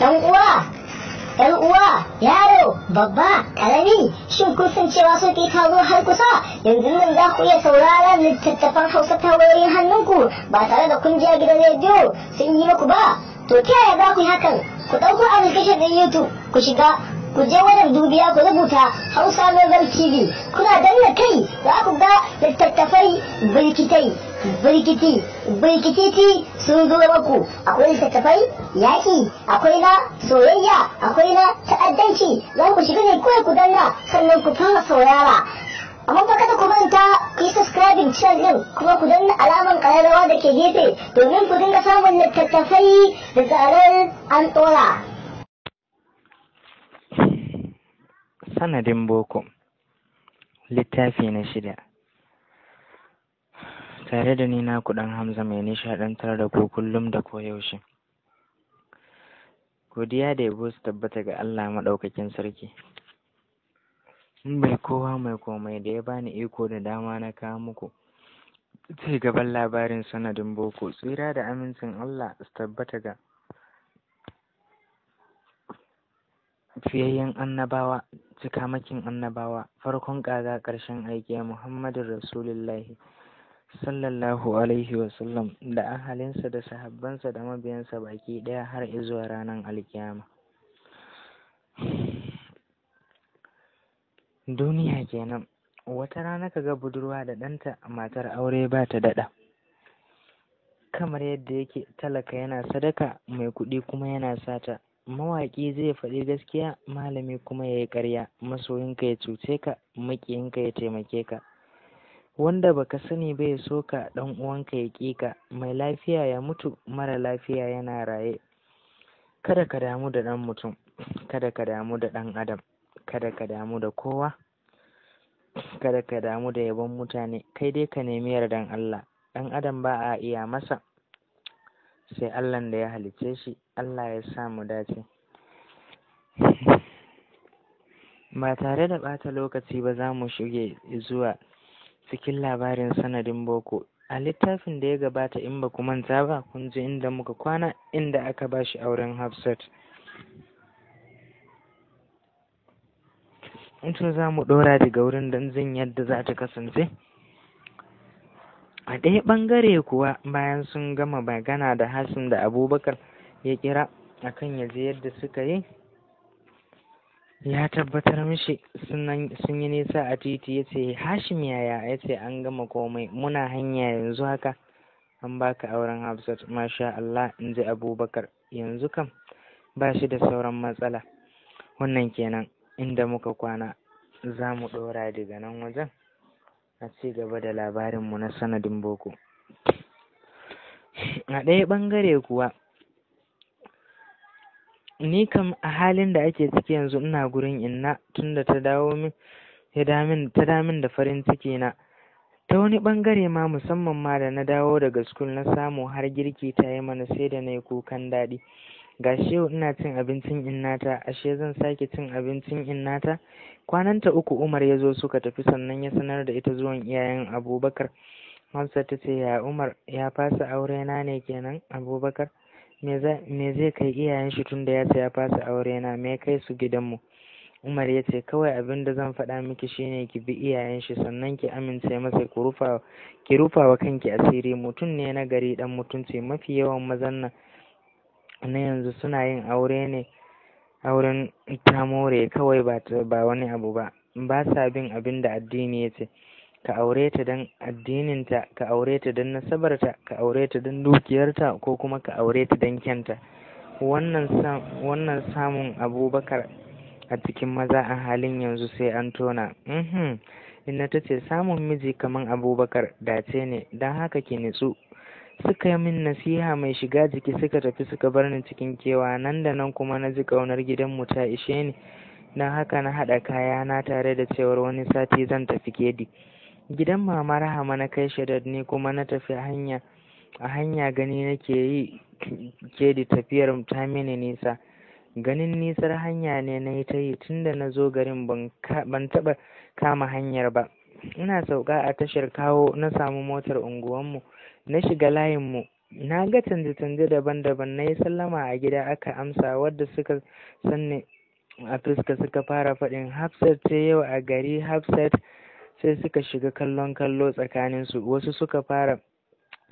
ɗan uwa ɗan uwa yaro babba ƙarami shin kun san cewa sauƙi ta zo har kusa yanzu nan za ku iya sauraron littattafan hausa ta wayoyin hannunku ba tare da kun gidan rediyo sun yi muku ba to ta yaya za ku yi hakan ku ɗauko application ɗin youtube ku shiga ku je wajen dubiya ku rubuta hausa nobel tv kuna danna kai za ku ga littattafai birkitai birkiti ti sun zo maku akwai littattafai yaƙi akwai na soyayya akwai na ta'addanci za ku shiga ne kawai ku danna sannan ku fara saurara amma fa kada ku manta ku yi subscribing channel din kuma ku danna alamar ƙararrawa da ke gefe domin ku dinga samun littattafai da zarar an tsora. sanadin boko littafi na shida tare da ni na kuɗin Hamza mai nishaɗantar da ku kullum da koyaushe. Godiya da yabo su tabbata ga Allah maɗaukakin sarki. bai kowa mai komai da ya bani iko da dama na kawo muku. Ci gaban labarin sanadin boko, tsira da amincin Allah su tabbata ga fiyayyen annabawa cikamakin annabawa farkon ƙaga ƙarshen aiki muhammadin rasulillahi sallallahu alaihi wasallam da ahalinsa da sahabbansa da mabiyansa baki ɗaya har izuwa ranar alkiyama duniya kenan wata rana ka ga budurwa da ɗanta matar aure ba ta daɗa kamar yadda yake talaka yana sadaka mai kuɗi kuma yana sata mawaƙi zai faɗi gaskiya malami kuma ya yi ƙarya masoyinka ya cuce ka maƙiyinka ya taimake ka wanda baka sani ba ya ka ɗan uwanka ya ƙi ka mai lafiya ya mutu mara lafiya yana raye kada ka damu da ɗan mutum kada ka damu da ɗan adam kada ka damu da kowa kada ka damu da yabon mutane kai dai ka nemi yardan Allah ɗan adam ba a iya masa sai Allah da ya halicce shi Allah ya sa mu dace ba tare da bata lokaci ba za mu shige zuwa cikin labarin sanadin boko a littafin da ya gabata in ba ku manta ba kun ji inda muka kwana inda aka ba shi auren hafsat to za mu ɗora daga wurin don jin yadda za ta kasance a ɗaya ɓangare kuwa bayan sun gama magana da hasin da abubakar ya kira akan ya yadda suka yi ya tabbatar mishi sun yi nisa a titi ya ce hashim yaya ya ce an gama komai muna hanya yanzu haka an baka auren hafsat masha Allah in ji abubakar yanzu kam ba shi da sauran matsala wannan kenan inda muka kwana za mu ɗora daga nan wajen a ci gaba da labarinmu na sanadin boko a ɗaya ɓangare kuwa ni kam a halin da ake ciki yanzu ina gurin inna tunda ta dawo min ya damin ta damin da farin ciki na ta wani bangare ma musamman ma da na dawo daga school na samu har girki ta yi mana sai da na yi kukan daɗi ga yau ina cin abincin innata ashe zan sake cin abincin innata kwananta uku umar ya zo suka tafi sannan ya sanar da ita zuwan iyayen abubakar hamsa ta ce ya umar ya fasa aure na ne kenan abubakar me zai kai iyayen shi tunda ya ce ya fasa aure na me kai su gidanmu Umar ya ce kawai abin da zan faɗa miki shine ki bi iyayen shi sannan ki amince masa ki rufa ki rufa wa kanki asiri mutum ne na gari dan mutunci mafi yawan mazan nan na yanzu suna yin aure ne auren tamore kawai ba wani abu ba ba sa bin abin da addini ya ce ka aure ta don addininta ka aure ta don nasabarta ka aure ta don dukiyarta ko kuma ka aure ta don kyanta wannan samun abubakar a cikin maza a halin yanzu sai an tona uhm, inna ta ce samun miji kamar abubakar dace ne don haka ki nitsu suka yi min nasiha mai shiga jiki suka tafi suka bar ni cikin kewa nan da nan kuma na ji ƙaunar gidanmu ta ishe ni don haka na haɗa kaya na tare da cewar wani sati zan tafi kedi. gidan mama rahama na kai shi da kuma na tafi hanya a hanya gani nake yi ke da tafiyar ta mini nisa ganin nisar hanya ne na yi ta yi tun da na zo garin ban taɓa kama hanyar ba ina sauka a tashar kawo na samu motar unguwanmu na shiga layinmu na ga canje-canje daban-daban na yi sallama a gida aka amsa wadda suka sanni a fuska suka fara faɗin hafsat ce yau a gari hafsat sai suka shiga kallon kallo tsakaninsu wasu suka fara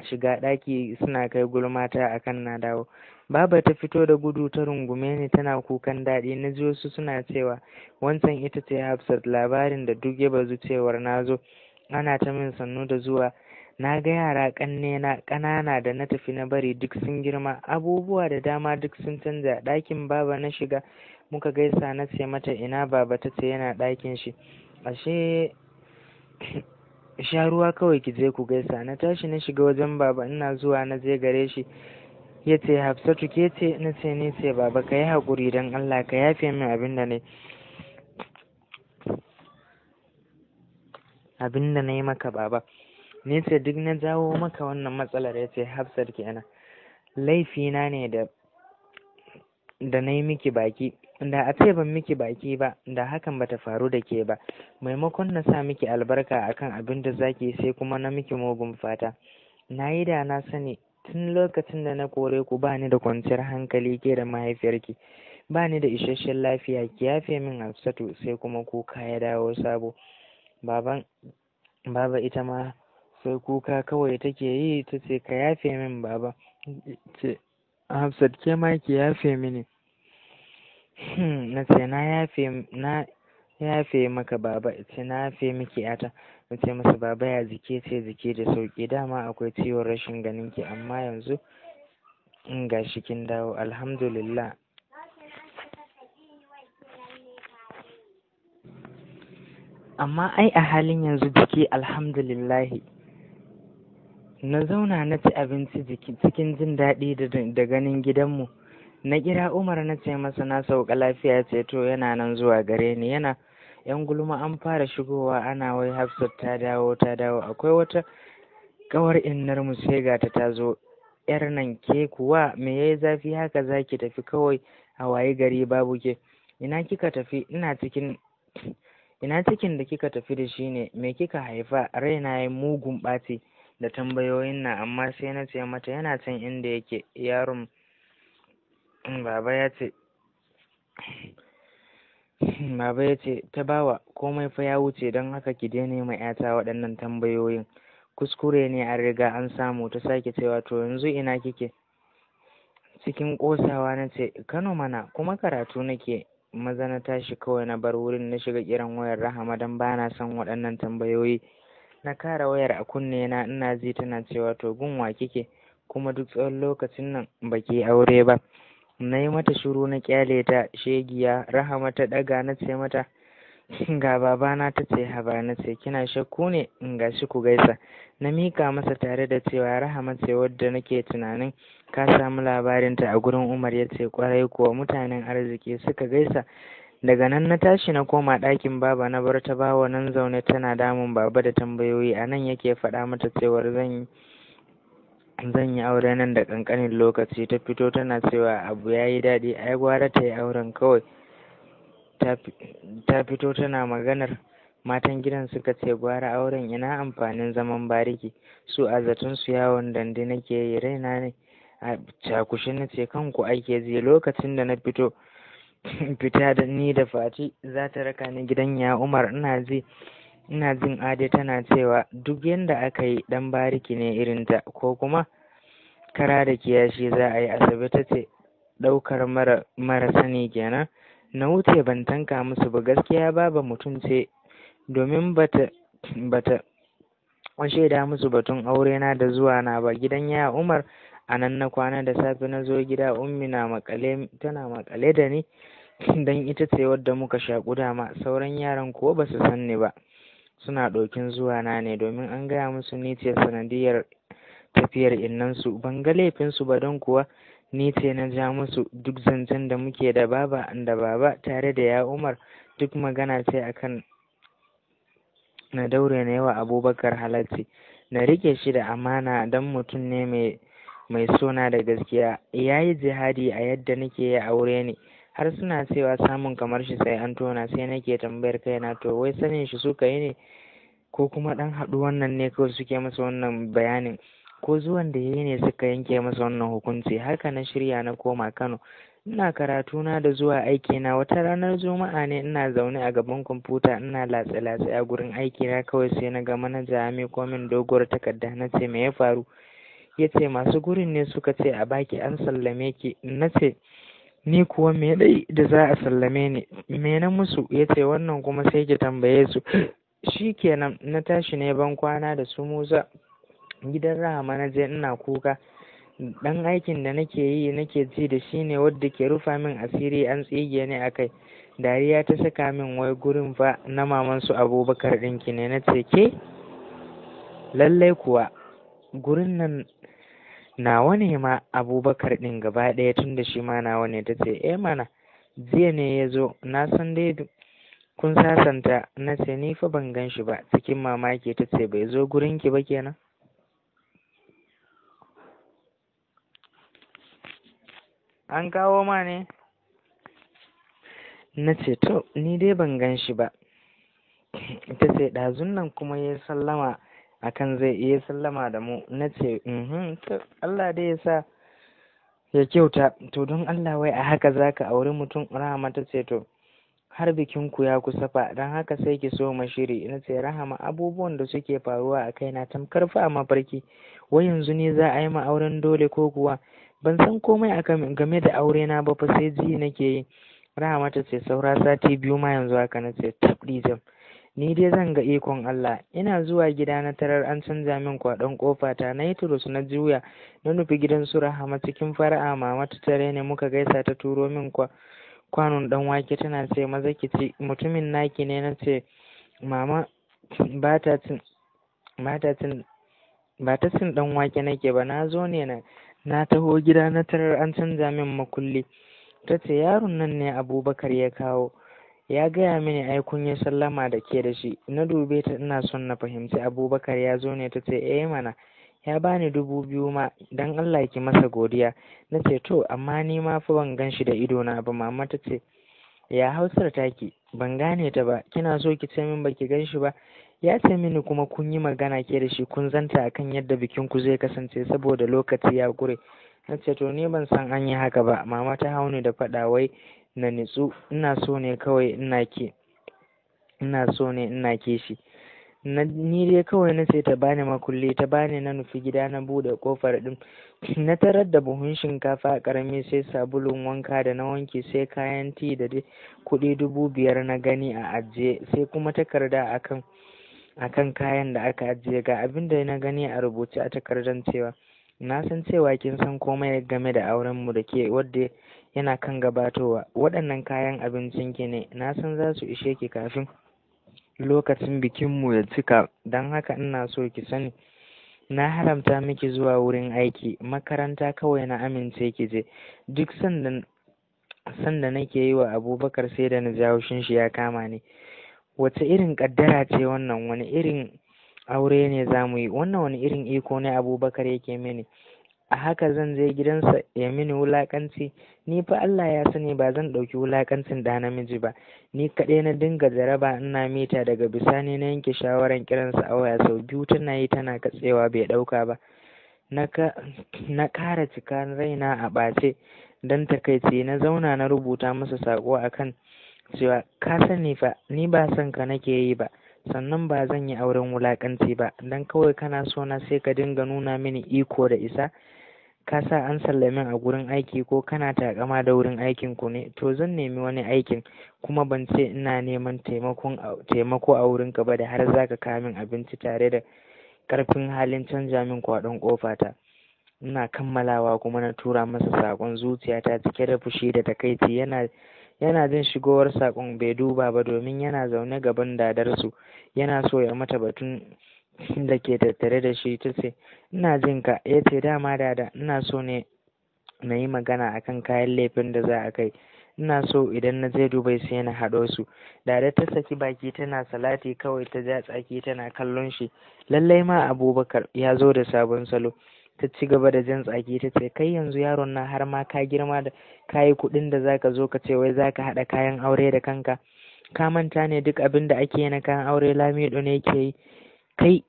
shiga ɗaki suna kai gulma ta akan na dawo baba ta fito da gudu ta rungume ni tana kukan daɗi na ji wasu suna cewa wancan ita ce hafsat labarin da duk ya bazu cewar na zo ana ta min sannu da zuwa na ga yara na ƙanana da na tafi na bari duk sun girma abubuwa da dama duk sun canja ɗakin baba na shiga muka gaisa na ce mata ina baba ta ce yana ɗakin shi ashe sha ruwa kawai ki je ku gaisa na tashi na shiga wajen baba ina zuwa na je gare shi ya ce hafsatu ke ce na ce ni ce baba ka yi haƙuri don allah ka yafe min abin da ne abin na yi maka baba ni ce duk na jawo maka wannan matsalar ya ce hafsat kenan laifina ne da da na yi miki baki da a ce ban miki baki ba da hakan bata faru da ke ba maimakon na sa miki albarka akan abin da zaki sai kuma na miki mugun fata na yi da na sani tun lokacin da na kore ku ba ni da kwanciyar hankali ke da mahaifiyarki ba ni da isasshen lafiya ki yafe min hafsatu sai kuma kuka ya dawo sabo baban baba ita ma sai kuka kawai take yi ta ce ka yafe min baba ce hafsat ke ma ki yafe mini Hmm, na ce na yafe na yafe maka baba ce na yafe miki yata na ce masa baba ya jike ce jike da sauki dama akwai ciwon rashin ganin ki amma yanzu in ga shi kin dawo alhamdulillah amma ai a halin yanzu jiki "Alhamdulillah" na zauna na ci abinci cikin jin daɗi da ganin gidanmu na kira umar na ce masa na sauka lafiya ce to yana nan zuwa gare ni yana yan gulma an fara shigowa ana wai hafsat ta dawo ta dawo akwai wata kawar innar mu sai ga ta tazo yar nan ke kuwa me yayi zafi haka zaki tafi kawai a waye gari babu ke ina kika tafi ina cikin ina cikin da kika tafi da shi ne me kika haifa raina ya mugun ɓaci da tambayoyin nan amma sai na ce mata yana can inda yake yaron Mm, Baba ya ce, Baba ya ce, ta bawa komai fa ya wuce don haka ki daina ma ‘yata waɗannan tambayoyin. Kuskure ne a riga an samu ta sake cewa to yanzu ina kike. Cikin ƙosawa na ce, Kano mana kuma karatu nake maza na tashi kawai na bar wurin na shiga kiran wayar Rahama don ba na son waɗannan tambayoyi. Na kara wayar a kunne na ina ji tana cewa to gunwa kike kuma duk tsawon lokacin nan baki aure ba. na yi mata shiru na kyale ta shegiya rahama ta ɗaga na ce mata ga babana ta ce haba na ce kina shakku ne ga shi ku gaisa na mika masa tare da cewa rahama ce wadda nake tunanin ka samu labarinta a gurin umar ya ce kwarai kuwa mutanen arziki suka gaisa daga nan na tashi na koma ɗakin baba na bar ta bawa nan zaune tana damun baba da tambayoyi a nan yake faɗa mata cewar zan yi zan yi aure nan da kankanin lokaci ta fito tana cewa abu ya yi daɗi ai gwara ta yi auren kawai ta fito tana maganar matan gidan suka ce gwara auren ina amfanin zaman bariki su a zaton su yawon dande nake yi raina ne a cakushe na ce kanku ake zai lokacin da na fito fita da ni da fati za ta raka ni gidan ya umar ina zai ina jin ade tana cewa duk yadda aka yi dan bariki ne irin ta, ko kuma kara da kiyashi za a yi asibi ta ce ɗaukar mara sani kenan na wuce ban tanka musu ba gaskiya ba, ba mutum ce domin bata bata shaida musu batun aure na da zuwa na ba gidan yaya Umar a nan na kwana da safe na zo gida ummi na makale tana makale da ni dan ita ce wadda muka shaƙu dama sauran yaran kuwa ba su san ni ba suna ɗokin zuwa na ne domin an gaya musu ni ce sanadiyar tafiyar innansu ban ga laifinsu ba don kuwa ni ce na ja musu duk zancen da muke da baba da baba tare da ya umar duk magana ce akan na daure na yawa abubakar halarci na rike shi da amana don mutum ne mai mai sona da gaskiya ya yi jihadi a yadda nake ya aure ni har suna cewa samun kamar shi sai an tona sai nake tambayar kaina to wai sanin shi suka yi ne ko kuma ɗan haɗu wannan ne kawai suke masa wannan bayanin ko zuwan da yayi ne suka yanke masa wannan hukunci haka na shirya na koma Kano ina karatuna da zuwa aikina wata ranar juma'a ne ina zaune a gaban kwamfuta ina latsa-latsa a gurin aikina kawai sai na ga manaja mai komin doguwar takarda na ce me ya faru ya ce masu gurin ne suka ce a baki an sallame ki na ce ni kuwa me dai da za a sallame ni me na musu ya ce wannan kuma sai ki tambaye su shikenan na tashi ne ban kwana da su musa gidan rahama na ina kuka dan aikin da nake yi nake ji da shi ne wadda ke rufa min asiri an tsige ni a kai dariya ta saka min wai gurin fa na maman su abubakar ɗinki ne na ce ke lallai kuwa gurin nan nawa ne ma abubakar ɗin gaba ɗaya tun da shi ma nawa ne ta ce eh mana jiya ne ya zo na san dai kun sasanta na ce ni fa ban gan shi ba cikin mamaki ta ce bai zo gurinki ba kenan an kawo ma ne na ce to ni dai ban gan shi ba ta ce ɗazun nan kuma ya sallama akan zai iya sallama da mu na ce mhm, Allah dai ya sa ya kyauta to don Allah wai a haka za ka auri mutum rahama ta ce to har bikin ku ya kusa fa don haka sai ki so shiri na ce rahama abubuwan da suke faruwa a kaina tamkar fa a mafarki wai yanzu ne za a yi ma auren dole ko kuwa ban san komai a game da aurena ba fa sai ji nake yi rahama ta ce saura sati biyu ma yanzu haka na ce tabrijam ni dai zan ga ikon Allah ina zuwa gida na tarar an canza min kwaɗon kofa ta na yi turus na juya na nufi gidan su rahama cikin fara'a mama ta tare ne muka gaisa ta turo min kwa kwanon dan wake tana ce maza ki ci mutumin naki ne na ce mama ba ta cin ba ta cin ba ta cin dan wake nake ba na zo ne na na taho gida na tarar an canza min makulli ta ce yaron nan ne abubakar ya kawo ya gaya mini ai kun yi sallama da ke da shi na dube ta ina son na fahimci abubakar ya zo ne ta ce eh mana ya bani dubu biyu ma dan Allah ki masa godiya na ce to amma ni ma fa ban gan shi da ido na ba mama ta ce ya hausar taki ban gane ta ba kina so ki ce min baki gan shi ba ya ce mini kuma kun yi magana ke da shi kun zanta akan yadda bikinku zai kasance saboda lokaci ya gure na ce to ni ban san an yi haka ba mama ta hau ni da faɗa wai na nitsu ina so ne kawai ina ke so ne ina ke shi ni dai kawai na ce ta bani makulli ta bani na nufi gida na buɗe kofar ɗin na tarar da buhun shinkafa a ƙarami sai sabulun wanka da na wanke sai kayan ti da kuɗi dubu biyar na gani a ajiye sai kuma takarda akan akan kayan da aka ajiye ga abin da na gani a rubuce a takardar cewa na san cewa kin san komai game da auren mu da ke wadda yana kan gabatowa waɗannan kayan abincin ki ne na san za su ishe ki kafin lokacin bikin mu ya cika don haka ina so ki sani na haramta miki zuwa wurin aiki makaranta kawai na amince ki je duk sanda nake yi wa abubakar sai da na jawo shi ya kama ni wace irin ƙaddara ce wannan wani irin aure ne za mu yi wannan wani irin iko ne abubakar yake mini a haka zan je gidansa ya mini wulaƙanci ni fa Allah ya sani ba zan ɗauki wulaƙancin da namiji ba ni kaɗai na dinga jaraba ina mita daga bisani na yanke shawaran kiransa a waya sau biyu tana yi tana katsewa bai ɗauka ba na ƙara cika raina a ɓace don takaici na zauna na rubuta masa saƙo akan cewa ka sani fa ni ba san ka nake yi ba sannan ba zan yi auren wulakanci ba dan kawai kana so na sai ka dinga nuna mini iko da isa ka sa an sallame a gurin aiki ko kana takama da wurin aikin ku ne to zan nemi wani aikin kuma ban ce ina neman taimako a wurin ka ba da har zaka kawo min abinci tare da karfin halin canja min kwaɗon ta, ina kammalawa kuma na tura masa saƙon zuciyata cike da fushi da takaici yana yana jin shigowar saƙon bai duba ba domin yana zaune gaban dadarsu yana so ya mata batun da ke tattare da shi ta ce ina jin ka ya ce dama dada ina so ne na yi magana akan kayan laifin da za a kai ina so idan na je dubai sai na haɗo su dada ta saki baki tana salati kawai ta ja tsaki tana kallon shi lallai ma abubakar ya zo da sabon salo ta ci gaba da jin tsaki ta ce kai yanzu yaron na har ma ka girma da kayi kuɗin da zaka zo ka ce wai zaka haɗa kayan aure da kanka ka manta ne duk abin da ake yi na kayan aure lamido ne ke yi kai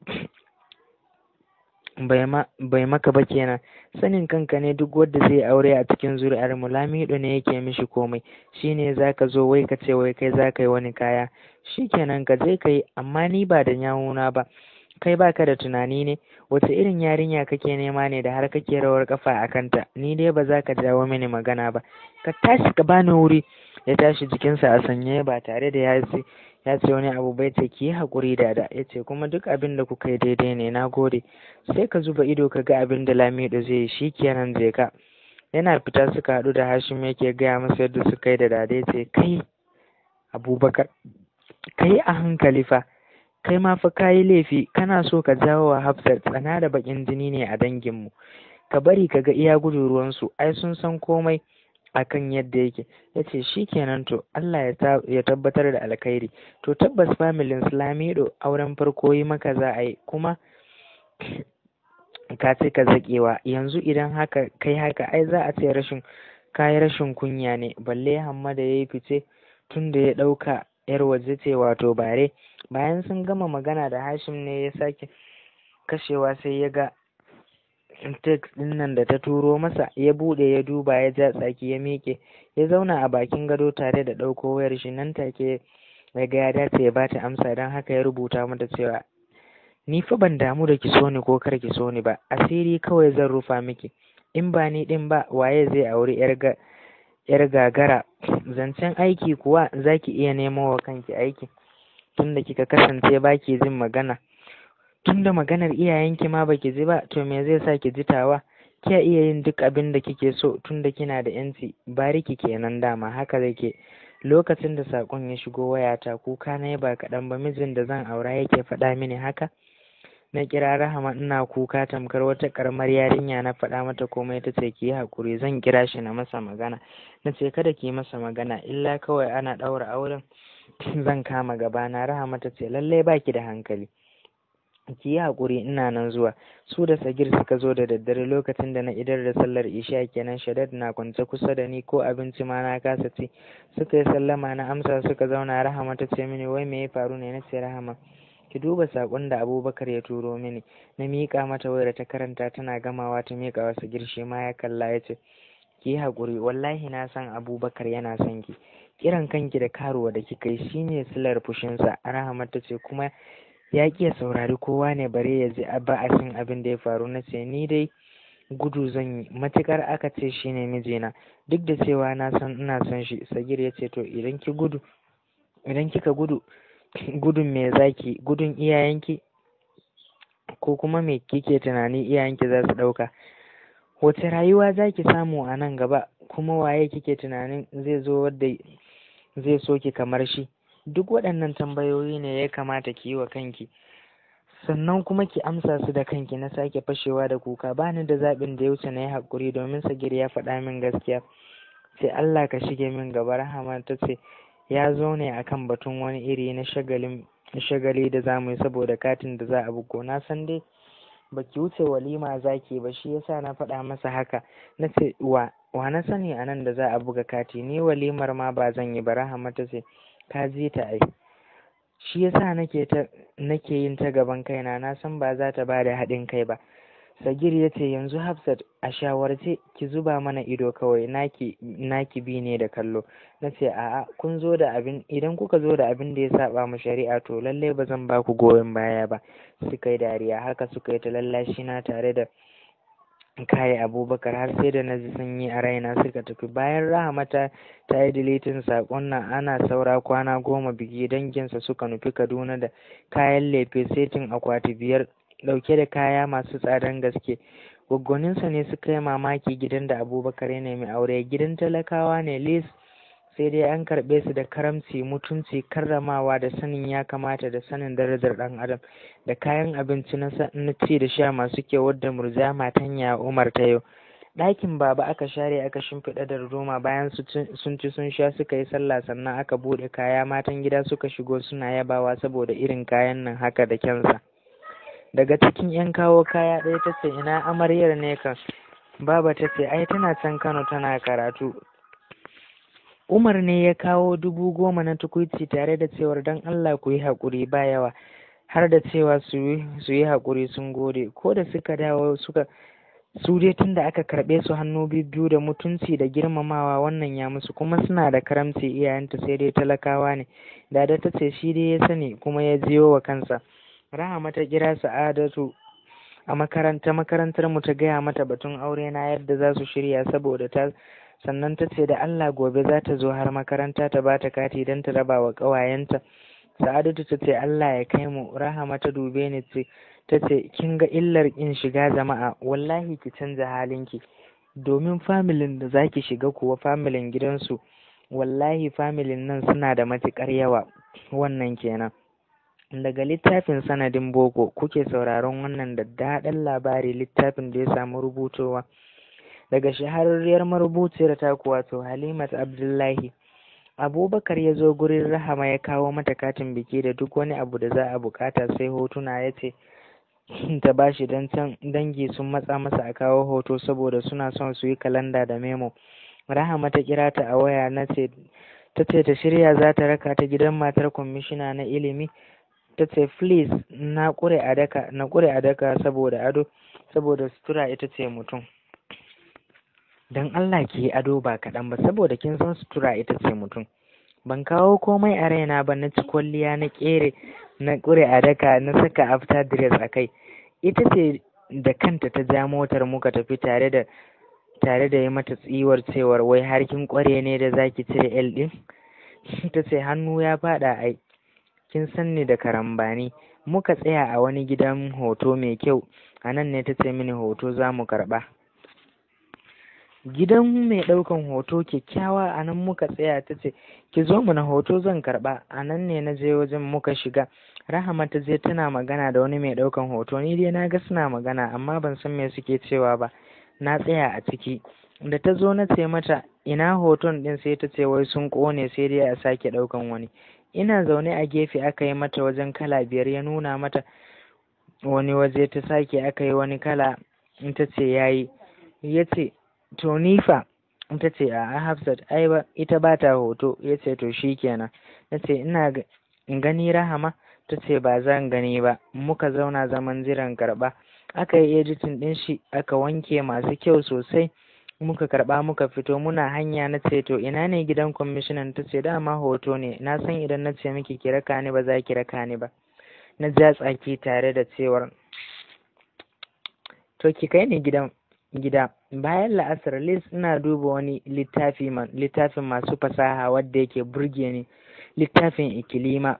bai maka ba kenan sanin kanka ne duk wanda zai aure a cikin zuri'ar mu lamido ne yake mishi komai shine zaka zo wai ka ce wai kai zaka yi wani kaya shikenan ka je ka amma ni ba da nyawuna ba kai baka da tunani ne wace irin yarinya kake nema ne da har kake rawar kafa a kanta ni dai ba za ka jawo mini magana ba ka tashi ka bani wuri ya tashi jikinsa a sanye ba tare da ya ya ce wani abu bai ce ki yi haƙuri da ya ce kuma duk abin da kuka yi daidai ne na gode sai ka zuba ido ka ga abin da lamido zai yi shi kenan zai ka yana fita suka haɗu da hashim yake gaya masa yadda suka yi da dada ya ce kai abubakar kai a hankali fa kai ma fa ka yi laifi kana so ka jawo wa Hafsat tsana da bakin jini ne a dangin mu? ka bari ka ga iya gudun su ai sun san komai akan yadda yake ya ce shi kenan to Allah ya tabbatar da alkhairi to tabbas familin Lamido auren farko yi maka za a yi kuma ka ce ka zaƙewa yanzu idan haka kai haka ai za a ce rashin kayi rashin kunya ne balle hamma da ya yi fice tun da ya ɗauka 'yar waje ce wato bare bayan sun gama magana da hashim ne ya sake kashewa sai ya ga text din nan da ta turo masa ya bude ya duba ya ja tsaki ya miƙe ya zauna a bakin gado tare da ɗauko wayar shi nan take ya ga ya dace ya bata amsa don haka ya rubuta mata cewa ni fa ban damu da ki so ni ko kar ki so ni ba asiri kawai zan rufa miki in ba ni din ba waye zai auri yar 'yar gagara zancen aiki kuwa za ki iya nemo wa kanki aiki tunda kika kasance ba ki jin magana tunda maganar iyayenki ma baki ji ba to me zai sa ki jitawa? tawa kiya iya yin duk abin da kike so tunda kina da yanci bariki kenan dama haka zake lokacin da saƙon ya shigo wayata kuka na ba kaɗan ba mijin da zan aura yake faɗa mini haka na kira rahama ina kuka tamkar wata karamar yarinya na faɗa mata komai ta ce ki yi haƙuri zan kira shi na masa magana na ce kada ki masa magana illa kawai ana ɗaura auren zan kama gabana rahama ta ce lallai baki da hankali ki yi haƙuri ina nan zuwa su da sagir suka zo da daddare lokacin da na idar da sallar isha kenan shadad na kwance kusa da ni ko abinci ma na kasa ci suka yi sallama na amsa suka zauna rahama ta ce mini wai me ya faru ne na ce rahama ki duba saƙon da abubakar ya turo mini na miƙa mata wayar ta karanta tana gamawa ta miƙa wasu girshi ma ya kalla ya ce ki yi haƙuri wallahi na san abubakar yana son ki kiran kanki da karuwa da kika yi shine silar fushinsa rahamat ta ce kuma ya ki ya saurari kowa ne bare ya ji ba'asin abin da ya faru na ce ni dai gudu zan yi matukar aka ce shine mijina duk da cewa na san ina son shi sagir ya ce to idan ki gudu idan kika gudu gudun me zaki gudun iyayenki ko kuma me kike tunani iyayenki za su ɗauka wace rayuwa za ki samu a nan gaba kuma waye kike tunanin zai zo wadda zai so ki kamar shi duk waɗannan tambayoyi ne ya kamata ki yi wa kanki sannan kuma ki amsa su da kanki na sake fashewa da kuka ba ni da zaɓin da ya wuce na yi haƙuri domin sagir ya faɗa min gaskiya sai Allah ka shige min gaba rahama ta ce ya zo ne a kan batun wani iri na shagali da za yi saboda katin da za a bugo na san dai ba ki wuce walima zaki ba shi yasa na faɗa masa haka na ce wa na sani a nan da za a buga kati ni walimar ma ba zan yi ba rahama ta ce ka je ta ai shi yasa nake ta nake yin ta gaban kaina na san ba za ta ba da haɗin kai ba sagir ya ce yanzu hafsat a shawarce ki zuba mana ido kawai naki naki bi ne da kallo na ce a'a kun zo da abin idan kuka zo da abin da ya saba mu shari'a to lallai ba zan baku goyon baya ba suka yi dariya haka suka yi ta lallashi na tare da kai abubakar har sai da na ji sanyi a raina suka tafi bayan rahamata ta yi dilitin saƙon nan ana saura kwana goma biki danginsa suka nufi kaduna da kayan lefe setin akwati biyar ɗauke da kaya masu tsadan gaske goggoninsa ne suka yi mamaki gidan da abubakar ya nemi aure gidan talakawa ne lis sai dai an karɓe su da karamci mutunci karramawa da sanin ya kamata da sanin darajar dan adam da kayan abinci na ci da sha masu kyau wadda murja matan ya umar ta yau ɗakin baba aka share aka shimfiɗa da roma bayan sun ci sun sha suka yi sallah sannan aka buɗe kaya matan gida suka shigo suna yabawa saboda irin kayan nan haka da kyansa daga cikin yan kawo kaya ɗaya ta ce ina amaryar ne kan baba ta ce ai tana can kano tana karatu umar ne ya kawo dubu goma na tukuici tare da cewar don allah ku yi haƙuri ba yawa har da cewa su yi haƙuri sun gode ko da suka dawo suka su dai tun da aka karɓe su hannu biyu da mutunci da girmamawa wannan ya musu kuma suna da karamci iyayenta sai dai talakawa ne dada ta ce shi dai ya sani kuma ya jiyo wa kansa Rahama ta kira Sa'adatu a makaranta makarantar mu ta gaya mata batun aure na yadda za su shirya saboda ta sannan ta ce da Allah gobe za ta zo har makaranta ta ba ta kati don ta raba wa ƙawayenta Sa'adatu ta ce Allah ya kai mu Rahama ta dube ni ce ta ce kin ga illar in shiga jama'a wallahi ki canza halin ki, domin familin da za ki shiga kuwa familin gidansu wallahi familin nan suna da matuƙar yawa wannan kenan Daga littafin sanadin boko kuke sauraron wannan daddaɗan labari littafin da ya samu rubutowa daga shahararriyar marubuciyar taku wato Halimat Abdullahi. Abubakar ya zo gurin Rahama ya kawo mata katin biki da duk wani abu da za a bukata sai hotuna ya ce ta bashi don dangi sun matsa masa a kawo hoto saboda suna son su yi kalanda da memo. Rahama ta kira ta a waya na ce ta ce ta shirya za ta raka ta gidan matar kwamishina na ilimi ta ce please na ƙure a daka na ƙure a daka saboda ado saboda sutura ita ce mutum don Allah ki yi ado ba kaɗan ba saboda kin san sutura ita ce mutum ban kawo komai a raina ba na ci kwalliya na ƙere na ƙure a daka na saka after dress a kai ita ce da kanta ta ja motar muka tafi tare da tare da yi mata tsiwar cewar wai har kin ƙware ne da zaki cire L ɗin ta ce hannu ya faɗa ai kin san ni da karambani muka tsaya a wani gidan hoto mai kyau a nan ne ta ce mini hoto za mu karɓa gidan mai ɗaukan hoto kyakkyawa a nan muka tsaya ta ce ki zo mu na hoto zan karɓa a nan ne na je wajen muka shiga rahama ta je tana magana da wani mai ɗaukan hoto ni dai na ga suna magana amma ban san me suke cewa ba na tsaya a ciki da ta zo na ce mata ina hoton ɗin sai ta ce wai sun ƙone sai dai a sake ɗaukan wani ina zaune a gefe aka yi mata wajen kala biyar ya nuna mata wani waje ta sake aka yi wani kala in ta ce ya yi ya ce to ni in ta ce a hafsat ai ba ita ba ta hoto ya ce to shi kenan ya ce ina gani rahama ta ce ba zan gani ba muka zauna zaman jiran karɓa aka yi editin din shi aka wanke masu kyau sosai muka karɓa muka fito muna hanya na ce to ina ne gidan kwamishinan ta ce dama hoto ne na san idan na ce miki ki raka ni ba za ki raka ni ba na ja tsaki tare da cewar to ki kai ni gidan gida bayan la'asar lis ina duba wani littafin masu fasaha wadda yake burge ni littafin ikilima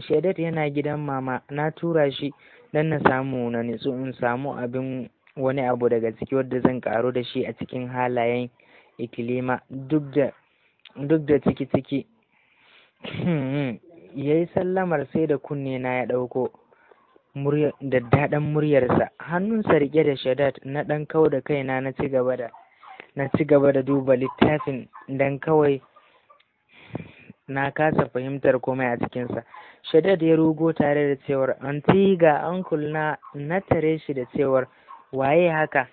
shaidat yana gidan mama na tura shi don na samu na nitsu in samu abin wani abu daga ciki wadda zan ƙaru da shi a cikin halayen ikilima duk da ciki ciki ya yi sallamar sai da kunne na ya ɗauko da daɗin muryarsa hannunsa riƙe da shadat na ɗan kau da kaina na ci gaba da na ci da duba littafin dan kawai na kasa fahimtar komai a cikinsa Shadad ya rugo tare da cewar antiga ga ankul na na tare shi da cewar waye haka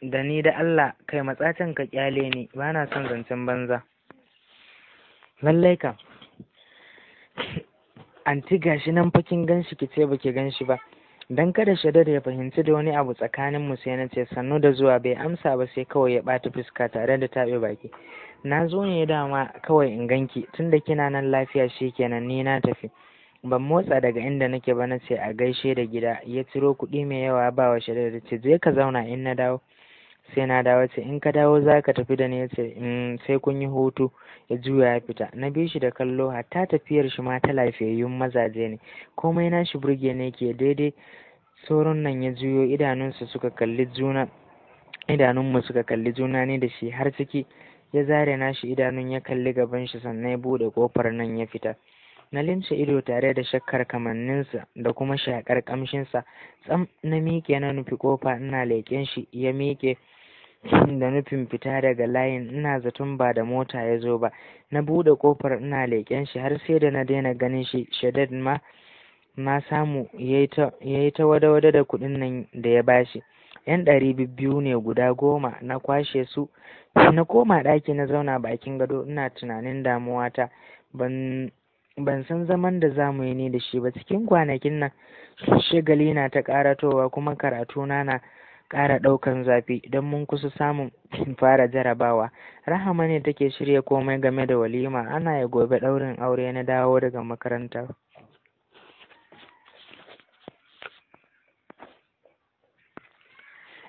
da ni da Allah kai matsacin ka kyale ni ba na son zancen banza lallai an anti gashi nan fakin ganshi ki ce baki ganshi ba dan kada Shadada ya fahimci da wani abu tsakanin mu sai na ce sannu da zuwa bai amsa ba sai kawai ya bata fuska tare da taɓe baki na zo ne dama kawai in ganki tunda kina nan lafiya shikenan ni na tafi ban motsa daga inda nake ba na ce a gaishe da gida ya ciro kuɗi mai yawa ba wa shaidar da ce je ka zauna in na dawo sai na dawo ce in ka dawo za ka tafi da ni ya ce mm, sai kun yi hutu ya juya ya fita na bi shi da kallo hatta tafiyar shi ma ta lafiyayyun mazaje ne komai na shi burge ne ke daidai sauran nan ya juyo idanunsa suka kalli juna idanunmu suka kalli juna ne da shi har ciki ya zare nashi idanun ya kalli gaban shi sannan ya buɗe ƙofar nan ya fita na lince ido tare da shakkar kamanninsa da kuma shakar kamshinsa tsam na miƙe na nufi kofa ina leƙen shi ya miƙe da nufin fita daga layin ina zaton ba da mota ya zo ba na buɗe kofar ina leƙen shi har sai da na daina ganin shi shadad ma na samu ya yi ta wada-wada da kuɗin nan da ya bashi yan ɗari biyu ne guda goma na kwashe su na koma ɗaki na zauna bakin gado ina tunanin damuwata ban ban san zaman da za mu yi ne da shi ba cikin kwanakin nan shagali na ta ƙaratowa kuma karatuna na ƙara ɗaukan zafi don mun kusa samun fara jarabawa rahama ne take shirya komai game da walima ana ya gobe ɗaurin aure na dawo daga makaranta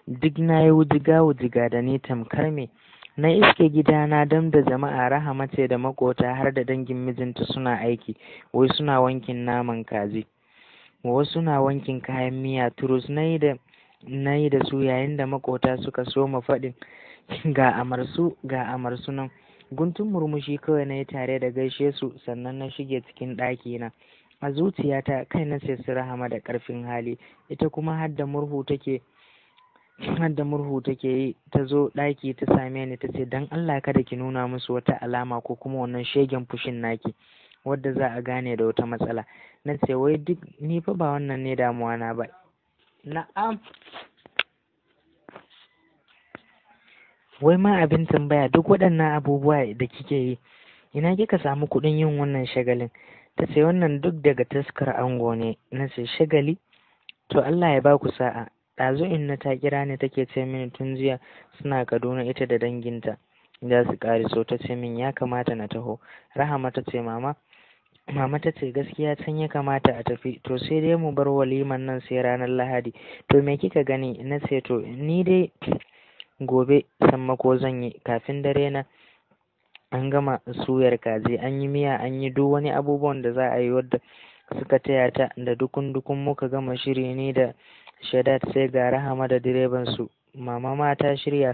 duk na yi wujiga wujiga da ni tamkar me Na iske gidana dan da jama'a Rahama ce da makota har da dangin mijinta suna aiki, wai suna wankin naman kaji. Wasu suna wankin kayan miya turus na yi da na yi da su yayin da makota suka soma faɗin ga amarsu ga amarsu nan. Guntun murmushi kawai na yi tare da gaishe su sannan na shige cikin na A zuciyata kai na sai su Rahama da ƙarfin hali, ita kuma har da murhu take da murhu take yi ta zo ɗaki ta same ni ta ce don Allah kada ki nuna musu wata alama ko kuma wannan shegen fushin naki wadda za a gane da wata matsala na ce wai duk ni fa ba wannan ne damuwa na ba na'am wai ma abin tambaya duk waɗannan abubuwa da kike yi ina kika samu kuɗin yin wannan shagalin ta ce wannan duk daga taskar ango ne na ce shagali to Allah ya baku ku sa'a ɗazu na ta kira ni take ce mini tun jiya suna kaduna ita da danginta za su so ta ce min ya kamata na taho rahama ta ce mama mama ta ce gaskiya can ya kamata a tafi to sai dai mu bar waliman nan sai ranar lahadi to me kika gani na ce to ni dai gobe sammako zan yi kafin dare na an gama suyar kaji an yi miya an yi duk wani abubuwan da za a yi wadda suka taya ta da dukun dukun muka gama shiri ne da Shaddad sai ga Rahama da direban su Mama ma ta shirya.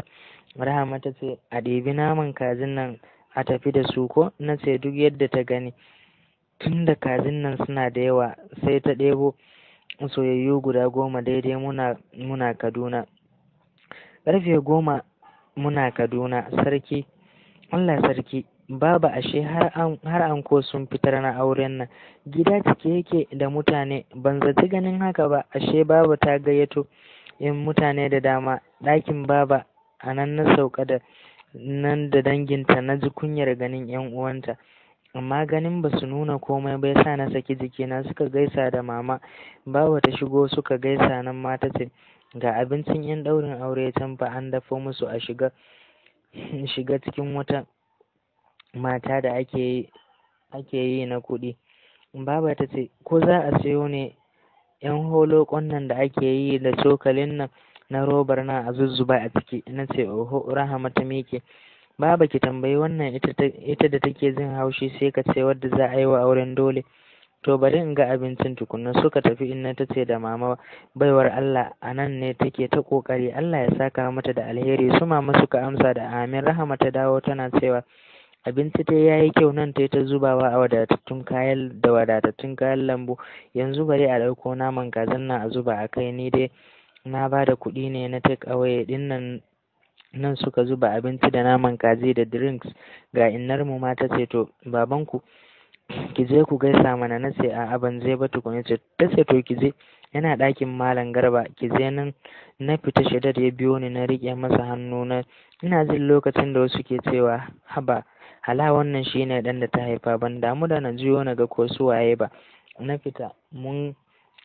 Rahama ta ce, a ɗebi naman kazin nan a tafi da su ko? Na ce duk yadda ta gani. Tun da kazin nan suna da yawa sai ta ɗebo soyayyu guda goma daidai muna, muna Kaduna. Ƙarfe goma muna Kaduna, sarki, Allah sarki, babu ashe har anko sun fitar na auren nan, gida cike yake da mutane, ban zaci ganin haka ba, ashe babu ta gayyato in mutane da dama, ɗakin Baba a nan na sauka da nan da danginta na ji kunyar ganin 'yan uwanta. amma ganin ba su nuna komai ba yasa na saki jikina suka gaisa da mama babu ta shigo suka gaisa nan ma ce ga abincin yan ɗaurin aure can fa an dafa musu a shiga shiga cikin wata mata da ake yi ake yi na kuɗi Baba ta ce ko za a siyo ne ƴan holo nan da ake yi da cokalin nan na robar nan a zuzzuba a ciki na ce oho rahama ta miƙe Baba ki tambayi wannan ita da take jin haushi sai ka ce wadda za a yi wa auren dole to bari in ga abincin tukunna suka tafi inna ta ce da mama baiwar Allah a nan ne take ta kokari Allah ya saka mata da alheri su mama suka amsa da amin rahama ta dawo tana cewa Abinci dai yayi kyau, nan tai ta zubawa a wadatattun kayan da wadatattun kayan lambu. Yanzu bari a ɗauko naman kazan nan a zuba a kai, ni dai na bada kuɗi ne na take away ɗin nan nan suka zuba abinci da naman kaji da drinks ga mu ma ta ce to babanku ki je ku gaisa mana na ce a'a ban je ba tukuna ce ta ce to ki je yana ɗakin malam garba ki je nan na fita shadar ya biyo ni na riƙe masa hannu na ina jin lokacin da wasu ke cewa haba hala wannan shine ɗan da ta haifa ban damu da na juyo na ga ko su waye ba na fita mun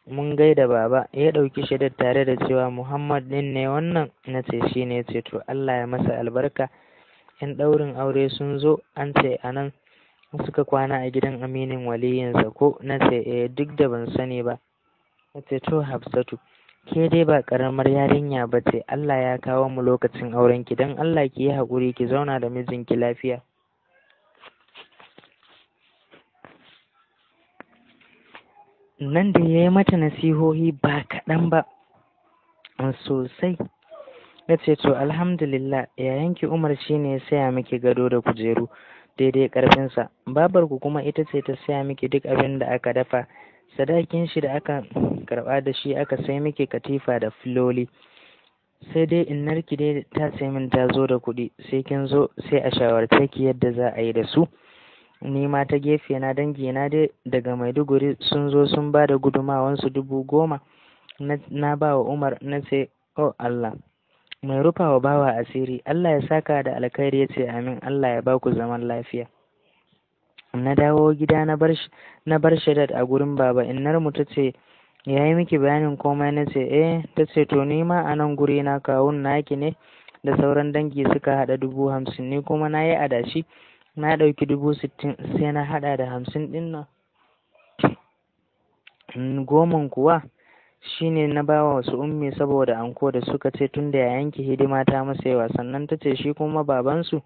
mun gaida baba ya ɗauki shaidar tare da cewa muhammad ɗin ne wannan na ce shi ne ce to allah ya masa albarka yan ɗaurin aure sun zo an ce a nan suka kwana a gidan aminin waliyin ko na ce eh duk da ban sani ba na ce to hafsatu ke dai ba karamar yarinya ba ce allah ya kawo mu lokacin aurenki don allah ki yi haƙuri ki zauna da mijinki lafiya nan da ya yi mata nasihohi ba kaɗan ba sosai Ya ce to alhamdulillah yayanki umar shi ne ya saya miki gado da kujeru daidai ƙarfinsa ku kuma ita ce ta saya miki duk abin da aka dafa sadakin shi da aka karɓa da shi aka sai miki katifa da filoli sai dai innarki dai ta sai min ta zo da kuɗi sai kin zo sai a shawarce ki yadda za a yi da su ni ma ta gefe na dangi na dai daga Maiduguri sun zo sun ba da su dubu goma na ba wa Umar na ce oh Allah mai rufa wa bawa asiri Allah ya saka da alkhairi ya ce amin Allah ya baku zaman lafiya na dawo gida na bar shadad a gurin baba innar mu ta ce ya yi miki bayanin komai na ce eh ta ce to ni ma a nan guri na kawun naki ne da sauran dangi suka haɗa dubu hamsin ni kuma na yi adashi na ɗauki dubu sittin sai na haɗa da hamsin ɗin nan goman kuwa shine na ba wa wasu ummi saboda anko da suka ce tun da yayanki hidima ta masa yawa sannan ta ce shi kuma babansu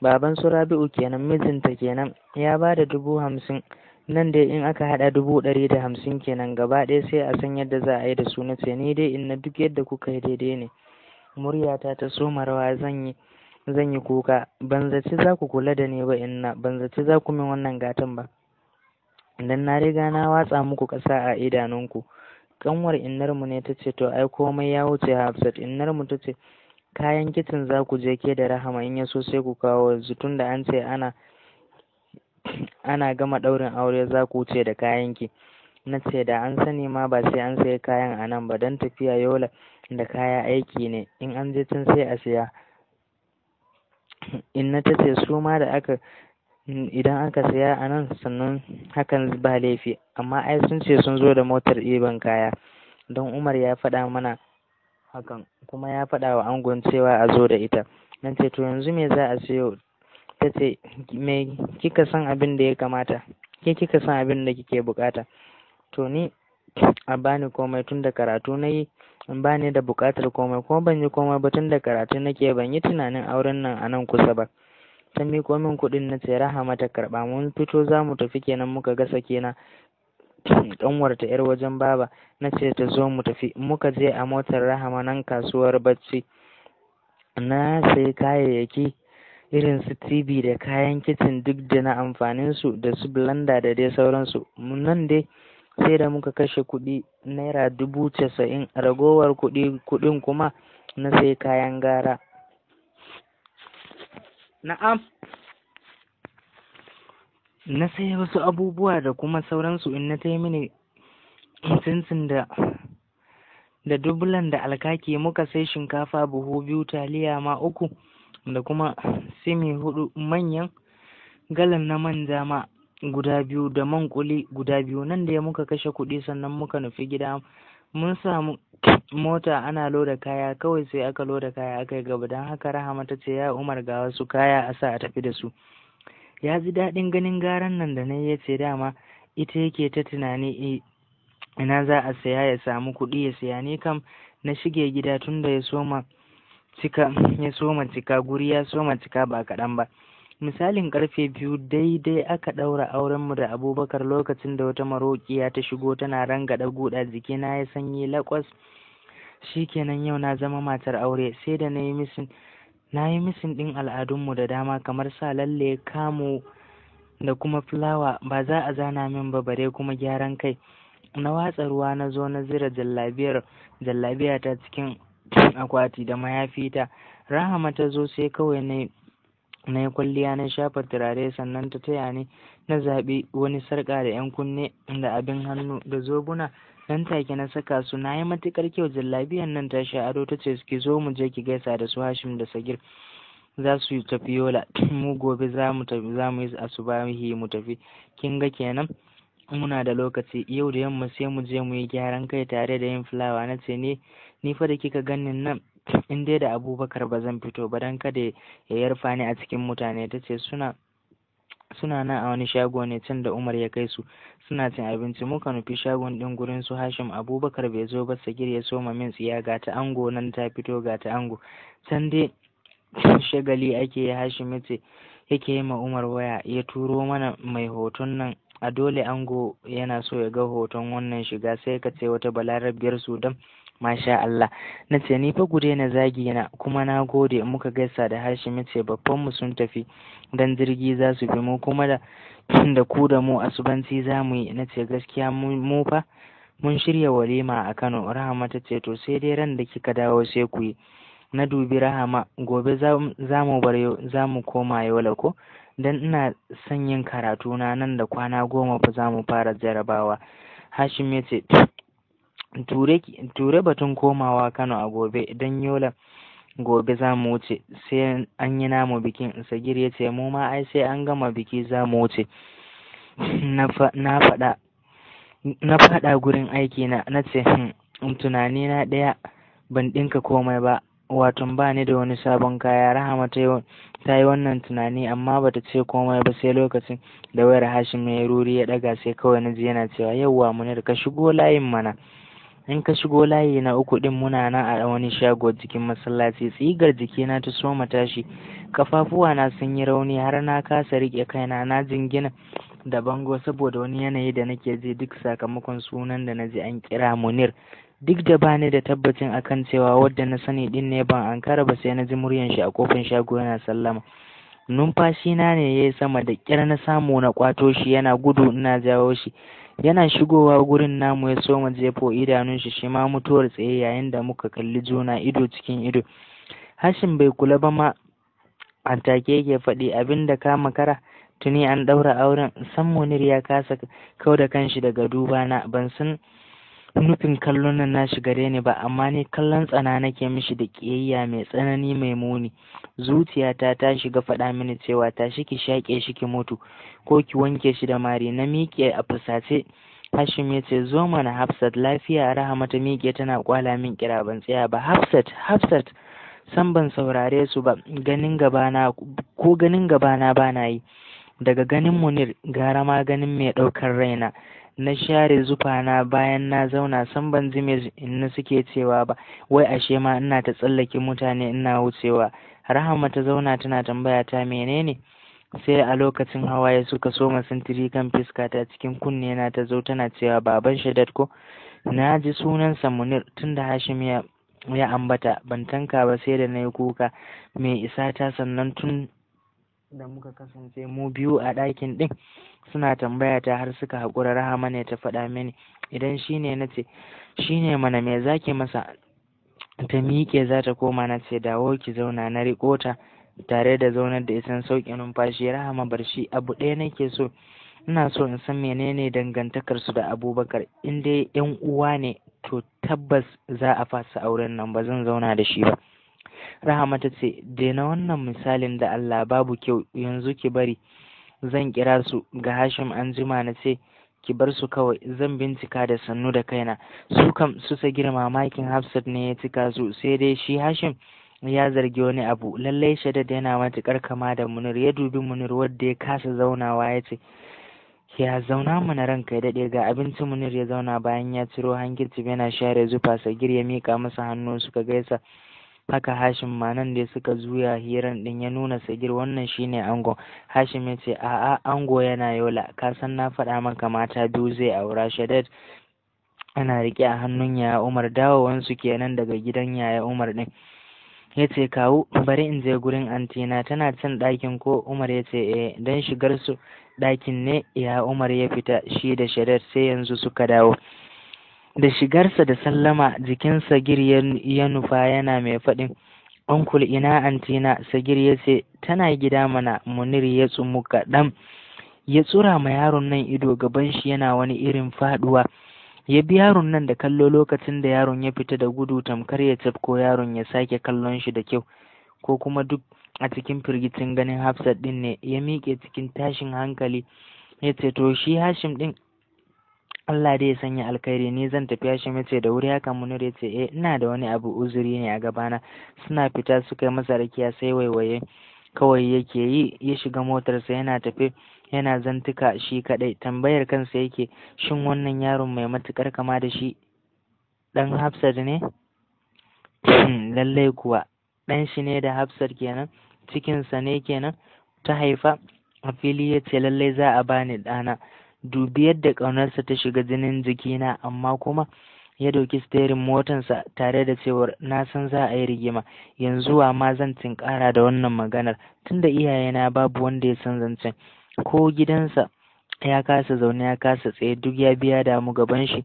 baban su rabi'u kenan mijinta kenan ya ba da dubu hamsin nan dai in aka haɗa dubu ɗari da hamsin kenan gaba ɗaya sai a san yadda za a yi da su na ce ni dai in na duk yadda kuka yi daidai ne muryata ta soma rawa zan yi zan yi kuka ban zaci za ku kula da ni ba inna ban zaci za ku min wannan gatan ba dan na riga na watsa muku ƙasa a idanunku kanwar mu ne ta to ai komai ya wuce hafsat innarmu ta ce kayan kicin za ku je ke da rahama in ya so sai ku kawo yanzu tunda da an ce ana ana gama ɗaurin aure za ku wuce da kayan ki. na ce da an sani ma ba sai an sayi kayan a nan ba don tafiya yola da kaya aiki ne in an je can sai a siya inna ta ce su da aka idan aka saya a nan sannan hakan ba laifi amma ai sun ce sun zo da motar ɗiban kaya don umar ya faɗa mana hakan kuma ya faɗa wa angon cewa a zo da ita nan ce to yanzu me za a siyo ta ce me kika san abin da ya kamata ke kika san abin da kike bukata to ni a bani komai tunda karatu na yi In ba ni da buƙatar komai kuma ban yi komai ba tun da karatu nake ban yi tunanin auren nan a nan kusa ba ta miƙo min kuɗin na ce rahama ta karɓa mun fito za mu tafi kenan muka ga sakina ƙanwarta yar wajen baba na ce ta zo mu tafi muka je a motar rahama nan kasuwar bacci na sayi kayayyaki irin su TV da kayan kicin duk da na amfaninsu da su blanda da dai sauransu nan dai sai da muka kashe kuɗi naira dubu casa'in ragowar kuɗi kuɗin kuma na sai kayan gara na'am na sai wasu abubuwa da kuma sauransu in na yi mini sinsin da da dubulan da alkaki muka sai shinkafa buhu biyu taliya ma uku da kuma simi hudu manyan galan na manja ma guda biyu da man kuli guda biyu nan da ya muka kashe kuɗi sannan muka nufi gida mun samu mota ana loda kaya kawai sai aka loda kaya aka yi gaba don haka rahama ta ce ya umar ga wasu kaya a sa a tafi da su ya ji daɗin ganin garan nan da na ya ce dama ita yake ta tunani eh, ina za a saya ya samu kuɗi ya saya ni kam na shige gida tunda ya soma cika guri ya soma cika ba kaɗan ba misalin karfe biyu daidai aka ɗaura aurenmu da abubakar lokacin da wata maroƙiya ta shigo tana rangada guda na ya sanyi lakwas kenan yau na zama matar aure sai da na yi misin na yi misin ɗin al'adunmu da dama kamar sa lalle kamu, da kuma fulawa ba za a zana min ba bare kuma gyaran kai na watsa ruwa na zo na zira jallabiyar jallabiya ta cikin akwati da mayafita rahama ta zo sai kawai na na yi kwalliya na shafa turare sannan ta taya ni na zaɓi wani sarƙa da 'yan kunne da abin hannu da zobuna nan take na saka su na yi matuƙar kyau jallabiyan nan ta sha ado ta ce ki zo mu je ki gaisa da su hashim da sagir za su yi tafi yola mu gobe za mu su ba mu yi asubahi mu tafi kin ga kenan muna da lokaci yau da yamma sai mu je mu yi gyaran kai tare da yin fulawa na ce ne ni fa da kika ganin nan in dai da Abubakar ba zan fito ba don kada ya yarfa ni a cikin mutane ta ce suna suna nan a wani shago ne can da Umar ya kai su suna cin abinci muka nufi shagon din gurin su Hashim Abubakar bai zo ba Sagir ya soma min tsiya ga ta ango nan ta fito ga ta ango can dai shagali ake ya Hashim yace yake yi ma Umar waya ya turo mana mai hoton nan a dole ango yana so ya ga hoton wannan shiga sai ka ce wata balarabiyar Sudan masha Allah na ce ni fa gure na zagi na kuma na gode muka gaisa da harshe mace babban mu sun tafi dan jirgi za su bi mu kuma da da ku da mu asubanci za mu yi na ce gaskiya mu fa mun shirya walima a Kano Rahama ta ce to sai dai ran da kika dawo sai ku yi na dubi Rahama gobe za mu bar za mu koma Yola ko dan ina son yin karatu na nan da kwana goma fa za mu fara jarabawa Hashim ya ce ture batun komawa kano a gobe don yola gobe za mu wuce sai an yi namu bikin sagir ya ce mu ma ai sai an gama biki za mu wuce na faɗa gurin aiki na na ce hmm, tunani na ɗaya ban ɗinka komai ba wato ba ni da wani sabon kaya rahama ta yi wannan tunani amma bata ce komai ba sai lokacin da wayar hashim ya ruri ya ɗaga sai kawai na ji yana cewa yauwa wa ka shigo layin mana in ka shigo layi na uku din muna nan a wani shago cikin masallaci tsigar jiki na ta soma tashi kafafuwa na sun yi rauni har na kasa rike kaina na jingina da bango saboda wani yanayi da nake ji duk sakamakon sunan da na ji an kira munir duk da bani da tabbacin akan cewa wadda na sani din ne ban ankara ba sai na ji muryan shi a kofin shago yana sallama numfashi na ne yayi sama da kyar na samu na kwato shi yana gudu ina jawo shi Yana shigowa gurin namu ya soma jefo idanunshi shima mutuwar tsaye yayin da muka kalli juna ido cikin ido. hashin bai kula ba ma a take yake faɗi abin da ka makara tuni an ɗaura auren san Munir ya kasa kau da kanshi daga duba na ban san nufin kallon nan nashi gare ni ba amma ni kallon tsana nake mishi da ƙiyayya mai tsanani mai muni zuciyata ta shiga faɗa mini cewa ta ki shaƙe shi ki mutu ko ki wanke shi da mari na miƙe a fusace Hashim ya ce zo mana Hafsat lafiya Rahama ta miƙe tana kwala min kira ban tsaya ba Hafsat Hafsat san ban saurare su ba ganin gabana ko ganin gabana ba na yi daga ganin munir gara ma ganin mai ɗaukar raina na share zufa na bayan na zauna san ban ji me inna suke cewa ba wai ashe ma ina ta tsallake mutane ina wucewa rahama ta zauna tana tambaya ta menene sai a lokacin hawaye suka soma sintiri kan fiska ta cikin kunne na ta zo tana cewa baban Shadad ko na ji sunan sunansa munir tunda hashim ya ya ambata ban tanka ba sai da na yi kuka mai isa ta sannan tun da muka kasance mu biyu a ɗakin ɗin suna tambaya ta har suka haƙura rahama ne ta faɗa mini idan shi ne na ce shi ne mana me zaki masa ta miƙe za ta koma na ce dawo ki zauna na riƙo ta tare da zaunar da isan sauƙi numfashi rahama bar shi abu ɗaya nake so ina so in san menene dangantakar su da abubakar in dai yan uwa ne to tabbas za a fasa auren nan ba zan zauna da shi ba rahama ta ce daina wannan misalin da allah babu kyau yanzu ki bari zan kira su ga hashim an jima na ce ki bar su kawai zan bincika da sannu da kaina su kam su girma Makin hafsat ne ya cika su sai dai shi hashim ya zargi wani abu lallai shaddad yana matuƙar kama da munir ya dubi munir wadda ya kasa zaunawa ya ce ya zauna mana ranka ya daɗe ga abinci munir ya zauna bayan ya ciro hangirci yana share zufa sagir ya miƙa masa hannu suka gaisa haka hashim ma nan dai suka zuya hiran din ya nuna sagir wannan shine ango hashim ya ce a'a ango yana yola ka san na faɗa maka mata biyu zai aura shadad ana rike a hannun yaya umar dawowansu kenan daga gidan yaya umar din ya ce kawo bari in je gurin antina tana cin ɗakin ko umar ya ce eh don shigar su ɗakin ne ya umar ya fita shi da shaddad sai yanzu suka dawo Da shigarsa da sallama jikinsa Sagir ya nufa yana mai faɗin Onkul ina antina Sagir ya ce tana gida mana Munir ya tsumu kaɗan ya tsura ma yaron nan ido gaban shi yana wani irin faɗuwa ya bi yaron nan da kallo lokacin da yaron ya fita da gudu tamkar ya tafko yaron ya sake kallon shi da kyau ko kuma duk a cikin firgicin ganin Hafsat din ne ya miƙe cikin tashin hankali ya ce to shi Hashim din Allah dai ya sanya alkhairi ni zan tafi shi ya da wuri haka Munir ya ce eh ina da wani abu uzuri ne a gabana suna fita suka yi masa rakiya sai waiwaye kawai yake yi ya shiga motarsa yana tafe yana zantuka shi kadai tambayar kansa yake shin wannan yaron mai matukar kama da shi dan Hafsat ne lallai kuwa dan shi ne da Hafsat kenan cikinsa ne kenan ta haifa a fili ya ce lallai za a bani ɗana dubi yadda ƙaunarsa ta shiga jinin jikina amma kuma ya ɗauki sterin motansa tare da cewar na san za a yi rigima yanzu wa ma zan tinkara da wannan maganar tunda iyayena babu wanda ya san zancen ko gidansa ya kasa zaune ya kasa tsaye duk ya biya damu gaban shi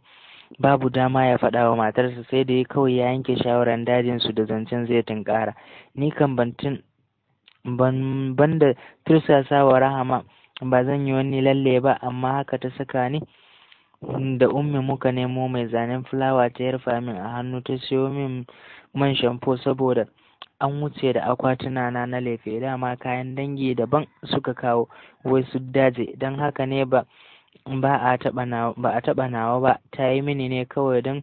babu dama ya faɗa wa matarsa sai da ya kawai ya yanke shawaran dajin su da zancen zai tunkara ni kan ban ban da tursasawa rahama ba zan yi wani lalle ba amma haka ta saka ni da ummi muka nemo mai zanen fulawa ta yarfa min a hannu ta siyo min man shamfo saboda an wuce da akwatuna na na lefe dama kayan dangi daban suka kawo wai su daje don haka ne ba ba a taɓa nawa ba ta yi mini ne kawai don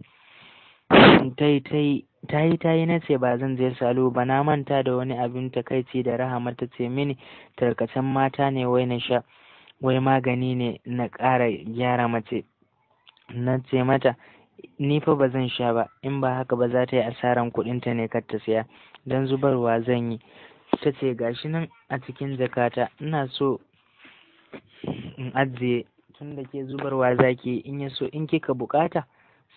ta yi ta yi tayi tayi na ce ba zan je salo ba na manta da wani abin takaici da rahama ta ce mini tarkacen mata ne wai na sha wai magani ne na ƙara gyara mace na ce mata ni fa ba zan sha ba in ba haka ba za ta yi asaran kuɗinta ne kar ta siya don zubarwa zan yi ta ce gashi nan a cikin jakata ina so in ajiye tunda ke zubarwa zaki in ya so in kika bukata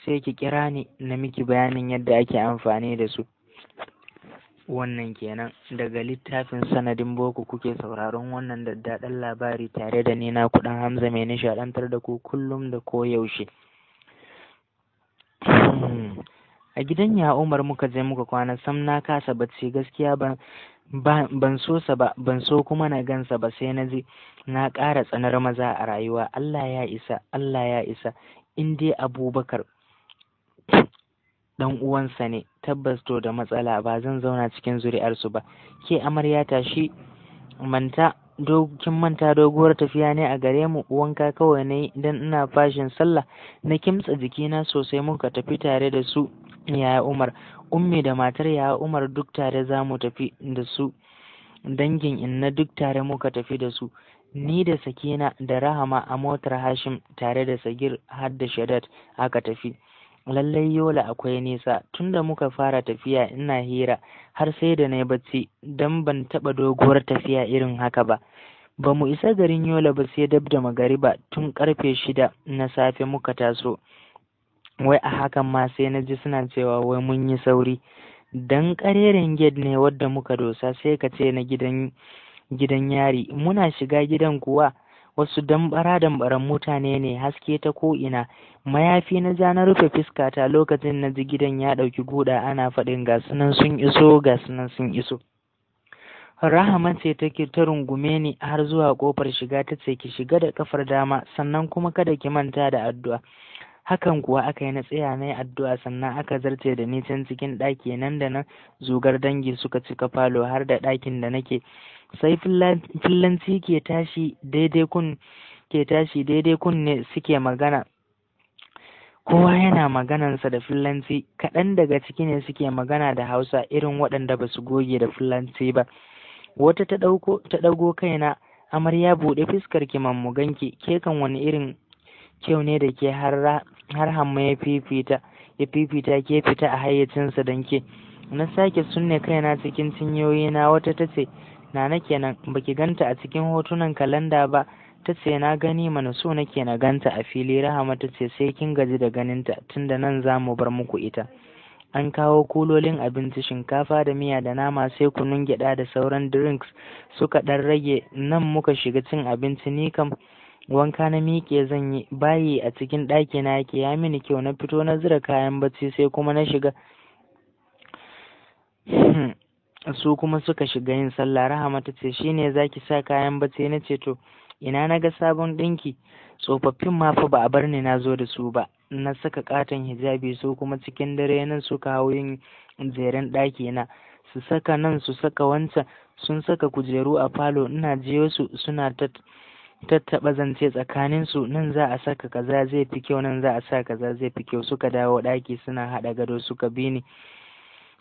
sai ki kira ni na miki bayanin yadda ake amfani da su wannan kenan daga littafin sanadin boko kuke sauraron wannan daddaɗan labari tare da ni na kuɗin hamza mai nishaɗantar da ku kullum da ko yaushe? a gidan ya umar muka je muka kwana sam na kasa bacci gaskiya ba ban so sa ba ban so kuma na gansa ba sai na ji na ƙara tsanar maza a rayuwa Allah ya isa Allah ya isa in dai abubakar Ɗan uwansa ne tabbas to da matsala ba zan zauna cikin zuri'arsu ba ke amarya shi? manta kin manta doguwar tafiya ne a gare mu wanka kawai ne dan ina fashin sallah na kimtsa jikina sosai muka tafi tare da su yaya umar ummi da matar yaya umar duk tare za mu tafi da su dangin inna duk tare muka tafi da su ni da sakina da rahama a motar hashim tare da sagir har da shadat aka tafi lallai yola akwai nisa tunda muka fara tafiya ina hira har sai da na bacci don ban taɓa doguwar tafiya irin haka ba ba mu isa garin yola ba sai dab da ba, tun karfe shida na safe muka taso wai a hakan ma sai na ji suna cewa wai mun yi sauri dan kareren gate ne wadda muka dosa sai ka ce na gidan gidan yari muna shiga gidan kuwa wasu dambara-dambaran mutane ne haske ta ko ina mayafi na ja na rufe ta lokacin na ji gidan ya ɗauki guda ana faɗin ga sunan sun iso ga sunan sun iso rahama ce take ta rungume ni har zuwa kofar shiga ta ce ki shiga da kafar dama sannan kuma kada ki manta da addu'a hakan kuwa aka yi na tsaya na yi addu'a sannan aka zarce da ni can cikin ɗaki nan da nan zugar dangi suka cika falo har da ɗakin da nake sai fillanci ke tashi daidai kun ke tashi daidai ne suke magana kowa yana maganansa da fillanci kaɗan daga ciki ne suke magana da hausa irin waɗanda ba su goge da fillanci ba wata ta ɗago kaina amarya buɗe fuskar ki mu ganki ke kan wani irin kyau ne da ke har hamma ya fifita ya fifita ke fita a hayyacinsa don ke na sake sunne kaina cikin na wata ta ce nana kenan ki ganta a cikin hotunan kalanda ba ta ce na gani mana so nake na ganta a fili rahama ta ce sai kin gaji da ganinta tunda nan za mu bar muku ita an kawo kulolin abinci shinkafa da miya da nama sai kunun gyada da sauran drinks suka ɗan rage nan muka shiga cin abinci ni kam wanka na miƙe zan yi bayi a cikin ɗaki na yake ya mini kyau na fito na zira kayan bacci sai kuma na shiga su kuma suka shiga yin sallah rahama ta ce shine zaki sa kayan bacci na ce to ina na ga sabon ɗinki tsofaffin ma fa ba a bar ni na zo da su ba na saka katon hijabi su kuma cikin dare nan suka hau yin jeren ɗaki na su saka nan su saka wancan sun saka kujeru a falo ina je su suna tattaɓa zance tsakanin su nan za a saka kaza zai fi kyau nan za a sa kaza zai fi kyau suka dawo ɗaki suna haɗa gado suka bi ni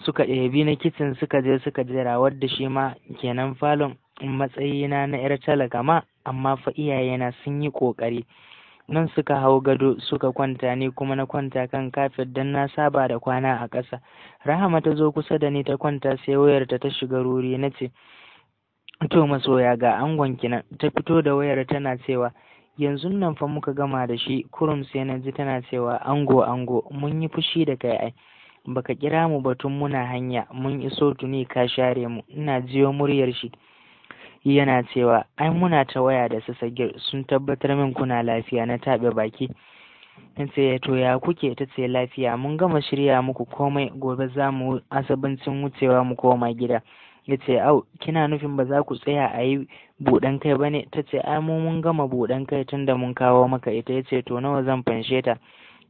suka ɗebi na kicin suka je suka jera wadda shi ma kenan falon matsayina na 'yar talaka ma amma fa iyayena sun yi ƙoƙari nan suka hau gado suka kwanta ni kuma na kwanta kan kafet don na saba da kwana a ƙasa rahama ta zo kusa da ni ta kwanta sai wayarta ta shiga ruri na ce to masoya ga angon kina ta fito da wayar tana cewa yanzu nan fa muka gama da shi kurum sai na ji tana cewa ango ango mun yi fushi da kai ai baka kira mu ba tun muna hanya mun iso tuni ka share mu ina jiyo muryar shi yana cewa ai muna ta waya da su sagir sun tabbatar min kuna lafiya na taɓe baki in ce to ya kuke ta ce lafiya mun gama shirya muku komai gobe za mu asabincin wucewa mu koma gida ya ce au kina nufin ba za ku tsaya a yi buɗan kai ba ne ta ce ai mun gama buɗan kai tun da mun kawo maka ita ya ce to nawa zan fanshe ta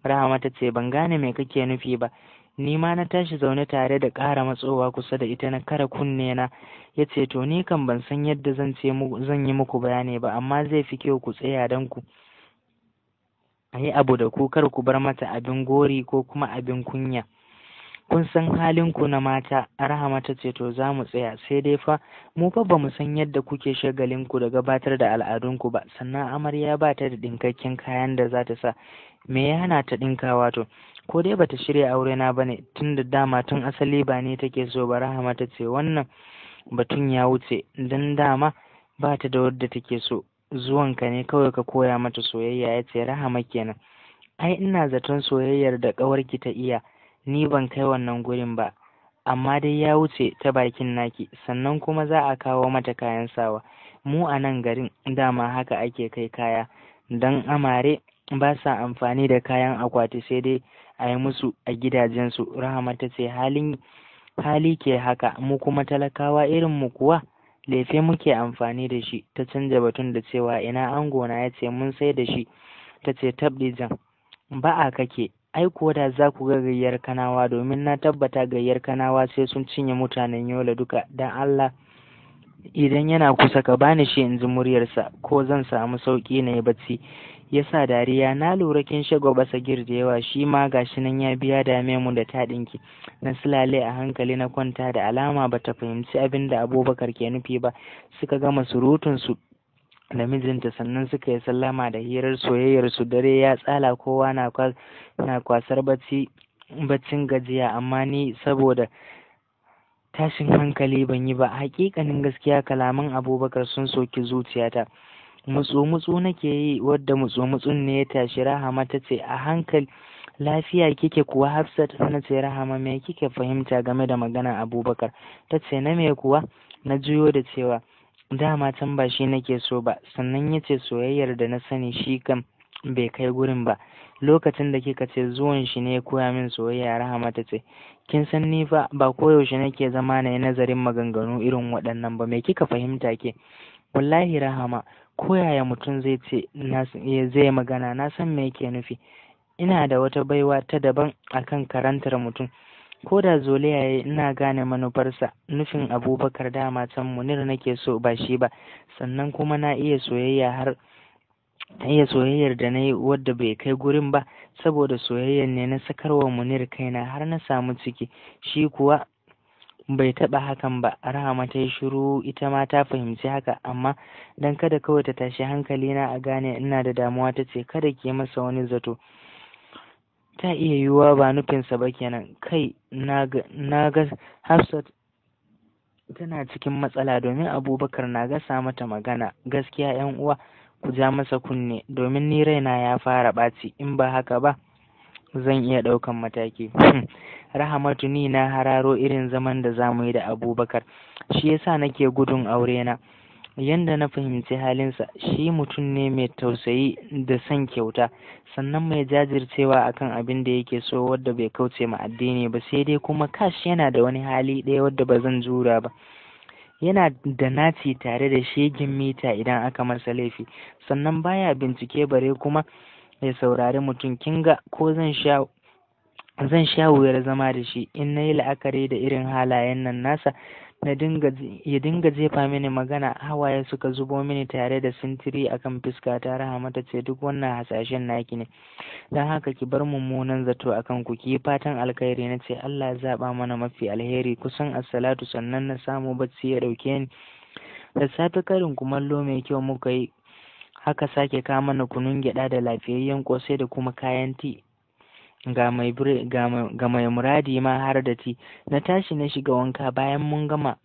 rahama ta ce ban gane me kake nufi ba ni ma na tashi zaune tare da ƙara matsowa kusa da ita na kara kunne na ya ce to ni kan ban san yadda zan yi muku bayani ba amma zai fi kyau ku tsaya don ku a yi abu da ku kar ku bar mata abin gori ko kuma abin kunya kun san halin ku na mata rahama ta ce to za mu tsaya sai dai fa mu fa ba mu san yadda kuke shagalin ku da gabatar da al'adunku ba sannan amarya ba ta da ɗinkakken kayan da za ta sa me ya hana ta ɗinka wato? ko dai bata shirya aure na bane tunda dama tun asali ba ne take so ba rahama ta ce wannan batun ya wuce dan dama ba ta da wadda take so zuwanka ne kawai ka koya mata soyayya ya ce rahama kenan ai ina zaton soyayyar da ƙawarki ta iya ni ban kai wannan gurin ba amma dai ya wuce ta bakin naki sannan kuma za a kawo mata kayan sawa mu a nan garin dama haka ake kai kaya dan amare ba sa amfani da kayan akwati sai dai a yi musu a gidajensu rahama ta ce halin hali ke haka mu kuma talakawa irin mu kuwa lefe muke amfani da shi ta canja batun da cewa ina angona ya ce mun sai da shi ta ce tabdijan ba a kake ai kuwa da za ku ga gayyar kanawa domin na tabbata gayyar kanawa sai sun cinye mutanen yola duka dan Allah idan yana kusa ka bani shi in ji muryarsa ko zan samu sauƙi na yi bacci ya sa dariya na lura kin shago basa da yawa shi ma gashi nan ya biya dame mu da dinki, na silale a hankali na kwanta da alama bata fahimci abin da abubakar ke nufi ba suka gama surutun su da mijinta sannan suka yi sallama da hirar soyayyar su dare ya tsala kowa na kwasar bacci baccin gajiya amma ni saboda tashin hankali ban yi ba hakikanin gaskiya kalaman abubakar sun soki zuciyata mutsu-mutsu nake yi wadda mutsu-mutsun ne ya tashi rahama ta ce a hankali lafiya kike kuwa hafsat na ce rahama me kike fahimta game da magana abubakar ta ce na me kuwa na juyo da cewa dama can ba shi nake so ba sannan ya ce soyayyar da na sani shi kam bai kai gurin ba lokacin da kika ce zuwan shi ne ya koya min soyayya rahama ta ce kin san ni fa ba koyaushe nake zama na yi nazarin maganganu irin waɗannan ba me kika fahimta ke wallahi rahama ko yaya mutum zai ce zai magana na san me yake nufi ina da wata baiwa ta daban akan karantar mutum ko da zoliya ya ina gane manufarsa nufin abubakar dama can munir nake so ba shi ba sannan kuma na iya soyayya har iya soyayyar da na yi wadda bai kai gurin ba saboda soyayyar ne na sakarwa munir kaina har na samu ciki shi kuwa bai taɓa hakan ba rahama ta yi shiru ita ma ta fahimci haka amma dan kada kawai ta tashi hankali na a gane ina da damuwa ta ce kada ke masa wani zato ta iya yiwuwa ba nufinsa ba kenan kai na ga hafsat tana cikin matsala domin abubakar na gasa mata magana gaskiya yan uwa ku ja masa kunne domin ni raina ya fara ɓaci in ba haka ba zan iya ɗaukan mataki rahamatu ni na hararo irin zaman da za mu yi da abubakar shi yasa nake gudun aurena Yadda na fahimci halinsa shi mutum ne mai tausayi da son kyauta sannan mai jajircewa akan abin da yake so wadda bai kauce ma addini ba sai dai kuma kashi yana da wani hali ɗaya wadda ba zan jura ba yana da naci tare da shegin mita idan aka masa laifi sannan baya bincike bare kuma ya saurari mutum kin ga ko zan sha zan sha wuyar zama da shi in na yi la'akari da irin halayen nan nasa na dinga ya dinga jefa mini magana hawaye suka zubo mini tare da sintiri akan fuska ta rahama ta ce duk wannan hasashen naki ne don haka ki bar mummunan zato akan ku ki fatan alkhairi na ce Allah ya zaba mana mafi alheri kusan assalatu sannan na samu bacci ya ɗauke ni da safe karin kumallo mai kyau muka yi haka sake kawo mana kunun gyaɗa da lafiyayyen kosai da kuma kayan ti ga mai muradi ma har da ti na tashi na shiga wanka bayan mun gama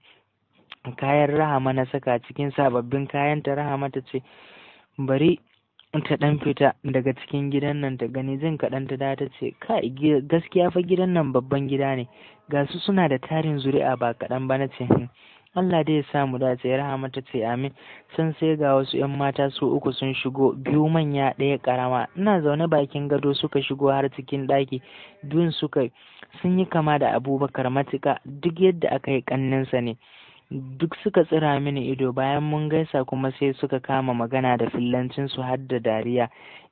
kayan rahama na saka cikin sababbin kayan ta rahama ta ce bari ta ɗan fita daga cikin gidan nan ta gani Zan kaɗan ta da ta ce kai gaskiya fa gidan nan babban gida ne ga su suna da tarin zuri'a ba kaɗan ba na ce hmm. Allah dai ya sa mu dace ya rahama ta ce amin san sai ga wasu yan mata su uku sun shigo biyu manya ɗaya karama ina zaune bakin gado suka shigo har cikin ɗaki biyun suka sun yi kama da abubakar matuka duk yadda aka yi ƙanninsa ne duk suka tsira mini ido bayan mun gaisa kuma sai suka kama magana da fillancinsu har da dariya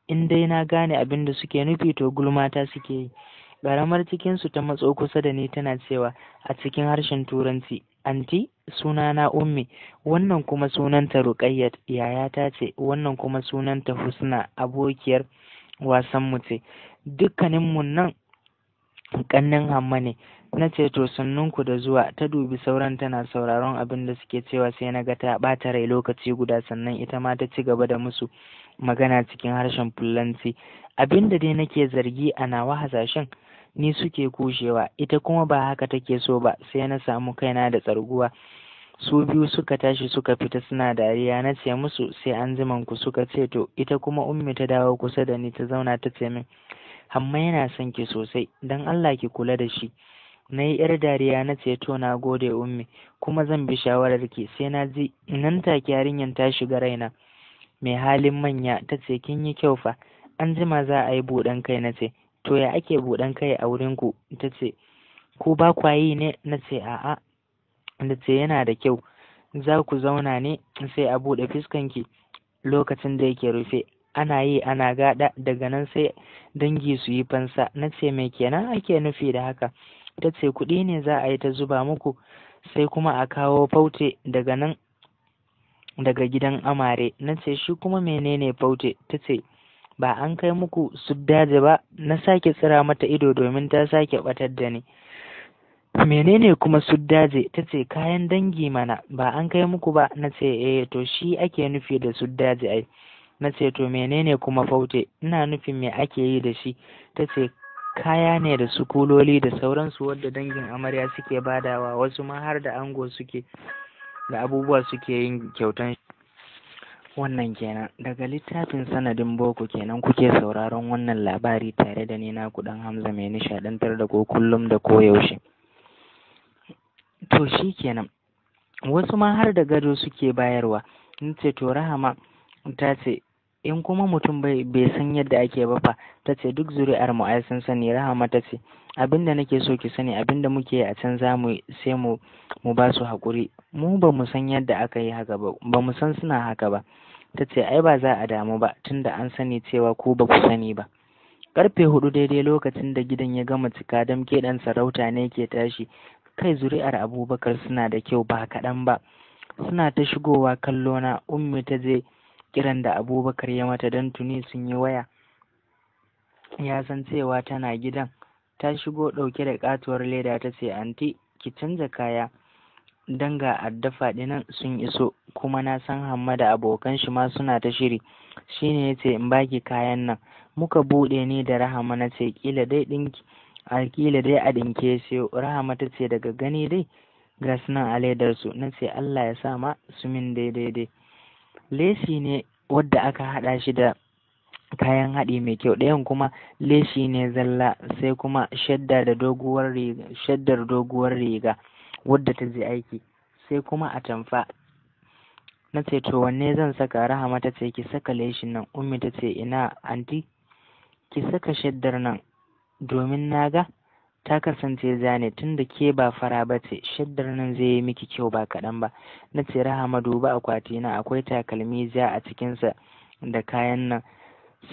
in dai na gane abin da suke nufi to gulmata suke yi Ƙaramar cikinsu ta matso kusa da ni tana cewa a cikin harshen Turanci, Anti, sunana Ummi, wannan kuma sunanta Ruƙayyat, yayata ce, wannan kuma sunanta Husna, abokiyar wasanmu ce. Dukkaninmu nan ƙannin hamma ne, na ce to sannunku da zuwa ta dubi sauran tana sauraron abin da suke cewa sai na ga ta ɓata rai lokaci guda sannan ita ma ta ci gaba da musu magana cikin harshen fulanci abin da dai nake zargi ana nawa hasashen ni suke kushewa ita kuma ba haka take so ba sai na samu kaina da tsarguwa su biyu suka tashi suka fita suna dariya na ce musu sai an ziman ku suka ce to ita kuma ummi ta dawo kusa da ni ta zauna ta ce min amma yana son ki sosai dan Allah ki kula da shi na yi yar dariya na ce to na gode ummi kuma zan bi shawarar ki sai na ji nan take yarinyar ta shiga raina mai halin manya ta ce kin yi kyau fa an jima za a yi buɗan kai na ce to ya ake buɗan kai a wurin ku ta ce ku ba kwa ne na ce a'a da ce yana da kyau za ku zauna ne sai a buɗe fuskanki lokacin da yake rufe ana yi ana gada daga nan sai dangi su yi fansa na ce mai kenan ake nufi da haka ta ce kuɗi ne za a yi ta zuba muku sai kuma a kawo faute daga nan daga gidan amare na ce shi kuma menene faute ta ce ba an kai muku suddaji ba na sake tsira mata ido domin ta sake batar da ni menene kuma suddaje ta ce kayan dangi mana ba an kai muku ba na ce eh to shi ake nufi da suddaje ai na ce to menene kuma faute ina nufin me ake yi da shi ta ce kaya ne da su kuloli da sauransu wadda dangin amarya suke badawa wasu ma har da ango suke da abubuwa suke yin kyautan Wannan kenan daga littafin sanadin boko kenan kuke sauraron wannan labari tare da ni naku dan Hamza mai nishadantar da ko kullum da koyaushe. To shi kenan wasu ma har da gado suke bayarwa in ce to rahama ta ce in kuma mutum bai san yadda ake ba fa ta ce duk zuri'ar mu ai sun sani rahama ta ce abinda nake so ki sani abinda muke a can za mu sai mu mu ba su haƙuri mu ba mu san yadda aka yi haka ba ba mu san suna haka ba ta ce ai ba za a damu ba tunda an sani cewa ku ba ku sani ba karfe hudu daidai lokacin da gidan ya gama cika don keɗan sarauta ne ke tashi kai zuri'ar abubakar suna da kyau ba kaɗan ba suna ta shigowa kallona ummi ta je kiran da abubakar ya mata don tuni sun yi waya ya san cewa tana gidan ta shigo ɗauke da katuwar leda ta ce anti ki canza kaya danga ga addafa ɗinan sun iso kuma na san hamma da abokan shi ma suna ta shiri shine yace ce in baki kayan nan muka bude ni da rahama na ce kila dai a alkila dai a ɗinke siyo rahama ta ce daga gani dai ga sunan aledar su na ce allah ya sa ma su min daidai dai lesi ne wadda aka hada shi da kayan haɗi mai kyau ɗayan kuma leshi ne zalla sai kuma shaddar doguwar riga wadda ta je aiki sai kuma atamfa na ce to wanne zan saka rahama ta ce ki saka leshin nan ummi ta ce ina anti ki saka shaddar nan domin naga ta kasance zane tun da ke ba fara ba ce shaddar nan zai yi miki kyau ba kaɗan ba na ce rahama duba akwati na akwai takalmi ja a cikinsa da kayan nan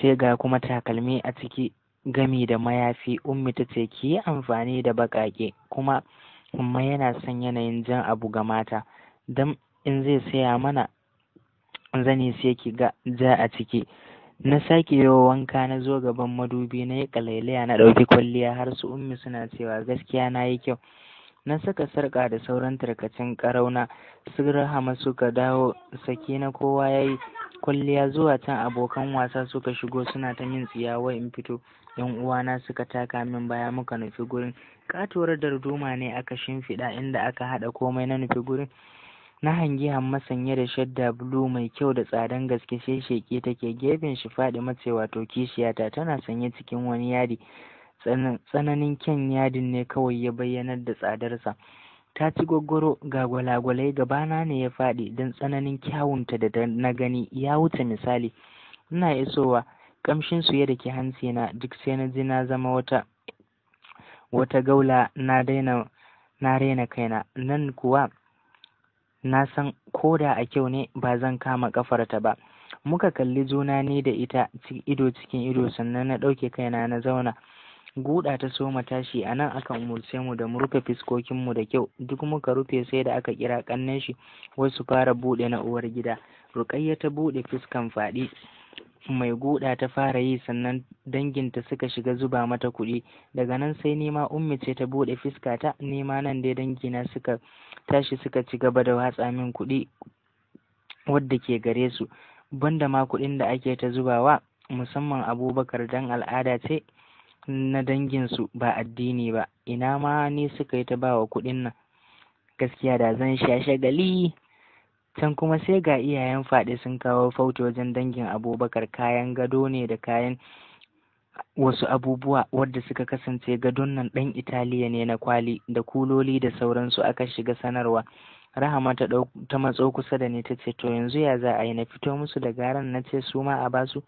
sai ga kuma takalmi a ciki gami da mayafi ummi ta ce ki yi amfani da baƙaƙe kuma Amma yana son yanayin jan abu ga mata, don in zai saya mana zani sai ki ga ja a ciki. Na sake yawa wanka na zo gaban madubi na yi ƙalailaya na ɗauki kwalliya har su ummi suna cewa gaskiya na yi kyau. Na saka sarƙa da sauran tarkacin ƙarauna, su rahama suka dawo sake na kowa ya yi kwalliya zuwa can abokan wasa suka shigo suna ta min tsiyawa in fito. yan uwana suka taka min baya muka nufi gurin katuwar darduma ne aka shimfiɗa inda aka haɗa komai na nufi gurin na hangi hamma sanye da shadda bulu mai kyau da tsadan gaske sai sheke take gefen shi faɗi mace wato kishiyata tana sanye cikin wani yadi tsananin kyan yadin ne kawai ya bayyanar da tsadarsa ta ci gwaggwaro ga gwalagwalai gabana ne ya faɗi don tsananin kyawunta da na gani ya wuce misali ina isowa kamshin su ya dake hanci na duk sai na ji na zama wata wata gaula na daina na raina kaina nan kuwa na san ko da a kyau ne ba zan kama kafarta ba muka kalli juna ne da ita ido cikin ido sannan na ɗauke kaina na zauna guda ta soma tashi a nan aka umurce mu da mu rufe mu da kyau duk muka rufe sai da aka kira kannen shi wasu fara buɗe na uwar gida ruƙayya ta buɗe fuskan faɗi mai guda ta fara yi sannan danginta suka shiga zuba mata kuɗi daga nan sai nema ummi ce ta buɗe fiska ta nema nan dai dangina suka tashi suka ci gaba da watsa min kuɗi wadda ke gare su banda ma kuɗin da ake ta zubawa musamman abubakar dan al'ada ce na danginsu ba addini ba ina ma ni suka yi ta bawa kuɗin nan gaskiya da zan sha shagali Can kuma sai ga iyayen faɗi sun kawo fauti wajen dangin Abubakar kayan gado ne da kayan wasu abubuwa wadda suka kasance gadon nan ɗan Italiya ne na kwali da kuloli da sauransu aka shiga sanarwa. Rahama ta, matso kusa da ni ta ce to yanzu ya za a yi na fito musu da garan na ce su ma a basu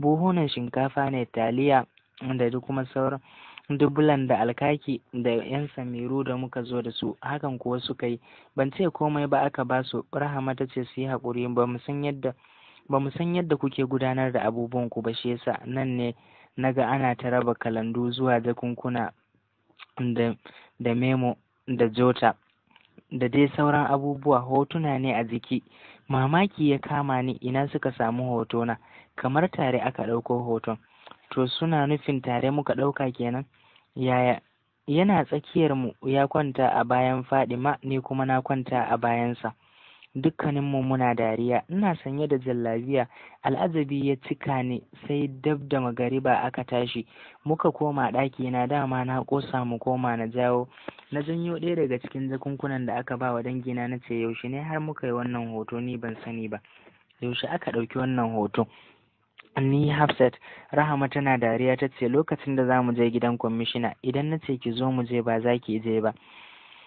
buhunan shinkafa ne taliya da kuma sauran dubulan da alkaki da yan samiru da muka zo da su hakan kuwa suka yi ban ce komai ba aka ba su rahama ta ce su yi haƙuri ba mu san yadda ba mu kuke gudanar da abubuwan ku ba shi yasa nan ne na ga ana ta raba kalandu zuwa jakunkuna da da memo da jota da dai sauran abubuwa hotuna ne a jiki mamaki ya kama ni ina suka samu hotona kamar tare aka ɗauko hoton to suna nufin tare muka ɗauka kenan yaya yana tsakiyar mu ya kwanta a bayan fadima ne kuma na kwanta a bayansa dukkaninmu muna dariya ina sanye da jallabiya al'ajabi ya cika ne, sai dab da magari ba aka tashi muka koma ɗaki na dama na ƙosa mu koma na jawo na janyo ɗaya daga cikin jakunkunan da aka ba wa dangina na ce yaushe ne har muka yi wannan hoto ni ban sani ba yaushe aka ɗauki wannan hoto ni Hafsat. Rahama tana dariya ta ce lokacin da za mu je gidan kwamishina idan na ce ki zo mu je ba za ki je ba.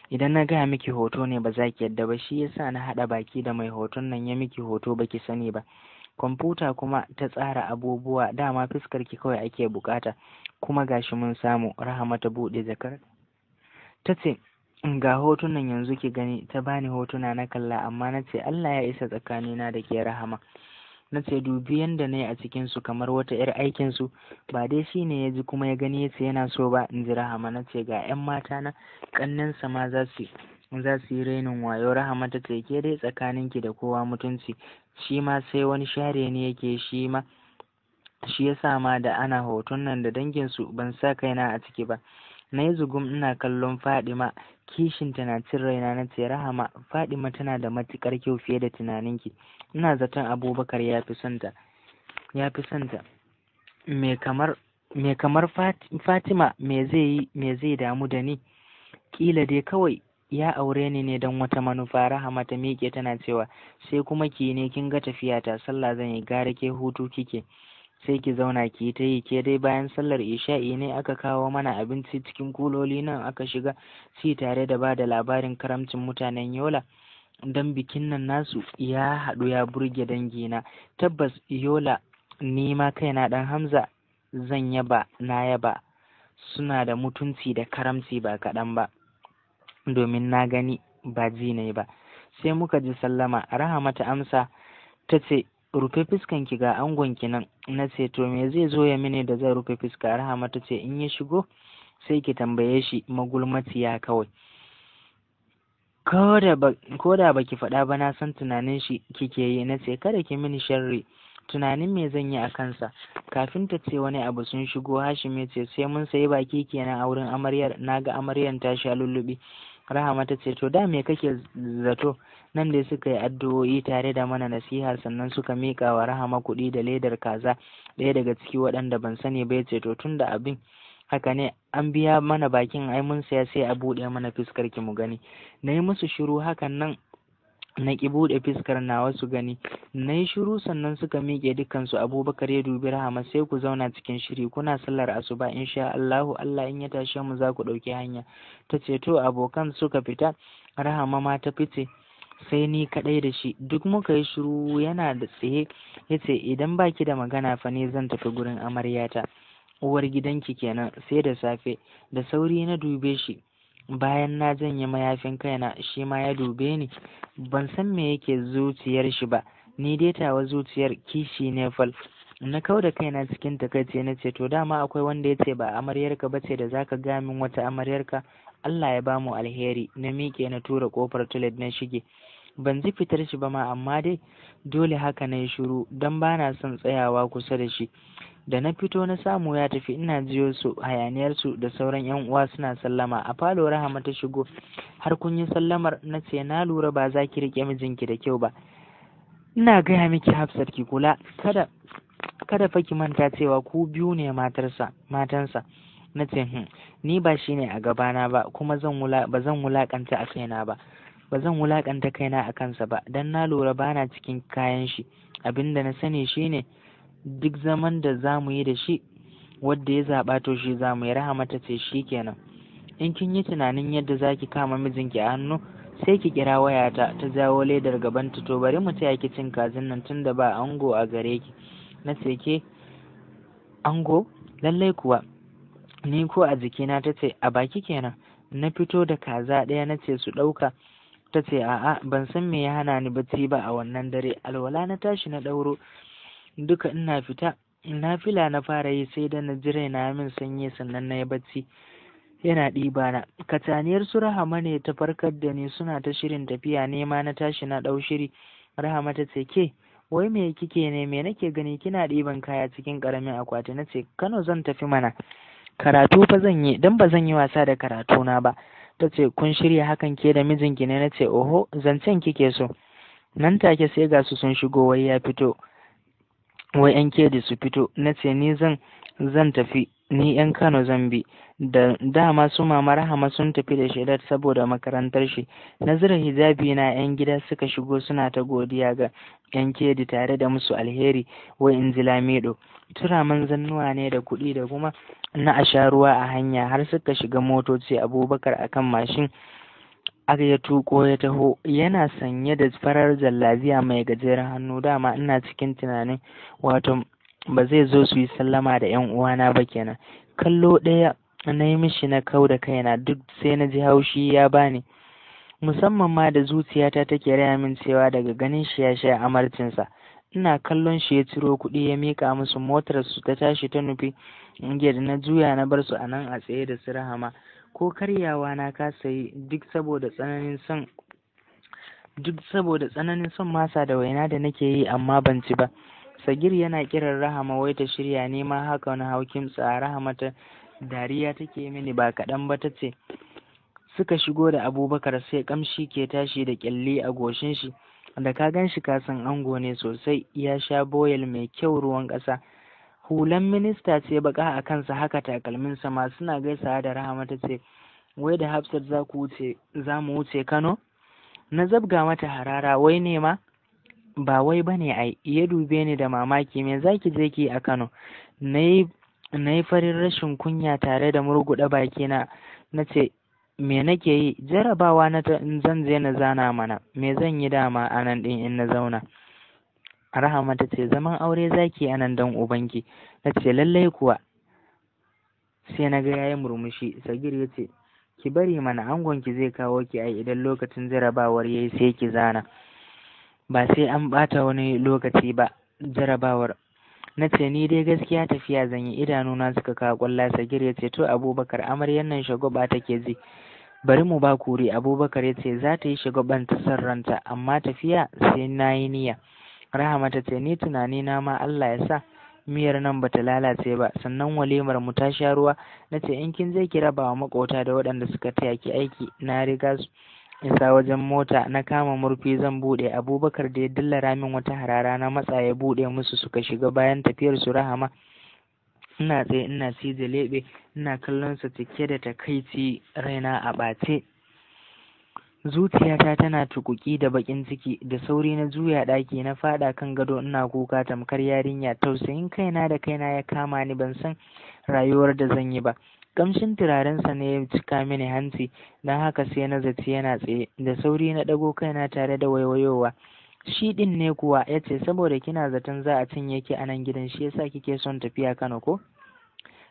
Idan na gaya miki hoto ne ba za ki yadda ba shi yasa na haɗa baki da mai hoton nan ya miki hoto baki sani ba. Kwamfuta kuma ta tsara abubuwa dama fuskar ki kawai ake bukata kuma gashi mun samu Rahama ta buɗe jakar. Ta ce ga hotunan yanzu ki gani ta bani hotuna na kalla amma na ce Allah ya isa tsakanina da ke Rahama. na ce dubi yanda na yi a cikinsu kamar wata 'yar aikinsu ba dai shi ne ya ji kuma ya gani ya yana so ba in ji rahama na ce ga 'yan mata na ƙannensa ma za su za su yi rainin wayo rahama ta ce ke dai tsakaninki da kowa mutunci shi ma sai wani share ne yake shi ma shi ya sa ma da ana hoton nan da danginsu ban sa kaina a ciki ba na yi zugum ina kallon fadima kishinta na cin raina na ce rahama fadima tana da matukar kyau fiye da tunaninki ina zaton abubakar ya fi santa ya fi me kamar kamar fatima me zai zai damu da ni kila dai kawai ya aure ni ne don wata manufa rahama ta miƙe tana cewa sai kuma ki ne kin ga tafiya ta sallah zan yi gara ke hutu kike sai ki zauna ki ta yi ke dai bayan sallar isha'i ne aka kawo mana abinci cikin kuloli nan aka shiga ci tare da ba da labarin karamcin mutanen yola don bikin nan nasu ya haɗu ya burge dangina tabbas yola ni ma kaina ɗan hamza zan yaba na yaba suna da mutunci da karamci ba kaɗan ba domin na gani ba ji ne ba sai muka ji sallama rahama ta amsa ta ce rufe ki ga angonki nan na ce to me zai zo ya mini da zai rufe fuska rahama ta ce in ya shigo sai ki tambaye shi magulmaciya kawai ko da ki faɗa ba na san tunanin shi kike yi na ce kada ki mini sharri tunanin me zan yi a kansa kafin ta ce wani abu sun shigo hashim ya ce sai mun sayi baki kenan a wurin amaryar Na ga amaryar ta sha lullubi rahama ta ce to da me kake zato nan dai suka yi addu'o'i tare da mana nasiha sannan suka miƙa wa rahama kuɗi da ledar kaza ɗaya daga ciki waɗanda ban sani ba ya ce to tunda abin haka ne an biya mana bakin ai mun saya sai a buɗe mana fuskar ki mu gani na yi musu shiru hakan nan na ki buɗe fuskar na wasu gani na yi shiru sannan suka miƙe dukansu abubakar ya dubi rahama sai ku zauna cikin shiri kuna sallar asuba insha Allahu Allah in ya tashe mu za ku ɗauki hanya ta ce to abokan suka fita rahama ma ta fice sai ni kaɗai da shi duk muka yi shiru yana da tsaye ya ce idan baki da magana fa ne zan tafi gurin amaryata uwar gidanki kenan sai da safe da sauri na dube shi bayan na janye mayafin kaina shi ma ya dube ni ban san me yake zuciyar shi ba ni dai tawa zuciyar kishi ne fal na kau da kaina cikin takaice na ce to dama akwai wanda ya ce ba amaryarka ba ce da zaka ga min wata amaryarka Allah ya bamu alheri na miƙe na tura kofar tulet na shige ban ji fitar shi ba ma amma dai dole haka na yi shiru don ba na son tsayawa kusa da shi da na fito na samu ya tafi ina jiyo su hayaniyar su da sauran yan uwa suna sallama a falo rahama ta shigo har kun yi sallamar na ce na lura ba za ki rike mijinki da kyau ba ina gaya miki hafsat ki kula kada kada fa ki manta cewa ku biyu ne matarsa matansa na ce hmm, ni ba shi ne a gabana ba kuma ba zan wulakanta a kaina ba ba zan wulakanta kaina a kansa ba dan na lura ba na cikin kayan shi abinda na sani shine ne duk zaman da za mu yi da shi wadda ya zaɓa to shi za mu yi rahama ta ce shi kenan in kin yi tunanin yadda za ki kama mijinki a hannu sai ki kira wayata ta jawo ledar gaban ta to bari mu taya ki cin kazin nan tun da ba ango a gare ki na ce ke ango lallai kuwa ni ko a jikina ta ce a baki kenan na fito da kaza ɗaya na ce su ɗauka ta ce a'a ban san me ya hana ni bacci ba a wannan dare alwala na tashi na ɗauro duka ina fita fila na fara yi sai da na jira na min sanyi sannan na yi bacci yana ɗiba na kataniyar su rahama ne ta farkar da ni suna ta shirin tafiya nema na tashi na ɗau shiri rahama ta ce ke wai me kike ne me nake gani kina ɗiban kaya cikin ƙaramin akwati na ce kano zan tafi mana karatu fa zan yi dan ba zan yi wasa da karatu na ba ta ce kun shirya hakan ke da mijinki ne na ce oho zancen kike so nan take sai ga su sun shigo wai ya fito wai yan kedi su fito na ce ni zan zan tafi ni yan kano zan bi da dama su mama rahama sun tafi da shaidar saboda makarantar shi nazira hijabi na yan gida suka shigo suna ta godiya ga yan kedi tare da musu alheri wai in ji lamido tura man zannuwa ne da kuɗi da kuma na asharuwa ruwa a hanya har suka shiga motoci abubakar akan mashin aka ya tuko ya taho yana sanye da farar jallabiya mai gajeren hannu dama ina cikin tunanin wato ba zai zo su yi sallama da yan uwana ba kenan kallo ɗaya na yi mishi na kau da kaina duk sai na ji haushi ya bani musamman ma da zuciyata take raya min cewa daga ganin shi ya shaya amarcinsa ina kallon shi ya ciro kuɗi ya mika musu motar su ta tashi ta nufi inge na juya na bar su a nan a tsaye da su rahama ko karyawa na kasa yi duk saboda tsananin son duk saboda tsananin son masa da waina da nake yi amma ban ci ba sagir yana kiran rahama wai ta shirya nema haka wani haukin tsa rahama ta dariya take mini ba kaɗan ba ta ce suka shigo da abubakar sai kamshi ke tashi da ƙyalli a goshin shi da ka gan shi kasan ango ne sosai ya sha boyel mai kyau ruwan ƙasa hulan minista ce baka a kansa haka takalminsa ma suna gaisawa da rahama ta ce wai da hafsat za ku wuce za mu wuce kano na zabga mata harara wai ne ma ba wai bane ai ya dube ni da mamaki me zaki je ki a kano na yi farin rashin kunya tare da murguɗa bakina na ce me nake yi jarabawa na zan je na zana mana me zan yi dama a nan ɗin in na zauna Rahama ta ce zaman aure zaki anan dan ubanki na ce lallai kuwa sai na ga yayi murmushi sagir ya ce ki bari mana angon ki zai kawo ki ai idan lokacin jarabawar yayi sai ki zana ba sai an bata wani lokaci ba jarabawar na ce ni dai gaskiya tafiya zan yi idanuna suka kawo kwalla sagir ya ce to abubakar amaryar nan shagwaba take ji bari mu ba kuri abubakar ya ce za ta yi ban ta sarranta ranta amma tafiya sai na yi niyya Rahama ta ce ni tunani na ma Allah ya sa miyar nan bata lalace ba sannan walimar mu ta sha ruwa na ce in kin je ki rabawa makota da waɗanda suka taya ki aiki na riga su isa wajen mota na kama murfi zan buɗe abubakar da ya dilla ramin wata harara na matsa ya buɗe musu suka shiga bayan tafiyar su rahama ina tsaye ina cije leɓe ina kallon su cike da takaici raina a bace Zuciyata tana tuƙuƙi da baƙin ciki, da sauri na juya ɗaki na faɗa kan gado ina kuka tamkar yarinya. Tausayin kaina da kaina ya kama ni ban san rayuwar da zan yi ba. Ƙamshin sa ne ya cika mini hanci, dan haka sai na zaci yana tsaye. Da sauri na ɗago kaina tare da waiwayowa. Shi ɗin ne kuwa yace saboda kina zaton za a cinye ki a nan gidan shi yasa kike son tafiya Kano ko?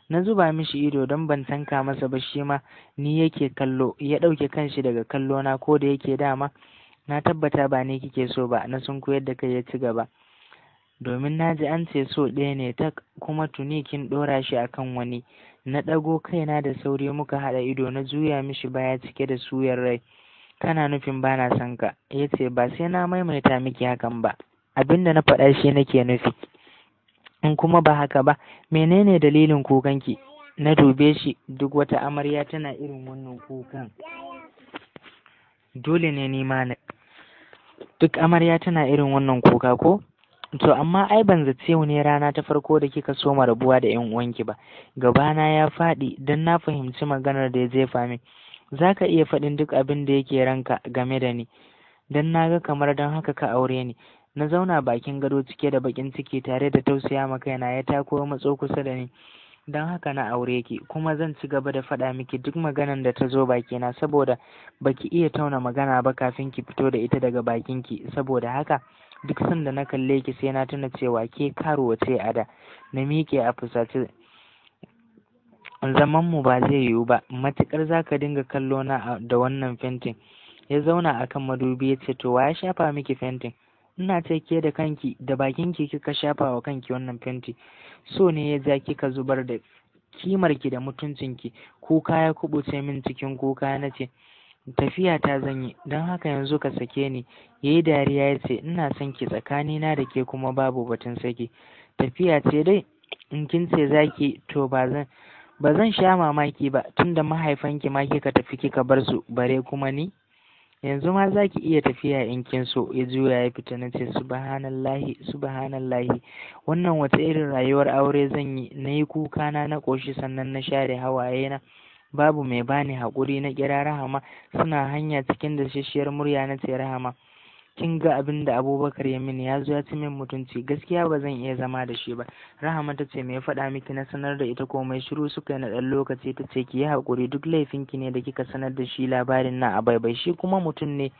na zuba mishi ido don ban tanka masa ba shi ma ni yake kallo ya ɗauke kanshi daga kallo na ko da yake dama na tabbata ba ni kike so ba na koyar da kai ya ci gaba domin na ji an ce so ɗaya ne ta kuma tuni kin ɗora shi akan wani na ɗago kaina da sauri muka haɗa ido na juya mishi baya cike da suyar rai kana nufin bana son ka ya ce ba sai na maimaita miki hakan ba abinda na faɗa shi nake nufi in kuma ba haka ba menene dalilin kukanki na dube shi duk wata amarya tana irin wannan kukan dole ne ni ma duk amarya tana irin wannan kuka ko to amma ai ban zace ne rana ta farko da kika so rabuwa da yan uwanki ba gabana ya faɗi dan na fahimci maganar da ya jefa min zaka iya faɗin duk abin da yake ranka game da ni don naga kamar dan haka ka aure ni Na zauna bakin gado cike da bakin ciki tare da tausaya ma kaina ya tako matso kusa da ni. Don haka na aure ki kuma zan ci gaba da faɗa miki duk maganan da ta zo bakina saboda baki iya tauna magana ba kafin ki fito da ita daga bakin ki. saboda haka duk sanda na kalle ki sai na tuna cewa ke karuwa ce a da na miƙe a fusace zaman mu ba zai yiwu ba Matuƙar za ka dinga kallo na da wannan fentin ya zauna akan madubi ya ce to wa ya shafa miki fentin ina ce ke da kanki da bakinki kika shafa wa kanki wannan fenti so ne ya ja kika zubar da kimar ki da mutuncinki kuka ya kubuce min cikin kuka na ce tafiya ta zanyi don haka yanzu ka sake ni yayi dariya ya ce ina son ki tsakanina da ke kuma babu batun saki tafiya ce dai in kin ce zaki to ba zan ba zan sha mamaki ba tunda mahaifanki ma kika tafi kika bar su bare kuma ni yanzu ma za ki iya tafiya in kin so ya juya ya fita na ce subhanallahi subhanallahi wannan wata irin rayuwar aure zan yi na yi kuka na na ƙoshi sannan na share hawaye na babu mai bani haƙuri na kira rahama suna hanya cikin da shishiyar murya na ce rahama kin ga abin da abubakar ya mini ya zo ya ci min mutunci gaskiya ba zan iya zama da shi ba rahama ta ce me ya faɗa miki na sanar da ita komai shiru suka yi na ɗan lokaci ta ce ki yi haƙuri duk ki ne da kika sanar da shi labarin na a bai shi kuma mutum ne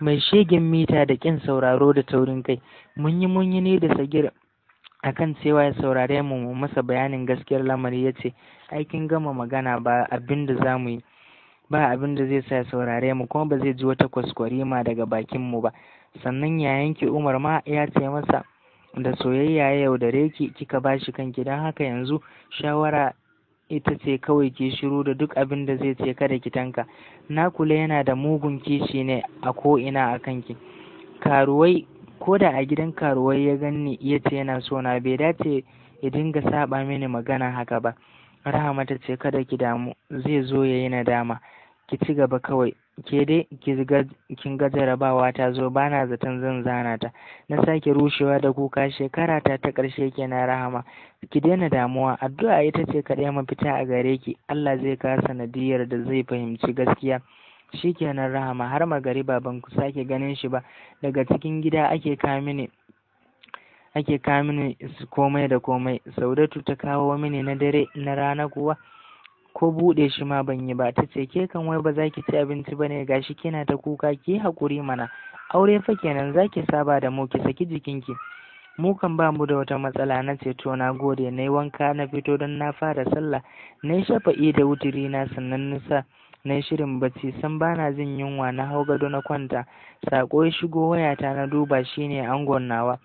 mai shegen mita da ƙin sauraro da taurin kai mun yi mun yi ne da sagir akan cewa ya saurare mu masa bayanin gaskiyar lamari ya ce aikin gama magana ba abin da za mu yi ba abin da zai sa saurare mu kuma ba zai ji wata kwaskwarima daga bakin mu ba sannan yayanki Umar ma ya ce masa da soyayya ya yaudare ki kika bashi kanki don haka yanzu shawara ita ce kawai ki shiru da duk abin da zai ce kada ki tanka na kula yana da mugun kishi ne a ko ina a kanki karuwai ko da a gidan karuwai ya ganni ya ce yana so na bai dace ya dinga saba mini magana haka ba rahama ta ce kada ki damu zai zo ya yi nadama ki ci gaba kawai ke dai kin ga jarabawa ta zo bana zaton zan zana ta na sake rushewa da kuka shekara ta ta ƙarshe kenan rahama ki daina damuwa addu'a ita ce kaɗai mafita a gare ki Allah zai ka sanadiyar da zai fahimci gaskiya Shi shikenan rahama har magariba ban ku sake ganin shi ba daga cikin gida ake kawo mini ake kawo mini komai da komai saudatu ta kawo mini na dare na rana kuwa ko buɗe shi ma ban yi ba ta ce ke kan wai ba za ki ci abinci ba ne gashi kina ta kuka ki haƙuri mana aure fa kenan za ki saba da mu ki saki jikinki mu kan ba mu da wata matsala na ce to na gode na yi wanka na fito don na fara sallah na yi shafa'i da wuturi na sannan na sa na shirin bacci san ba na jin yunwa na hau gado na kwanta saƙo ya shigo wayata na duba shine angon nawa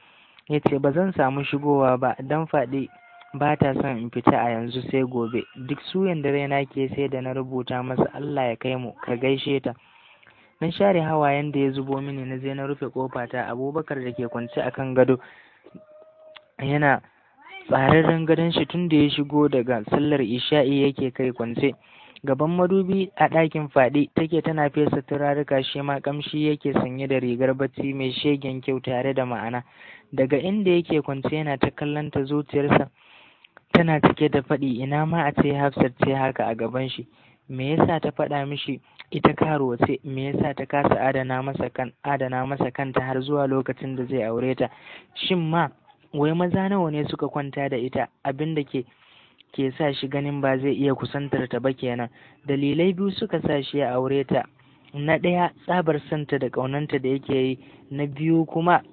ya ce ba zan samu shigowa ba Dan faɗi ba ta son in fita a yanzu sai gobe duk suyan da na ke sai da na rubuta masa Allah ya kai mu ka gaishe ta na share hawayen da ya zubo mini na je na rufe kofa ta abubakar da ke kwance akan gado yana tsararren gadon shi tun da ya shigo daga sallar isha'i yake kai kwance gaban madubi a ɗakin faɗi take tana fesa turaruka shi ma ƙamshi yake sanye da rigar bacci mai shegen kyau tare da ma'ana daga inda yake kwance yana ta kallon zuciyarsa tana cike da faɗi ina ma a ce Hafsat ce haka a gaban shi me yasa ta faɗa mishi ita karuwa ce me yasa ta kasa adana masa kan adana masa kanta har zuwa lokacin da zai aure ta shin ma wai maza nawa ne suka kwanta da ita abin da ke ke sa shi ganin ba zai iya kusantar ta ba kenan dalilai biyu suka sa shi ya aure ta na ɗaya tsabar santa da ƙaunanta da yake yi na biyu kuma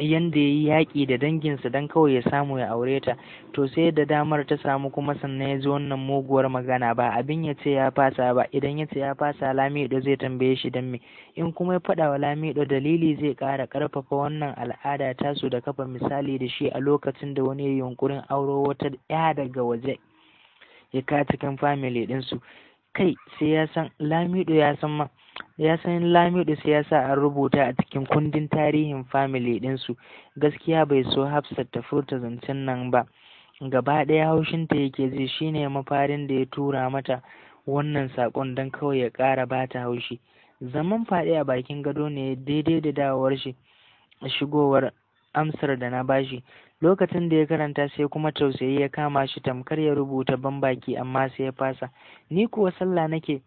yanda ya yi yaƙi da danginsa don kawai ya samu ya aure ta to sai da damar ta samu kuma sannan ya ji wannan muguwar magana ba abin ya ce ya fasa ba idan ya ce ya fasa lamido zai tambaye shi don mai. in kuma ya faɗa wa lamido dalili zai ƙara karfafa wannan al'ada tasu da kafa misali da shi a lokacin da wani yunkurin auro wata ya daga waje ya ka cikin famili ɗinsu kai sai ya san lamido ya san ma ya san Lamidu sai ya sa an rubuta a cikin kundin tarihin family ɗinsu gaskiya bai so Hafsat ta furta zancen nan ba gaba ɗaya haushinta yake ji shine mafarin da ya tura mata wannan saƙon don kawai ya ƙara bata haushi zaman faɗi a bakin gado ne daidai da dawowar shi shigowar amsar da na bashi lokacin da ya karanta sai kuma tausayi ya kama shi tamkar ya rubuta ban baki amma sai ya fasa ni kuwa sallah nake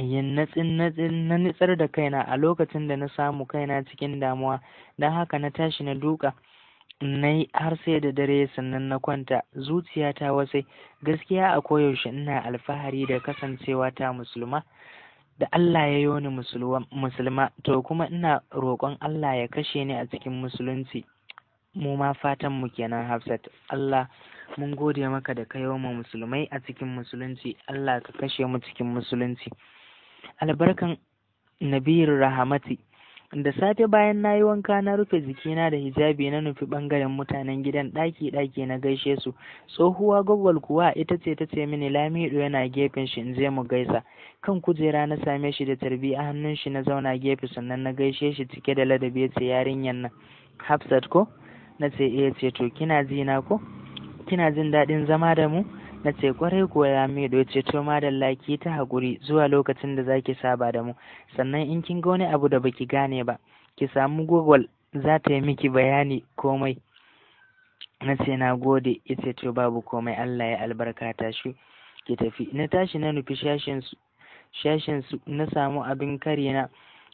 na nitsar da kaina a lokacin da na samu kaina cikin damuwa don haka na tashi na duka na yi har sai da dare sannan na kwanta zuciyata wasai gaskiya a koyaushe ina alfahari da kasancewa ta musulma da Allah ya yoni musulma to kuma ina roƙon Allah ya kashe ni a cikin musulunci mu ma fatan mu kenan Hafsat Allah mun gode maka da kayo mu musulmai a cikin musulunci Allah ka kashe mu cikin musulunci albarkan Nabiru rahamati da safe bayan na yi wanka na rufe jikina da hijabi na nufi bangaren mutanen gidan ɗaki ɗaki na gaishe su tsohuwa gwagwal kuwa ita ce ta ce mini lamido yana gefen shi in je mu gaisa kan kujera na same shi da tarbi a hannun shi na zauna gefe sannan na gaishe shi cike da ladabi ya ce yarinyan nan hafsat ko na ce iya eh, ce to kina ji na ko kina jin daɗin zama da mu na ce kwarai kuwa ya mai da ma madalla ki ta haƙuri zuwa lokacin da zaki saba da mu sannan in kin ga wani abu da baki gane ba ki samu google za ta yi miki bayani komai na ce na gode ya babu komai allah ya albarka ta shi ki tafi na tashi na nufi shashin su na samu abin kare na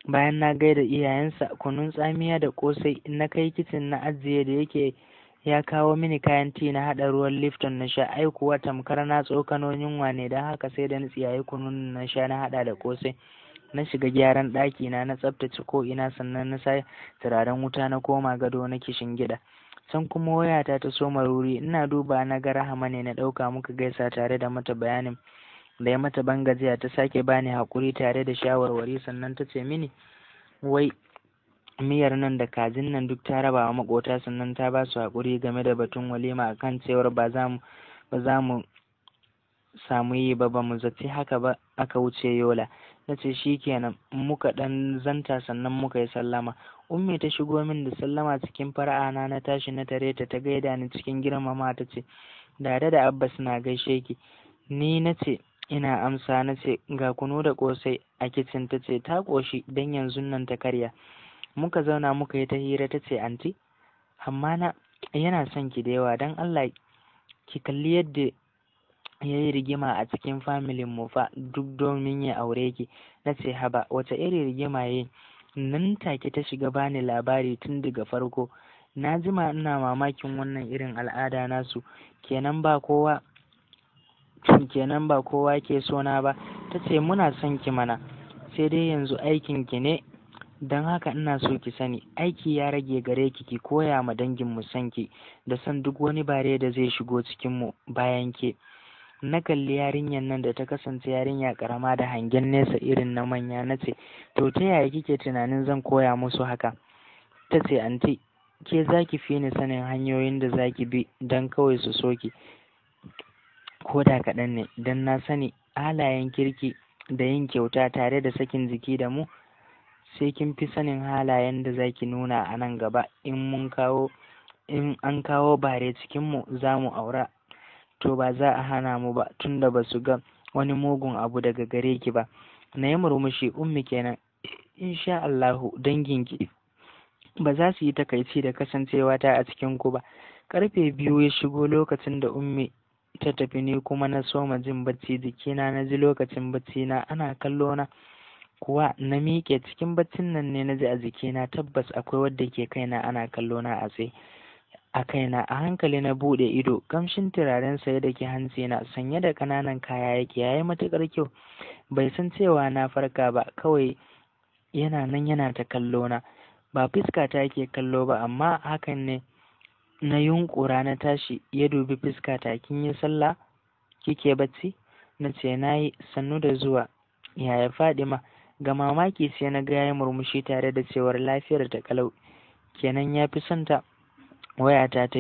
bayan na gaida iyayensa kunun tsamiya da kosai na kai kicin na ajiye da yake ya kawo mini kayan ti na haɗa ruwan lifton na sha ai tamkar na tsokano yunwa ne don haka sai da na yayi kunun na sha na haɗa da kosai na shiga gyaran ɗaki na na tsaftace ko ina sannan na sa turaren wuta na koma gado na kishin gida san kuma wayata ta soma ruri, ina duba na ga rahama ne na ɗauka muka gaisa tare da mata bayanin da ya mata ban gajiya ta sake bani hakuri tare da shawarwari sannan ta ce mini wai miyar nan da kajin nan duk ta rabawa makota sannan ta ba su haƙuri game da batun walima akan cewar ba za mu samu yi ba ba mu zaci haka ba aka wuce yola na ce shi kenan muka ɗan zanta sannan muka yi sallama ummi ta shigo min da sallama cikin fara'a na na tashi na tare ta ta gaida ni cikin girmama ta ce dada da abbas na gaishe ki ni na ce ina amsa na ce ga kunu da kosai a kicin ta ce ta ƙoshi don yanzu nan ta karya muka zauna muka yi ta hira ta ce anti amma na yana son ki da yawa don allah ki kalli yadda ya yi rigima a cikin familin mu fa duk domin ya aure ki na ce haba wace irin rigima ya nan take ta shiga bani labari tun daga farko na jima ina mamakin wannan irin al'ada nasu kenan ba kowa kenan ba kowa ke sona ba ta ce muna son ki mana sai dai yanzu aikin ki ne don haka ina so ki sani aiki ya rage gare ki ki koya ma dangin mu sanki da san duk wani bare da zai shigo cikin mu bayan ke na kalli yarinyar nan da ta kasance yarinya karama da hangen nesa irin na manya na ce to ta yaya kike tunanin zan koya musu haka ta ce anti ke za ki fi ni sanin hanyoyin da za ki bi don kawai su soki ko da kaɗan ne don na sani halayen kirki da yin kyauta tare da sakin jiki da mu sai kin fi sanin halayen da zaki nuna a nan gaba in mun kawo in an kawo bare cikinmu za mu aura to ba za a hana mu ba tunda ba su ga wani mugun abu daga gare ki ba na yi murmushi ummi kenan insha Allahu danginki ba za su yi takaici da kasancewa ta a cikin ku ba karfe biyu ya shigo lokacin da ummi ta tafi ni kuma na soma jin bacci jikina na ji lokacin bacci na ana kallo na kuwa na miƙe cikin baccin nan ne na ji a jikina tabbas akwai wadda ke kaina ana kallona a tsaye a kaina a hankali na buɗe ido kamshin turaren saye da ke hanci na sanye da ƙananan kaya yake yayi matuƙar kyau bai san cewa na farka ba kawai yana nan yana ta kallo na ba fuska ta ke kallo ba amma hakan ne na yunƙura na tashi ya dubi fuska ta kin yi sallah kike bacci na ce na yi sannu da zuwa yaya fadima ga mamaki sai na ga ya murmushi tare da cewar lafiyar ta kalau kenan ya fi son ta wayata ta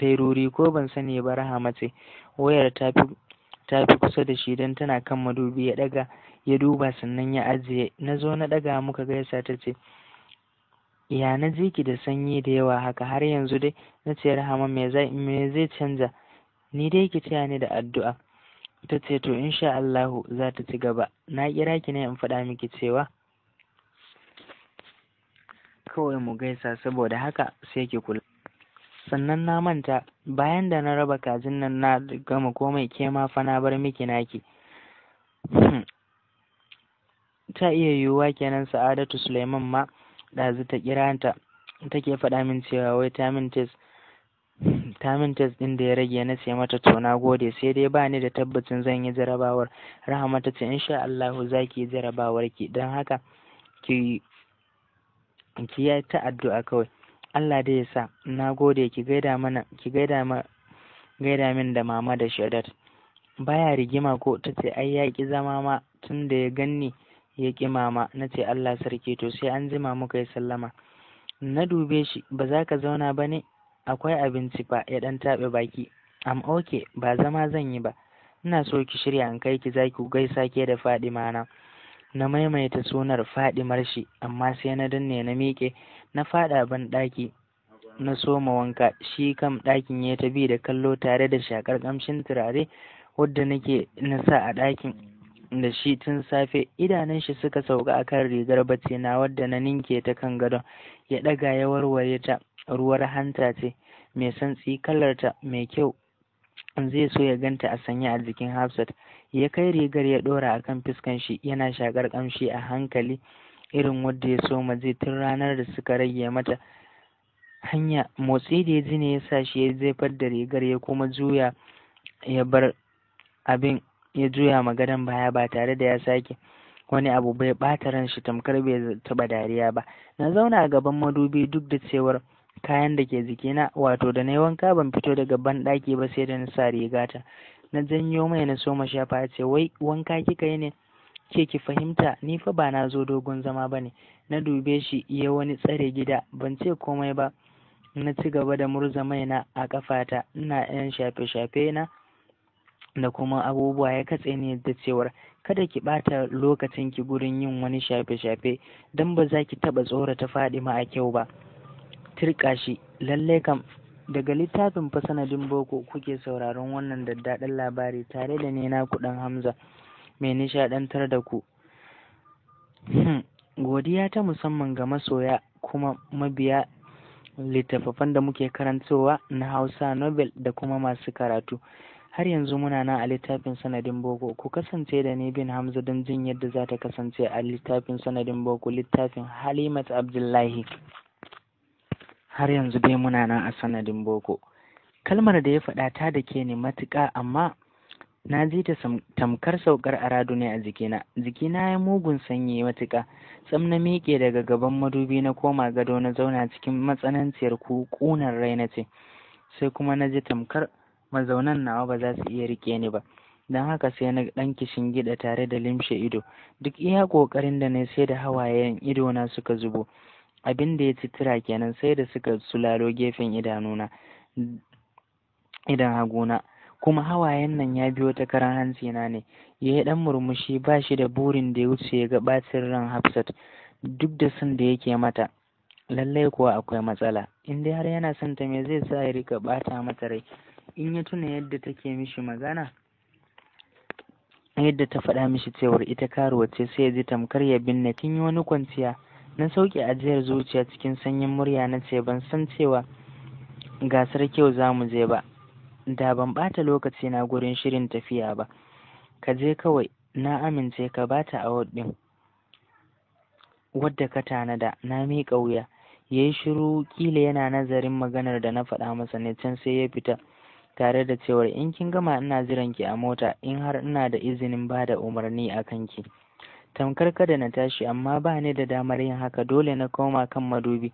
yi ruri ko ban sani ba rahama ce wayar ta fi kusa da shi don tana kan madubi ya daga ya duba sannan ya ajiye na zo na daga muka gaisa ta ce ya na jiki da sanyi da yawa haka har yanzu dai na ce rahama me zai canza? ni dai ki taya ni da addu'a ta ce to insha Allahu za ta ci gaba na kira ki ne in faɗa miki cewa kawai mu gaisa saboda haka sai ki kula sannan na manta bayan da na raba kajin nan na gama komai ke ma fa na bar miki naki ta iya yiwuwa kenan sa'adatu suleiman ma ɗazu ta kiranta take faɗa min cewa wai ta min test Tamin test ɗin da ya rage na sai mata to na gode sai dai ba ni da tabbacin zan yi jarabawar. Rahama ta ce insha Allahu za ki yi jarabawar ki don haka ki yi ta addu'a kawai. Allah dai ya sa na gode ki gaida mana ki gaida ma gaida min da mama da Shadat. Baya rigima ko ta ce ai ya ki zama ma tun da ya ganni ya ki mama na ce Allah sarki to sai an jima muka yi sallama. Na dube shi ba za ka zauna ba ne akwai abinci fa ya ɗan taɓa baki am oke ba zama zan yi ba ina so ki shirya in kai ki zaki ki gaisa ke da fadima na na maimaita sunar fadimar shi amma sai na danne na mike na faɗa ban ɗaki na soma wanka shi kam ɗakin ya ta bi da kallo tare da shakar ƙamshin turare wadda nake na sa a ɗakin da shi tun safe idanun shi suka sauka akan rigar bacci na wadda na ninke ta kan gado ya ɗaga ya warware ta ruwar hanta ce mai santsi kalarta mai kyau zai so ya ganta a sanya a jikin Hafsat ya kai rigar ya ɗora a kan fuskan shi yana shakar kamshi a hankali irin wadda ya so ma zai tun ranar da suka rage mata hanya motsi da ya ne ya sa shi ya zai da rigar ya kuma juya ya bar abin ya juya magadan baya ba tare da ya sake wani abu bai bata ran shi tamkar bai taba dariya ba na zauna a gaban madubi duk da cewar kayan da ke jikina wato da na wanka ban fito daga banɗaki ba sai da na sa rigata na janyo mai na so shafa ya ce wai wanka kika yi ne ke ki fahimta ni fa ba na zo dogon zama ba ne na dube shi ya wani tsare gida ban ce komai ba na ci gaba da murza mai na a kafata ina yan shafe-shafe na da kuma abubuwa ya katse ne da cewar kada ki ɓata lokacin ki gurin yin wani shafe-shafe don ba za ki taɓa tsorata faɗi ma a kyau ba tirka shi lalle kam daga littafin fa sanadin boko kuke sauraron wannan daddaɗin labari tare da ni na kuɗin hamza mai nishaɗantar da ku hmm, godiya ta musamman ga masoya kuma mabiya littafafan da muke karantowa na hausa nobel da kuma masu karatu har yanzu muna nan a littafin sanadin boko ku kasance da ni bin hamza don jin yadda za ta kasance a littafin sanadin boko littafin halimat abdullahi har yanzu dai muna nan a sanadin boko kalmar da ya faɗa ta da ke ni matuƙa amma na ji ta tamkar saukar aradu ne a jikina jikina ya mugun sanyi matuƙa tsam na miƙe daga gaban madubi na koma gado na zauna cikin matsananciyar kunar rai na ce sai kuma na ji tamkar mazaunan nawa ba za su iya riƙe ni ba don haka sai na ɗan kishin gida tare da limshe ido duk iya ƙoƙarin da na sai da hawayen idona suka zubo abin da ya ci tura kenan sai da suka sulalo gefen idanuna idan haguna kuma hawayen nan ya biyo ta karan hantsina ne ya yi ɗan murmushi ba shi da burin da ya wuce ya ga ɓacin ran hafsat duk da sun da yake mata lallai kuwa akwai matsala in dai har yana son ta me zai sa ya rika ɓata mata rai in ya tuna yadda take mishi magana yadda ta faɗa mishi cewar ita karuwa ce sai ya ji tamkar ya binne tun yi wani kwanciya na sauke ajiyar zuciya cikin sanyin murya na ce ban san cewa gasar kyau za mu je ba da ban bata lokaci na gurin shirin tafiya ba ka je kawai na amince ka bata a ɗin wadda ka tanada na miƙa wuya ya yi shiru ƙila yana nazarin maganar da na faɗa masa ne can sai ya fita tare da cewar in kin gama ina jiran ki a mota in har ina da izinin ba da umarni a kanki tamkar kada na tashi amma ba ni da damar yin haka dole na koma kan madubi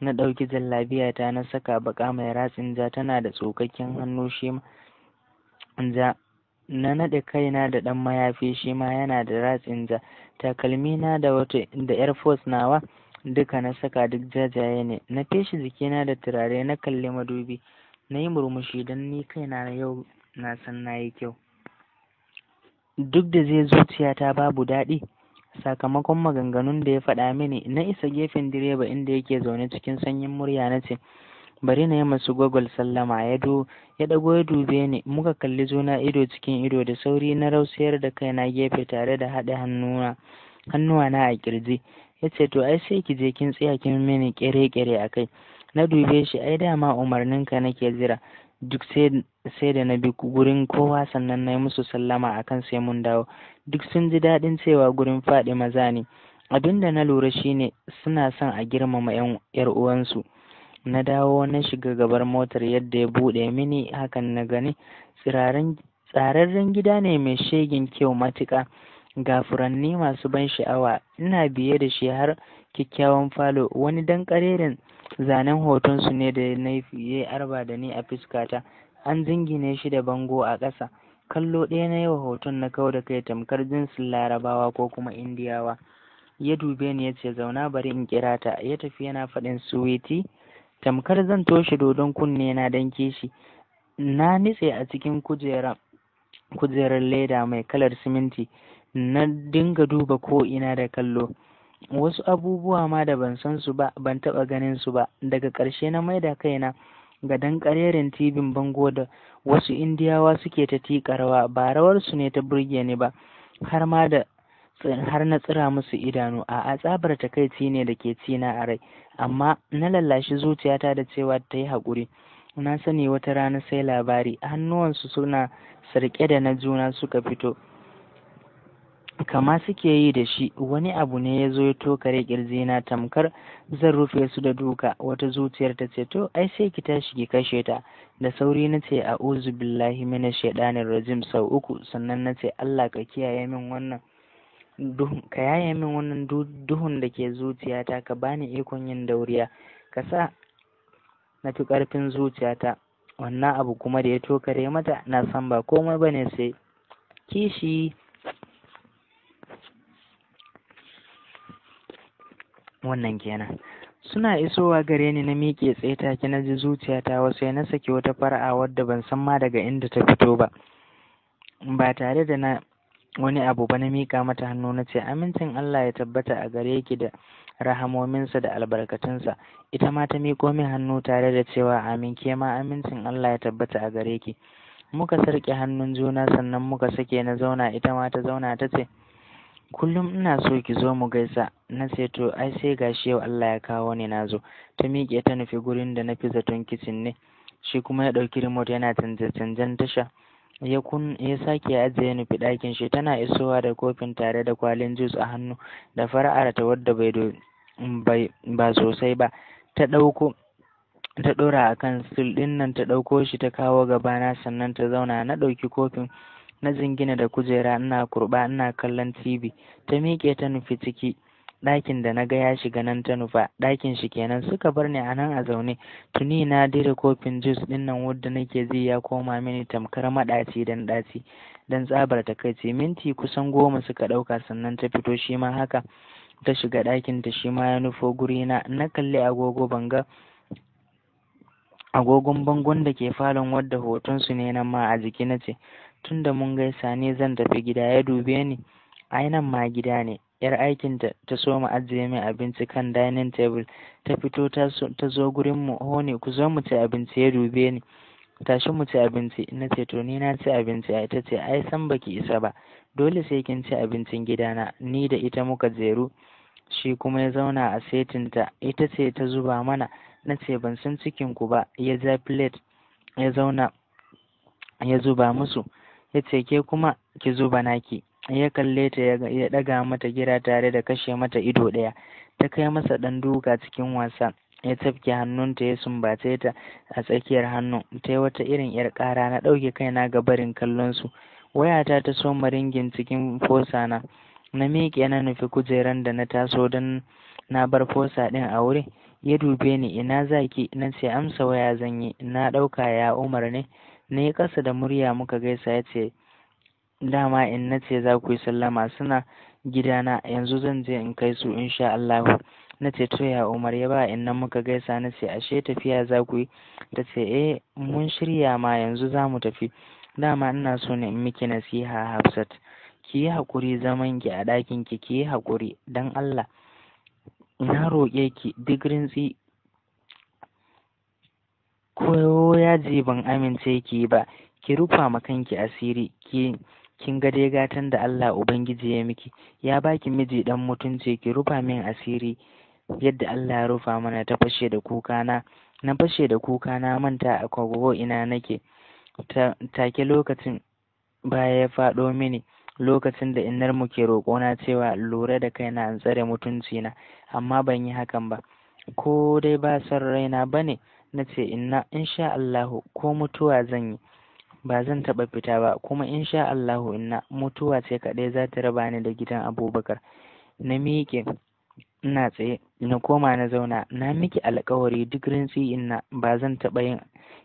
na ɗauki jallabiyata na saka baka mai ratsin ja tana da tsokakken hannu shi ma ja na naɗe kaina da ɗan mayafi shi ma yana da ratsin ja takalmina da wata da air force nawa duka na saka duk jajaye ne na feshi jikina da turare na kalli madubi na yi murmushi don ni kaina na yau na san na yi kyau duk da zai zuciyata babu daɗi sakamakon maganganun da ya faɗa mini na isa gefen direba inda yake zaune cikin sanyin murya na ce bari na yi masu gwagwal sallama ya do ya ɗago ya dube ni muka kalli juna ido cikin ido da sauri na rausayar da kaina gefe tare da haɗe hannuna na a kirji ya ce to ai sai ki je kin tsaya kin mini ƙere-ƙere a kai na dube shi ai dama umarninka nake jira duk sai da na bi gurin kowa sannan na yi musu sallama akan sai mun dawo duk sun ji daɗin cewa gurin faɗi maza ne abin da na lura shine suna son a girmama yan uwansu na dawo na shiga gabar motar yadda ya buɗe mini hakan na gani tsararren gida ne mai shegin kyau matuka. ga furanni masu ban sha'awa ina biye da shi har kyakkyawan falo wani dan ƙarerin Zanen hotonsu ne da yayi arba da ni a fuskata, an zingine shi da bango a ƙasa. Kallo ɗaya na yawa hoton na kau da kai tamkar jinsin Larabawa ko kuma Indiyawa. Ya dube ni ya ce zauna bari in kira ta, ya tafi yana faɗin suwiti. Tamkar zan toshe dodon kunne na don kishi. Na nitse a cikin kujerar kujerar leda mai kalar siminti. Na dinga duba ko ina da kallo. wasu abubuwa ma da ban san su ba ban taɓa ganin su ba daga ƙarshe na maida kaina ga dan ƙarerin tibin bango da wasu indiyawa suke ta tiƙa ba rawar su ne ta burge ni ba har ma da har na tsira musu idanu a tsabar takaici ne da ke cina a rai amma na lallashi zuciyata da cewa ta yi haƙuri na sani wata rana sai labari hannuwansu suna sarƙe da na juna suka fito kama suke yi da shi wani abu ne ya zo ya tokare na tamkar zan rufe su da duka wata zuciyar ta ce to ai sai ki tashi ki kashe ta da sauri na ce a uzu billahi mina shaidanin rajim sau uku sannan na ce allah ka kiyaye min wannan ka yaye min wannan duhun da ke zuciyata ka bani ikon yin dauriya ka sa na fi ƙarfin zuciyata wannan abu kuma da ya tokare mata na san ba komai bane sai kishi wannan kenan suna isowa gare ni na miƙe tsaye take na ji zuciyata wasu ya na saki wata fara'a wadda ban san ma daga inda ta fito ba ba tare da na wani abu ba na miƙa mata hannu na ce amincin Allah ya tabbata a gare ki da rahamominsa da albarkatunsa ita ma ta miƙo min hannu tare da cewa amin ke ma amincin Allah ya tabbata a gare ki muka sarƙe hannun juna sannan muka sake na zauna ita ma ta zauna ta ce kullum ina so ki zo mu gaisa na ce to ai sai gashi yau Allah ya kawo ni na zo ta miƙe ta nufi gurin da na fi zaton kicin ne shi kuma ya ɗauki remote yana canje-canjen tasha ya kun ya sake ya ajiye nufi ɗakin shi tana isowa da kofin tare da kwalin jus a hannu da fara'ar ta wadda bai ba sosai ba ta ɗauko ta ɗora a kan sul ɗin nan ta ɗauko shi ta kawo gabana sannan ta zauna na ɗauki kofin na zingina da kujera ina kurba ina kallon tv ta miƙe ta nufi ciki ɗakin da na ga ya shiga nan ta nufa ɗakin shi kenan suka bar ni a nan a zaune tuni na dire kofin jus ɗin nan wadda nake ji ya koma mini tamkar maɗaci dan ɗaci dan tsabar takaici minti kusan goma suka ɗauka sannan ta fito shi ma haka ta shiga ɗakin ta shi ma ya nufo gurina na kalli agogo banga agogon bangon da ke falon wadda hoton su ne nan ma a jiki na ce tunda mun gaisa ne zan tafi gida ya dube ni ai nan ma gida ne yar aikin ta so mu ajiye min abinci kan dining table ta fito ta zo gurin mu hone oh ku zo mu ci abinci ya dube ni tashi mu ci abinci na ce to ni na ci abinci ai ta ce ai san baki isa ba dole sai kin ci abincin gidana ni da ita muka jeru shi kuma ya zauna a setinta ita ce ta zuba mana na ce ban san cikin ku ba ya ja plate ya zauna ya zuba musu ya ce ke kuma ki zuba naki ya kalle ta ya ɗaga mata gira tare da kashe mata ido ɗaya ta kai masa ɗan duka cikin wasa ya tafke hannunta ya sumbace ta a tsakiyar hannu ta yi wata irin yar ƙara na ɗauke kaina ga barin kallon su wayata ta so maringin cikin fosa na na miƙe na nufi kujeran da na taso don na bar fosa ɗin a wuri ya dube ni ina zaki na ce amsa waya zan yi na ɗauka ya umar ne na yi ƙasa da murya muka gaisa ya ce dama in na ce za ku yi sallama suna gidana yanzu zan je in kai su insha Allah na ce to ya Umar ya ba in nan muka gaisa na ce ashe tafiya za ku yi ta ce eh mun shirya ma yanzu za mu tafi dama ina so ne in miki nasiha Hafsat ki yi haƙuri zaman ki a ɗakin ki ki yi haƙuri dan Allah na roƙe ki digirin tsi. ko yaji ban amince ki ba ki rufa ma kanki asiri ki kin ga dai gatan da Allah ubangiji ya miki ya baki miji dan mutunci ki rufa min asiri yadda Allah ya rufa mana ta fashe da kuka na fashe da kuka na manta a kogo ina nake take lokacin baya ya faɗo mini lokacin da innar mu ke roƙona cewa lura da kai na in tsare mutunci na amma ban yi hakan ba ko dai ba son raina bane na ce inna insha Allahu ko mutuwa zan yi ba zan taɓa fita ba kuma insha Allahu inna mutuwa ce kaɗai za ta raba ni da gidan abubakar na miƙe ina tsaye na koma na zauna na miki alkawari duk rintsi inna ba zan taɓa yin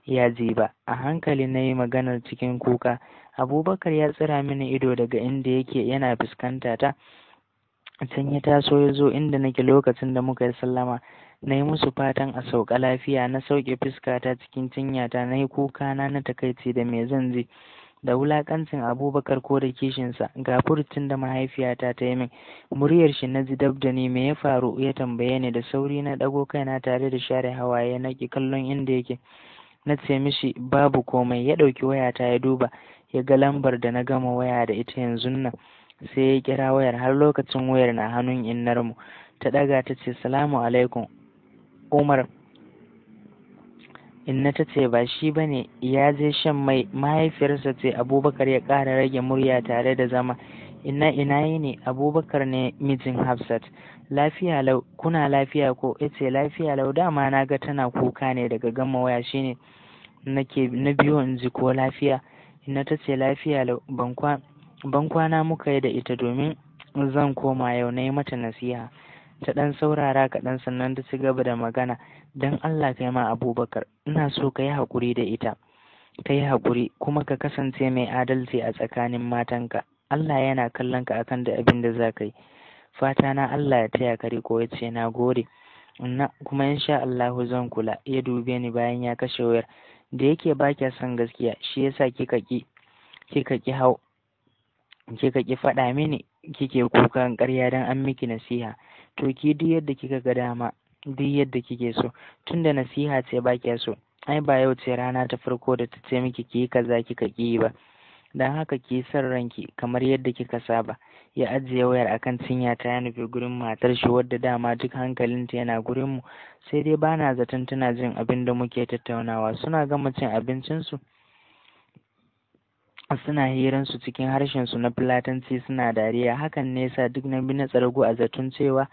yaji ba a hankali na yi maganar cikin kuka abubakar ya tsira mini ido daga inda yake yana fuskanta ta can ya taso ya zo inda nake lokacin da muka yi sallama na yi musu fatan a sauka lafiya na sauke fuskata cikin cinyata na yi kuka na na takaici da me zan je da wulakancin abubakar ko da kishinsa ga furucin da mahaifiyata ta yi min muryar shi na ji dabda da ne me ya faru ya tambaye ni da sauri na ɗago kaina tare da share hawaye na ki kallon inda yake na ce mishi babu komai ya ɗauki wayata ya duba ya ga lambar da na gama waya da ita yanzu nan sai ya kira wayar har lokacin wayar na hannun innarmu ta ɗaga ta ce salamu alaikum Umar Inna ta ce ba shi ba ne ya je shan mai mahaifiyarsa ce Abubakar ya ƙara rage murya tare da zama Inna ina yi ne Abubakar ne mijin Hafsat lafiya lau kuna lafiya ko ce lafiya lau dama na ga tana kuka ne daga gama waya shine nake na biyu in ji ko lafiya Inna ta ce lafiya lau ban kwana muka yi da ita domin zan koma yau na yi mata nasiha ta ɗan saurara kaɗan sannan ta ci gaba da magana don Allah kai ma abubakar ina so ka yi haƙuri da ita ka yi haƙuri kuma ka kasance mai adalci a tsakanin matanka Allah yana kallon ka akan da abin da za ka yi fata na Allah ya taya ka riko ya ce na gode na kuma sha Allahu zan kula ya dube ni bayan ya kashe wayar da yake ba kya son gaskiya shi yasa kika ki kika ki hau kika ki faɗa mini kike kukan ƙarya don an miki nasiha to ki duk yadda kika ga dama duk yadda kike so tunda nasiha ce ba kya so ai ba yau ce rana ta farko da ta ce miki kiyi kaza kika ki ba dan haka ki san ranki kamar yadda kika saba ya ajiye wayar akan cinya ta ya nufi gurin matar shi wadda dama duk hankalinta yana gurin mu sai dai bana zaton tana jin abin da muke tattaunawa suna gama cin abincinsu suna su cikin harshen su na fulatanci suna dariya hakan ne sa duk na bi na tsargu a zaton cewa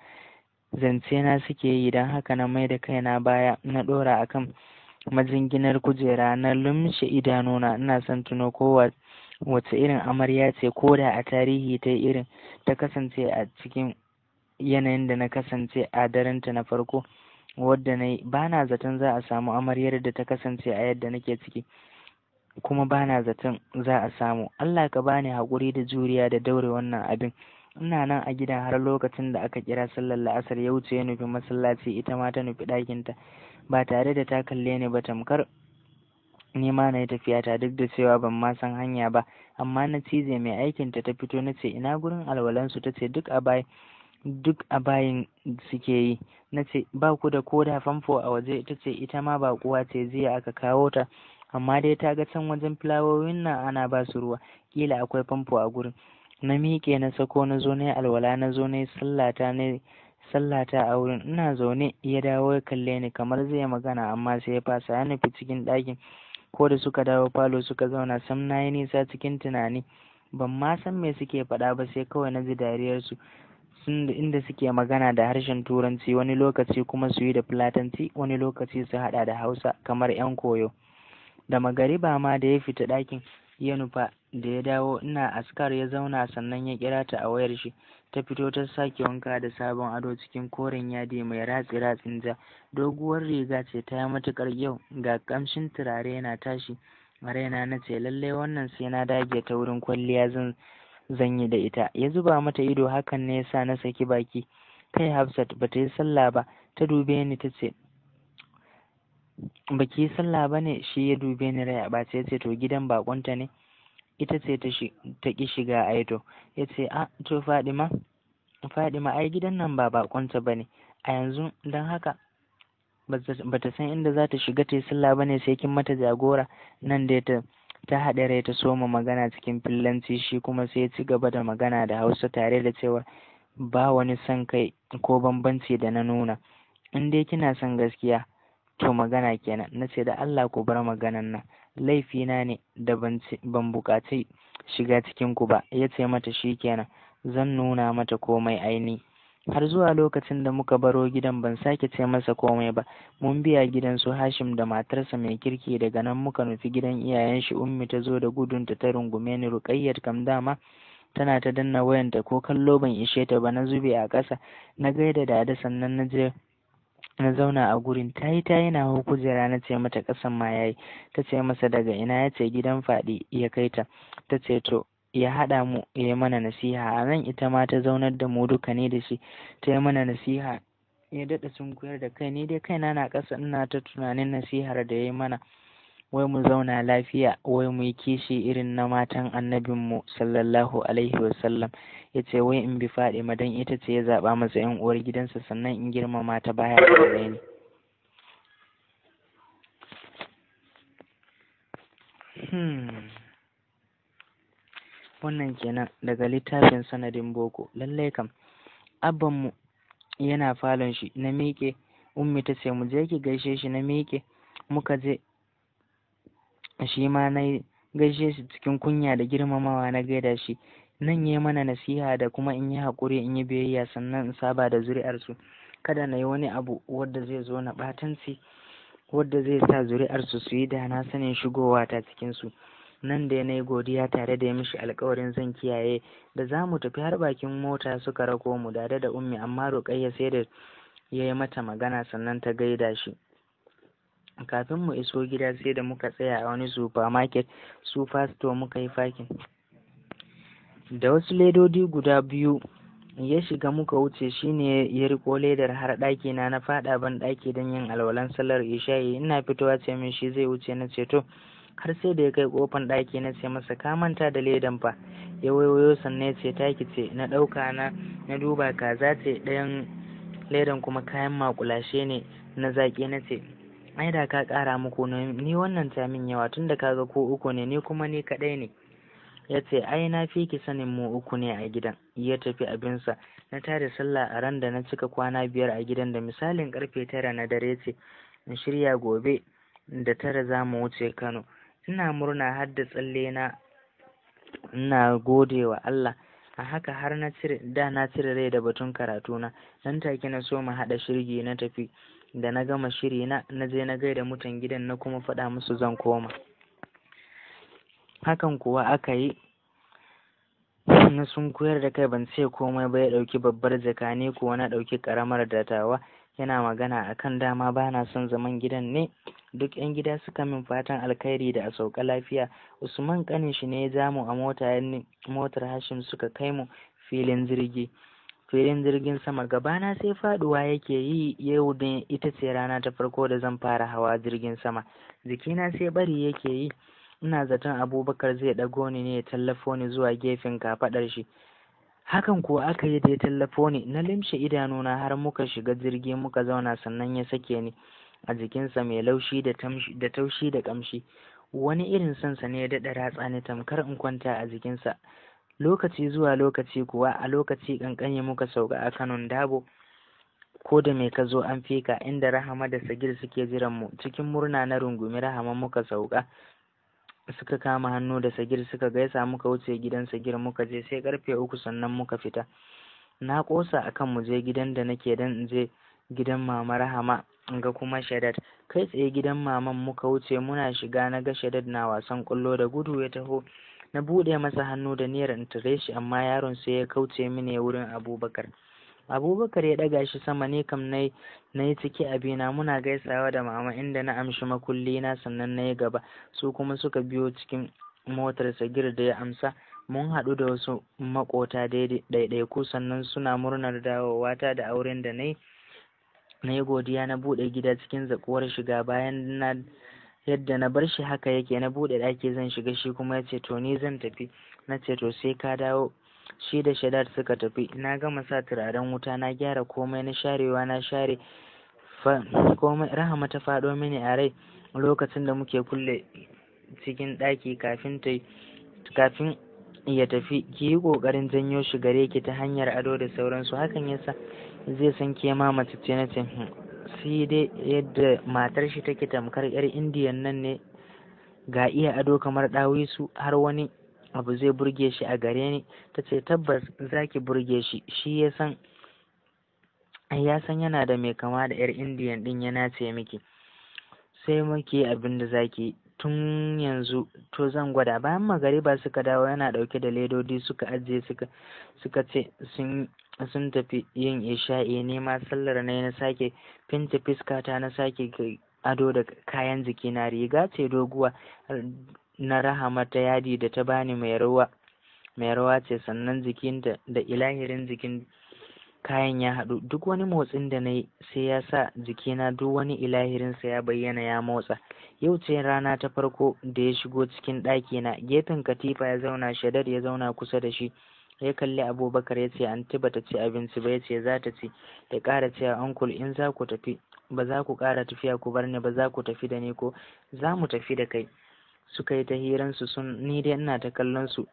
zance na suke yi don haka na mai da kaina baya na ɗora kan majinginar kujera na lumshe idanuna ina son tuno ko wace irin amarya ce ko da a tarihi ta irin ta kasance a cikin yanayin da na kasance a darenta na farko wadda na yi ba na zaton za a samu amaryar da ta kasance a yadda nake ciki kuma bana zaton za a samu Allah ka bani haƙuri da juriya da daure wannan abin ina nan a gidan har lokacin da aka kira sallar la'asar ya wuce ya nufi masallaci ita ma ta nufi ɗakinta ba tare da ta kalle ni ba tamkar ni ma na yi tafiyata duk da cewa ban ma san hanya ba amma na cize mai aikin ta ta fito na ce ina gurin alwalansu ta ce duk a bayan duk a bayin suke yi na ce ba ku da koda famfo a waje ita ce ita ma ba kuwa ce jiya aka kawo ta amma dai ta ga can wajen filawoyin nan ana ba su ruwa kila akwai famfo a gurin na miƙe na sako na zo na yi alwala na zo na yi sallata na sallata a wurin ina zaune ya dawo ya kalle ni kamar zai magana amma sai ya fasa ya nufi cikin ɗakin ko da suka dawo falo suka zauna sam na yi nisa cikin tunani ban ma san me suke faɗa ba sai kawai na ji dariyarsu inda suke magana da harshen turanci wani lokaci kuma su yi da fulatanci wani lokaci su haɗa da hausa kamar 'yan koyo da ba ma da ya fita ɗakin ya da ya dawo ina askar ya zauna sannan ya kira ta a wayar shi ta fito ta sake wanka da sabon ado cikin koren yadi mai ratsi ratsin ja doguwar riga ce ta yi matukar yau ga ƙamshin turare yana tashi raina na ce lallai wannan sai na dage ta wurin kwalliya zan zanyi da ita ya zuba mata ido hakan ne sa na saki baki kai hafsat ba ta yi sallah ba ta dube ni ta ce baki yi sallah ba ne shi ya dube ni rai a ɓace ce to gidan bakonta ne ita ce ta ƙi shiga to. ya ce a ah, to fadima fadima ai gidan nan ba bakonta ba ne a yanzu don haka ba ta san inda za ta shiga ta yi sallah ba ne sai kin mata jagora nan da ta ta haɗa rai ta soma magana cikin fillanci shi kuma sai ya ci gaba da magana da hausa tare da cewa ba wani son kai ko bambanci da na nuna in dai kina son gaskiya to magana kenan na ce da Allah ku bar maganan nan laifina ne da ban bukaci shiga cikin ku ba ya ce mata shi kenan zan nuna mata komai aini har zuwa lokacin da muka baro gidan ban sake ce masa komai ba mun biya gidan su hashim da matarsa mai kirki daga nan muka nufi gidan iyayen shi ummi ta zo da gudunta ta rungume ni rukayyar kam dama tana ta danna wayanta ko kallo ban ishe ta ba na zube a kasa na gaida da sannan na je na zauna a gurin ta yi ta yana hau kujera na ce mata ƙasan ma ya yi ta ce masa daga ina ya ce gidan faɗi ya kai ta ta ce to ya haɗa mu ya yi mana nasiha a nan ita ma ta zaunar da mu duka ne da shi ta yi mana nasiha ya daɗa sunkuyar da kai ne dai kaina na ƙasa ina ta tunanin nasihar da ya yi mana wai mu zauna lafiya wai mu yi kishi irin na matan annabinmu sallallahu alaihi wasallam ya ce wai in bi ma don ita ce ya zaɓa matsayin uwar gidansa sannan in girmama ta baya da ni hmm. wannan kenan daga littafin sanadin boko lallai kam abbanmu yana falon shi na miƙe ummi ta ce mu je ki gaishe shi na miƙe muka je shi ma na gaishe shi cikin kunya da girmamawa na gaida shi nan ya mana nasiha da kuma in yi haƙuri in yi biyayya sannan in saba da zuri'arsu kada na yi wani abu wadda zai zo na ɓatanci wadda zai sa zuri'arsu su yi da na sanin shigowa ta cikinsu nan da na yi godiya tare da ya mishi alkawarin zan kiyaye da za mu tafi har bakin mota suka rako mu dada da ummi amma roƙayya sai da ya yi mata magana sannan ta gaida shi kafin mu iso gida sai da muka tsaya a wani supermarket store muka yi fakin da wasu ledodi guda biyu ya shiga muka wuce shine ya riko ledar har ɗakina na na faɗa ban ɗaki don yin alwalan sallar isha'i ina fitowa ce min shi zai wuce na ceto har sai da ya kai kofan ɗaki na ce masa ka manta da ledan fa ya wayoyo sannan ya ce taki ce na ɗauka na na duba kaza ce ɗayan ledan kuma kayan makulashe ne na zaƙi na ce ai da ka kara muku ni wannan tamin' yawa tun da kaga ko uku ne ni kuma ni kadai ne ya ce ai na fi ki sanin mu uku ne a gidan ya tafi abin sa na tare sallah a ran da na cika kwana biyar a gidan da misalin karfe tara na dare ce in shirya gobe da tara za mu wuce kano ina murna har da tsalle na ina gode wa allah a haka har na cire da na cire rai da batun karatu na nan take na so mu haɗa shirgi na tafi da na gama shiri na na je na gaida mutan gidan na kuma faɗa musu zan koma hakan kuwa aka yi na sun koyar da kai ban ce komai ba ya ɗauki babbar jaka ne kuwa na ɗauki ƙaramar datawa yana magana akan dama ba na son zaman gidan ne duk yan gida suka min fatan alkhairi da a sauka lafiya usman kanin shi ne ya jamu a motar hashim suka kai mu filin jirgi filin jirgin sama gabana sai faduwa yake yi yau ne ita ce rana ta farko da zan fara hawa jirgin sama jikina sai bari yake yi ina zaton abubakar zai ɗago ni ne ya tallafo ni zuwa gefen kafaɗar shi hakan ko aka yi da ya tallafo ni na limshe idanuna har muka shiga jirgi muka zauna sannan ya sake ni a jikinsa mai laushi da taushi da kamshi. wani irin sansa ne ya daɗa ratsa ni tamkar in kwanta a jikinsa lokaci zuwa lokaci kuwa a lokaci ƙanƙani muka sauka a kanon dabo ko da me ka zo an fika inda rahama da sagir suke jiran mu cikin murna na rungumi rahama muka sauka suka kama hannu da sagir suka gaisa muka wuce gidan sagir muka je sai karfe uku sannan muka fita na kosa akan mu je gidan da nake dan in je gidan mama rahama ga kuma shadad kai tsaye gidan maman muka wuce muna shiga na ga shadad na wasan kullo da gudu ya taho na bude masa hannu da niyyar in tare shi amma yaron sai ya kauce mini wurin abubakar abubakar ya ɗaga shi sama ne kam na yi ciki bina muna gaisawa da mama inda na amshi makulli na sannan na yi gaba su kuma suka biyo cikin motar sagir da ya amsa mun haɗu da wasu makota ɗaiɗaiku sannan suna murnar dawowata da auren da na yi na yi godiya na buɗe gida cikin zakuwar shiga bayan na yadda na bar shi haka yake na buɗe ɗaki zan shiga shi kuma ya ce to ni zan tafi na ce to sai ka dawo shi da shadad suka tafi na gama sa turaren wuta na gyara komai na sharewa na share komai rahama ta faɗo mini a rai lokacin da muke kulle cikin ɗaki kafin ta kafin ya tafi ki yi ƙoƙarin janyo shi gare ki ta hanyar ado da sauransu hakan yasa zai san ke ma mace ce na ce hmm. sai dai yadda matar shi take tamkar yar indiyan nan ne ga iya ado kamar ɗawisu har wani abu zai burge shi a gare ni ta ce tabbas za ki burge shi shi ya san ya san yana da mai kama da yar indiyan din yana ce miki sai muke abin da za ki tun yanzu to zan gwada bayan magariba suka dawo yana ɗauke da ledodi suka ajiye suka ce sun sun tafi yin isha'i ne ma sallar ne na sake fince fuskata na sake ado da kayan jikina riga ce doguwa na rahama ta yadi da ta bani mai rawa mai rawa ce sannan jikin da, ilahirin jikin kayan ya haɗu duk wani motsin da na yi sai ya sa jikina duk wani ilahirin sa ya bayyana ya motsa yau ce rana ta farko da ya shigo cikin ɗakina gefen katifa ya zauna shadar ya zauna kusa da shi ya kalli abubakar ya ce anti bata ci abinci ba ya ce za ta ci ta ƙara cewa uncle in za ku tafi ba za ku ƙara tafiya ku bar ni ba za ku tafi da ni ko za mu tafi da kai suka yi ta su sun ni dai ina ta kallon su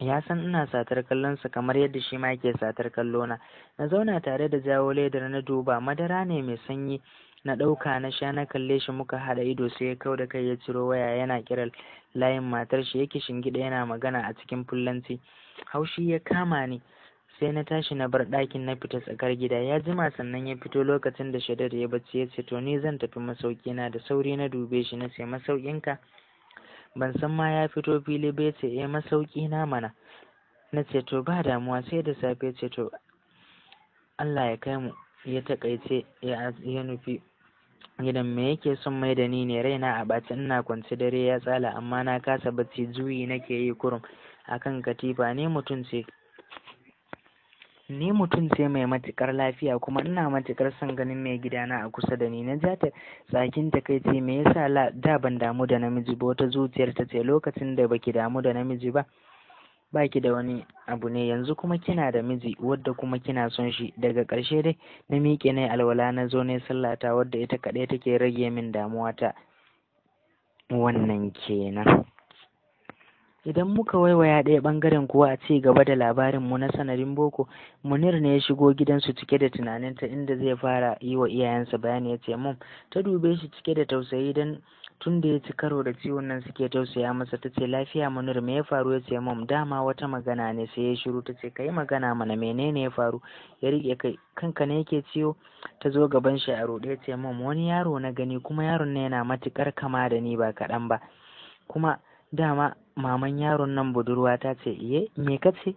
ya san ina satar kallon su kamar yadda shi ma ke satar kallona na zauna tare da jawo ledar na duba madara ne mai sanyi na ɗauka na sha na kalle shi muka haɗa ido sai ya kau da kai ya ciro waya yana kira layin matar shi yake shingiɗa yana magana a cikin fullanci haushi ya kama ni sai na tashi na bar ɗakin na fita tsakar gida ya jima sannan ya fito lokacin da shaidar ya bacci ya ce to ni zan tafi masauki na da sauri na dube shi na ce ka ban san ma ya fito fili bai ce eh masauki na mana na ce to ba damuwa sai da safe ce to Allah ya kai mu ya takaice ya nufi Idan me yake son mai da ni ne raina a ɓace ina kwance dare ya tsala amma na kasa bacci juyi nake yi kurum akan katifa ni mutum ce ni mutum ce mai matukar lafiya kuma ina matukar son ganin mai gidana a kusa da ni na ja ta tsakin takaici me yasa da ban damu da namiji ba wata zuciyar ta ce lokacin da baki damu da namiji ba baki da wani abu ne yanzu kuma kina da miji wadda kuma kina son shi daga ƙarshe dai na miƙe na alwala na zo ne sallata wadda ita kaɗai take rage min damuwa ta wannan kenan idan muka waiwaya ɗaya ɓangaren kuwa a ci gaba da labarinmu na sanarin boko munir ne ya shigo gidansu cike da tunaninta inda zai fara yi wa iyayensa bayani ya ce mun ta dube shi cike da tausayi don tun da ya ci karo da ciwon nan suke tausaya masa ta ce lafiya munir me ya faru ya ce mom dama wata magana ne sai ya shiru ta ce kai magana mana menene ya faru ya rike kai kanka ne yake ciwo ta zo gaban shi a rode ya ce mom wani yaro na gani kuma yaron ne yana matukar kama da ni ba kaɗan ba kuma dama maman yaron nan budurwa ta ce iye me ka ce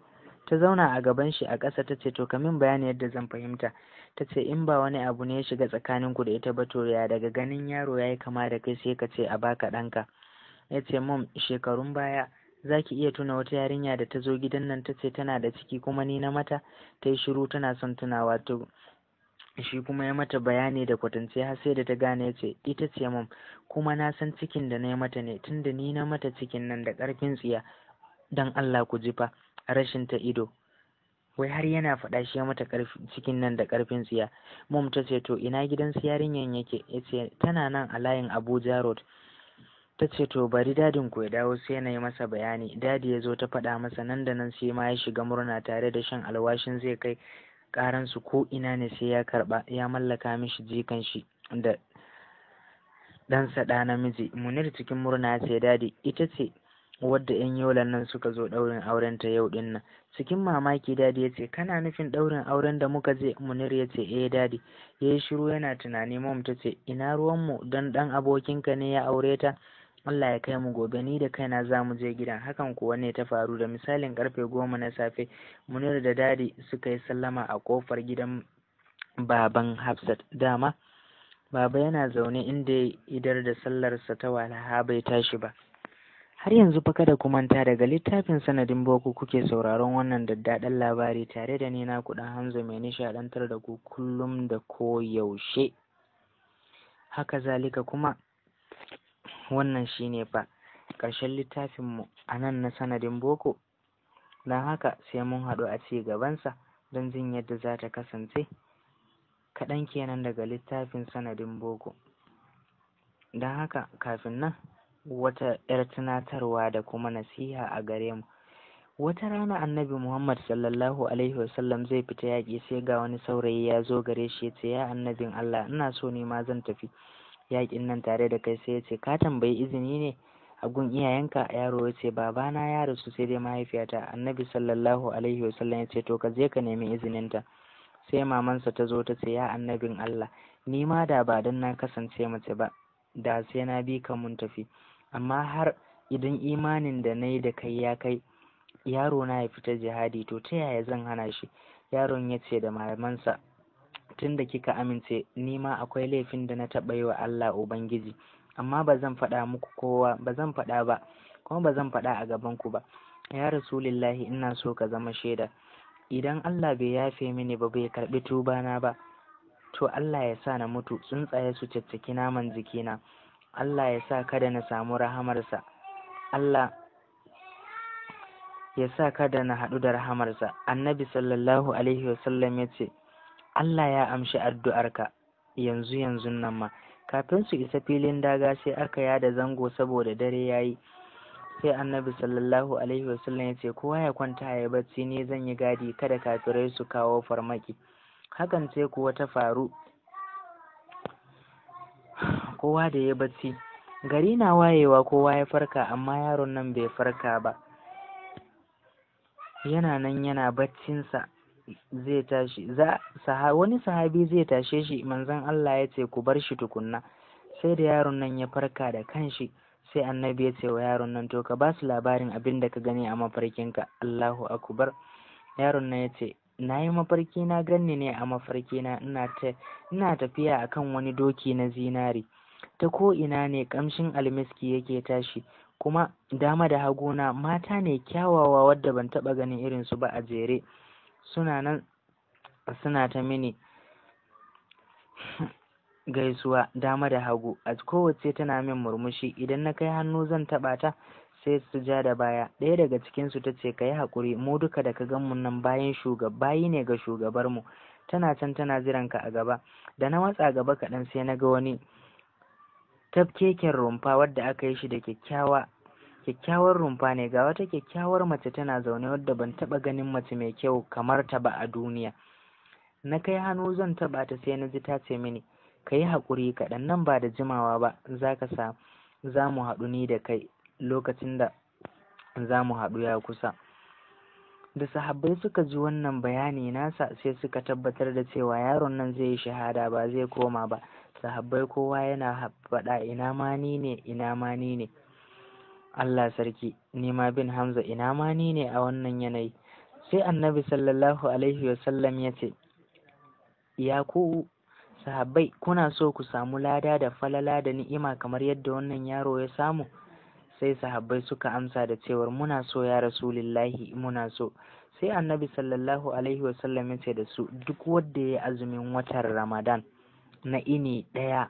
ta zauna a gaban shi a ƙasa ta ce to kamin bayani yadda zan fahimta ta ce in ba wani abu ne ya shiga ku da ita ba to ya daga ganin yaro ya yi kama da kai sai ka ce a baka ɗanka ya ce mom shekarun baya za ki iya tuna wata yarinya da ta zo gidan nan ta ce tana da ciki kuma ni na mata ta yi shiru tana son tunawa to shi kuma ya mata bayani da kwatance har sai da ta gane ya ce ita ce mom kuma na san cikin da na yi mata ne tunda ni na mata cikin nan da ƙarfin tsiya don allah ku jifa rashin ta ido wai har yana faɗa shi ya mata cikin nan da ƙarfin tsiya mom ta ce to ina gidan su yarinyan yake yace tana nan a layin abuja road ta ce to bari dadin ku ya dawo sai na yi masa bayani dadi ya zo ta faɗa masa nan da nan sai ma ya shiga murna tare da shan alwashin zai kai su ko ina ne sai ya karɓa ya mallaka mishi jikan shi da ɗansa ɗa namiji munir cikin murna sai dadi ita ce wadda yan yola nan suka zo ɗaurin auren ta yau ɗin nan cikin mamaki dadi ya ce kana nufin ɗaurin auren da muka je munir ya ce eh dadi ya yi shiru yana tunani mom ta ce ina ruwanmu don ɗan abokinka ne ya aure ta Allah ya kai mu gobe ni da kaina za mu je gidan hakan kuwa ne ta faru da misalin karfe goma na safe munir da dadi suka yi sallama a kofar gidan baban hafsat dama baba yana zaune inda ya idar da sallarsa ta walaha bai tashi ba Har yanzu fa kada ku manta daga littafin sanadin boko kuke sauraron wannan daddaɗan labari tare da ni na kuɗin hanzo mai nishaɗantar da ku kullum da ko yaushe, Haka zalika kuma wannan shine fa ƙarshen littafinmu a nan na sanadin boko. Don haka sai mun haɗu a ci gabansa don jin yadda za ta kasance. Kaɗan kenan daga littafin sanadin boko. Don haka kafin nan wata 'yar tunatarwa da kuma nasiha a gare mu wata rana annabi muhammad sallallahu alaihi wasallam zai fita yaƙi sai ga wani saurayi ya zo gare shi ya ce ya annabin allah ina so ne ma zan tafi yaƙin nan tare da kai sai ya ce ka tambayi izini ne a gun iyayenka yaro ya ce babana ya rasu sai dai mahaifiyata annabi sallallahu alaihi wasallam ya ce to ka je ka nemi izininta sai mamansa ta zo ta ce ya annabin allah ni ma da ba don na kasance mace ba da sai na bi ka mun tafi amma har idan imanin da na yi da kai ya kai yaro na ya fita jihadi to ta yaya zan hana shi yaron ya ce da malamansa tun da kika amince ni ma akwai laifin da na taɓa yi wa Allah Ubangiji amma ba zan faɗa muku kowa ba zan faɗa ba kuma ba zan faɗa a gaban ku ba ya rasulillahi ina so ka zama shaida idan Allah bai yafe mini ba bai karɓi tubana ba to Allah ya sa na mutu tsuntsaye su caccaki naman jikina Allah ya sa kada na samu rahamarsa Allah ya sa kada na haɗu da rahamarsa annabi sallallahu alaihi wasallam ya ce Allah ya amshi addu'arka yanzu yanzu nan ma kafin su isa filin daga sai aka yada zango saboda dare ya yi sai annabi sallallahu alaihi wasallam ya ce kowa ya kwanta ya bacci ne zan yi gadi kada kafirai su kawo farmaki hakan sai kuwa ta faru kowa da ya bacci gari na wayewa kowa ya farka amma yaron nan bai farka ba yana nan yana baccinsa zai tashi za saha, wani sahabi zai tashe shi manzon Allah ya ce ku bar shi tukunna sai da yaron nan ya farka da kanshi sai annabi ya ce wa yaron nan to ka ba su labarin abin da ka gani a mafarkinka Allahu akbar yaron nan ya ce na yi mafarki na ganni ne a mafarki na ina tafiya akan wani doki na zinari ta ko ina ne kamshin almiski yake tashi kuma dama da hagona mata ne kyawawa wadda ban taɓa ganin irinsu ba a jere suna nan suna ta mini gaisuwa dama da hagu a kowace tana min murmushi idan na kai hannu zan taɓa ta sai su ja da baya ɗaya daga cikinsu ta ce ka yi haƙuri mu duka da ka gan mu nan bayan bayi ne ga shugabarmu tana can tana jiranka a gaba da na matsa gaba kaɗan sai na ga wani tafkeken rumfa wadda aka yi shi da kyakkyawa kyakkyawar rumfa ne ga wata kyakkyawar mace tana zaune wadda ban taɓa ganin mace mai kyau kamar ta ba a duniya na kai hannu zan taɓa ta sai na ji ta ce mini ka yi haƙuri kaɗan nan ba da jimawa ba za ka sa za mu haɗu ni da kai lokacin da za mu haɗu ya kusa da sahabbai suka ji wannan bayani nasa sai suka tabbatar da cewa yaron nan zai yi shahada ba zai koma ba sahabbai kowa yana faɗa ina ma ni ne ina ma ni ne Allah sarki ni ma bin Hamza ina ma ni ne a wannan yanayi sai annabi sallallahu alaihi sallam ya ce ya ku sahabbai kuna so ku samu lada da falala da ni'ima kamar yadda wannan yaro ya samu sai sahabbai suka amsa da cewar muna so ya rasulillahi muna so sai annabi sallallahu alaihi sallam ya ce da su duk wanda ya azumin watan ramadan na ini ɗaya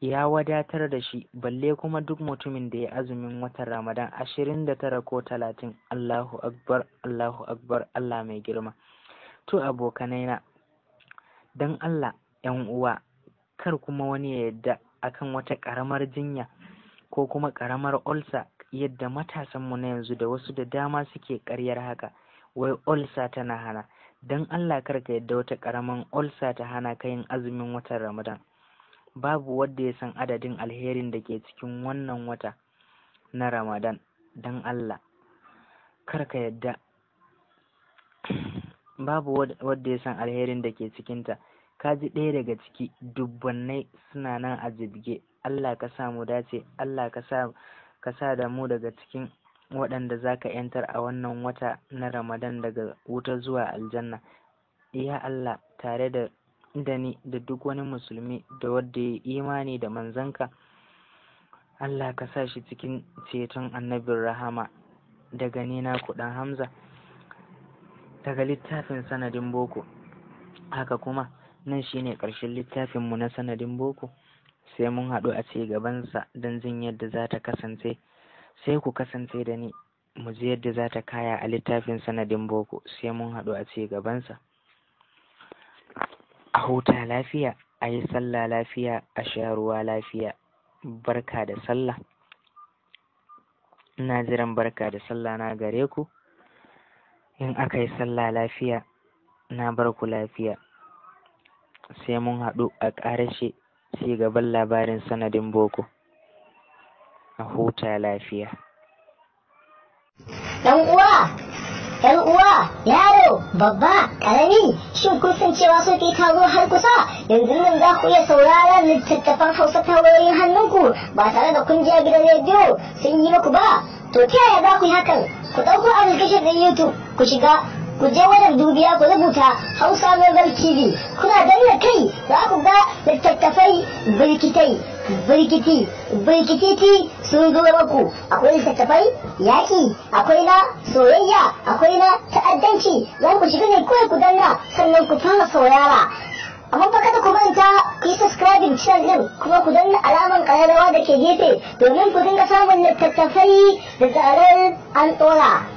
ya wadatar da shi balle kuma duk mutumin da ya azumin watan ramadan ashirin da tara ko talatin allahu akbar allahu akbar allah mai girma to abokanai na don allah yan uwa kar kuma wani ya yadda akan wata ƙaramar jinya ko kuma ƙaramar olsa yadda matasanmu na yanzu da wasu da dama suke ƙaryar haka wai olsa tana hana don allah kar ka yadda wata ƙaramin olsa ta hana ka yin azumin watan ramadan babu wanda ya san adadin alherin da ke cikin wannan wata na ramadan don allah Karka yadda babu wanda ya san alherin da ke cikinta ka ji ɗaya daga ciki dubbannai suna nan a jibge allah ka sa mu dace allah ka sa da mu daga cikin waɗanda za ka ‘yantar a wannan wata na Ramadan daga wuta zuwa aljanna, ya Allah tare da da ni da duk wani musulmi da wadda ya imani da manzanka Allah ka sa shi cikin ceton annabin rahama daga nina kuɗin hamza daga littafin sanadin boko haka kuma nan shine ƙarshen littafinmu na sanadin boko sai mun haɗu a ci gabansa don jin yadda za ta kasance sai ku kasance da ni mu ji yadda za ta kaya a littafin sanadin boko sai mun haɗu a ce gabansa a huta lafiya a yi sallah lafiya a sha ruwa lafiya barka da sallah ina jiran barka da sallah na gare ku in aka yi sallah lafiya na bar ku lafiya sai mun haɗu a ƙarashe ci gaban labarin sanadin boko a huta lafiya. Ɗan uwa, ɗan uwa, yaro, babba, ƙarami, shin kun san cewa sun kai taro har kusa yanzu nan za ku iya sauraron littattafan hausa ta wayoyin hannunku ba tare da kun je gidan rediyo sun yi muku ba. To ta yaya za ku yi hakan? Ku ɗauko application ɗin YouTube, ku shiga, ku je wajen dubiya ku rubuta Hausa Nobel TV. Kuna danna kai za ku ga littattafai birkitai. birkiti birkititi sun zo maku akwai littattafai yaki akwai na soyayya akwai na ta'addanci za ku shiga ne kawai ku danna sannan ku fara saurara amma fa kada ku manta ku yi subscribing channel din kuma ku danna alaman kararrawa da ke gefe domin ku dinga samun littattafai da zarar an tsora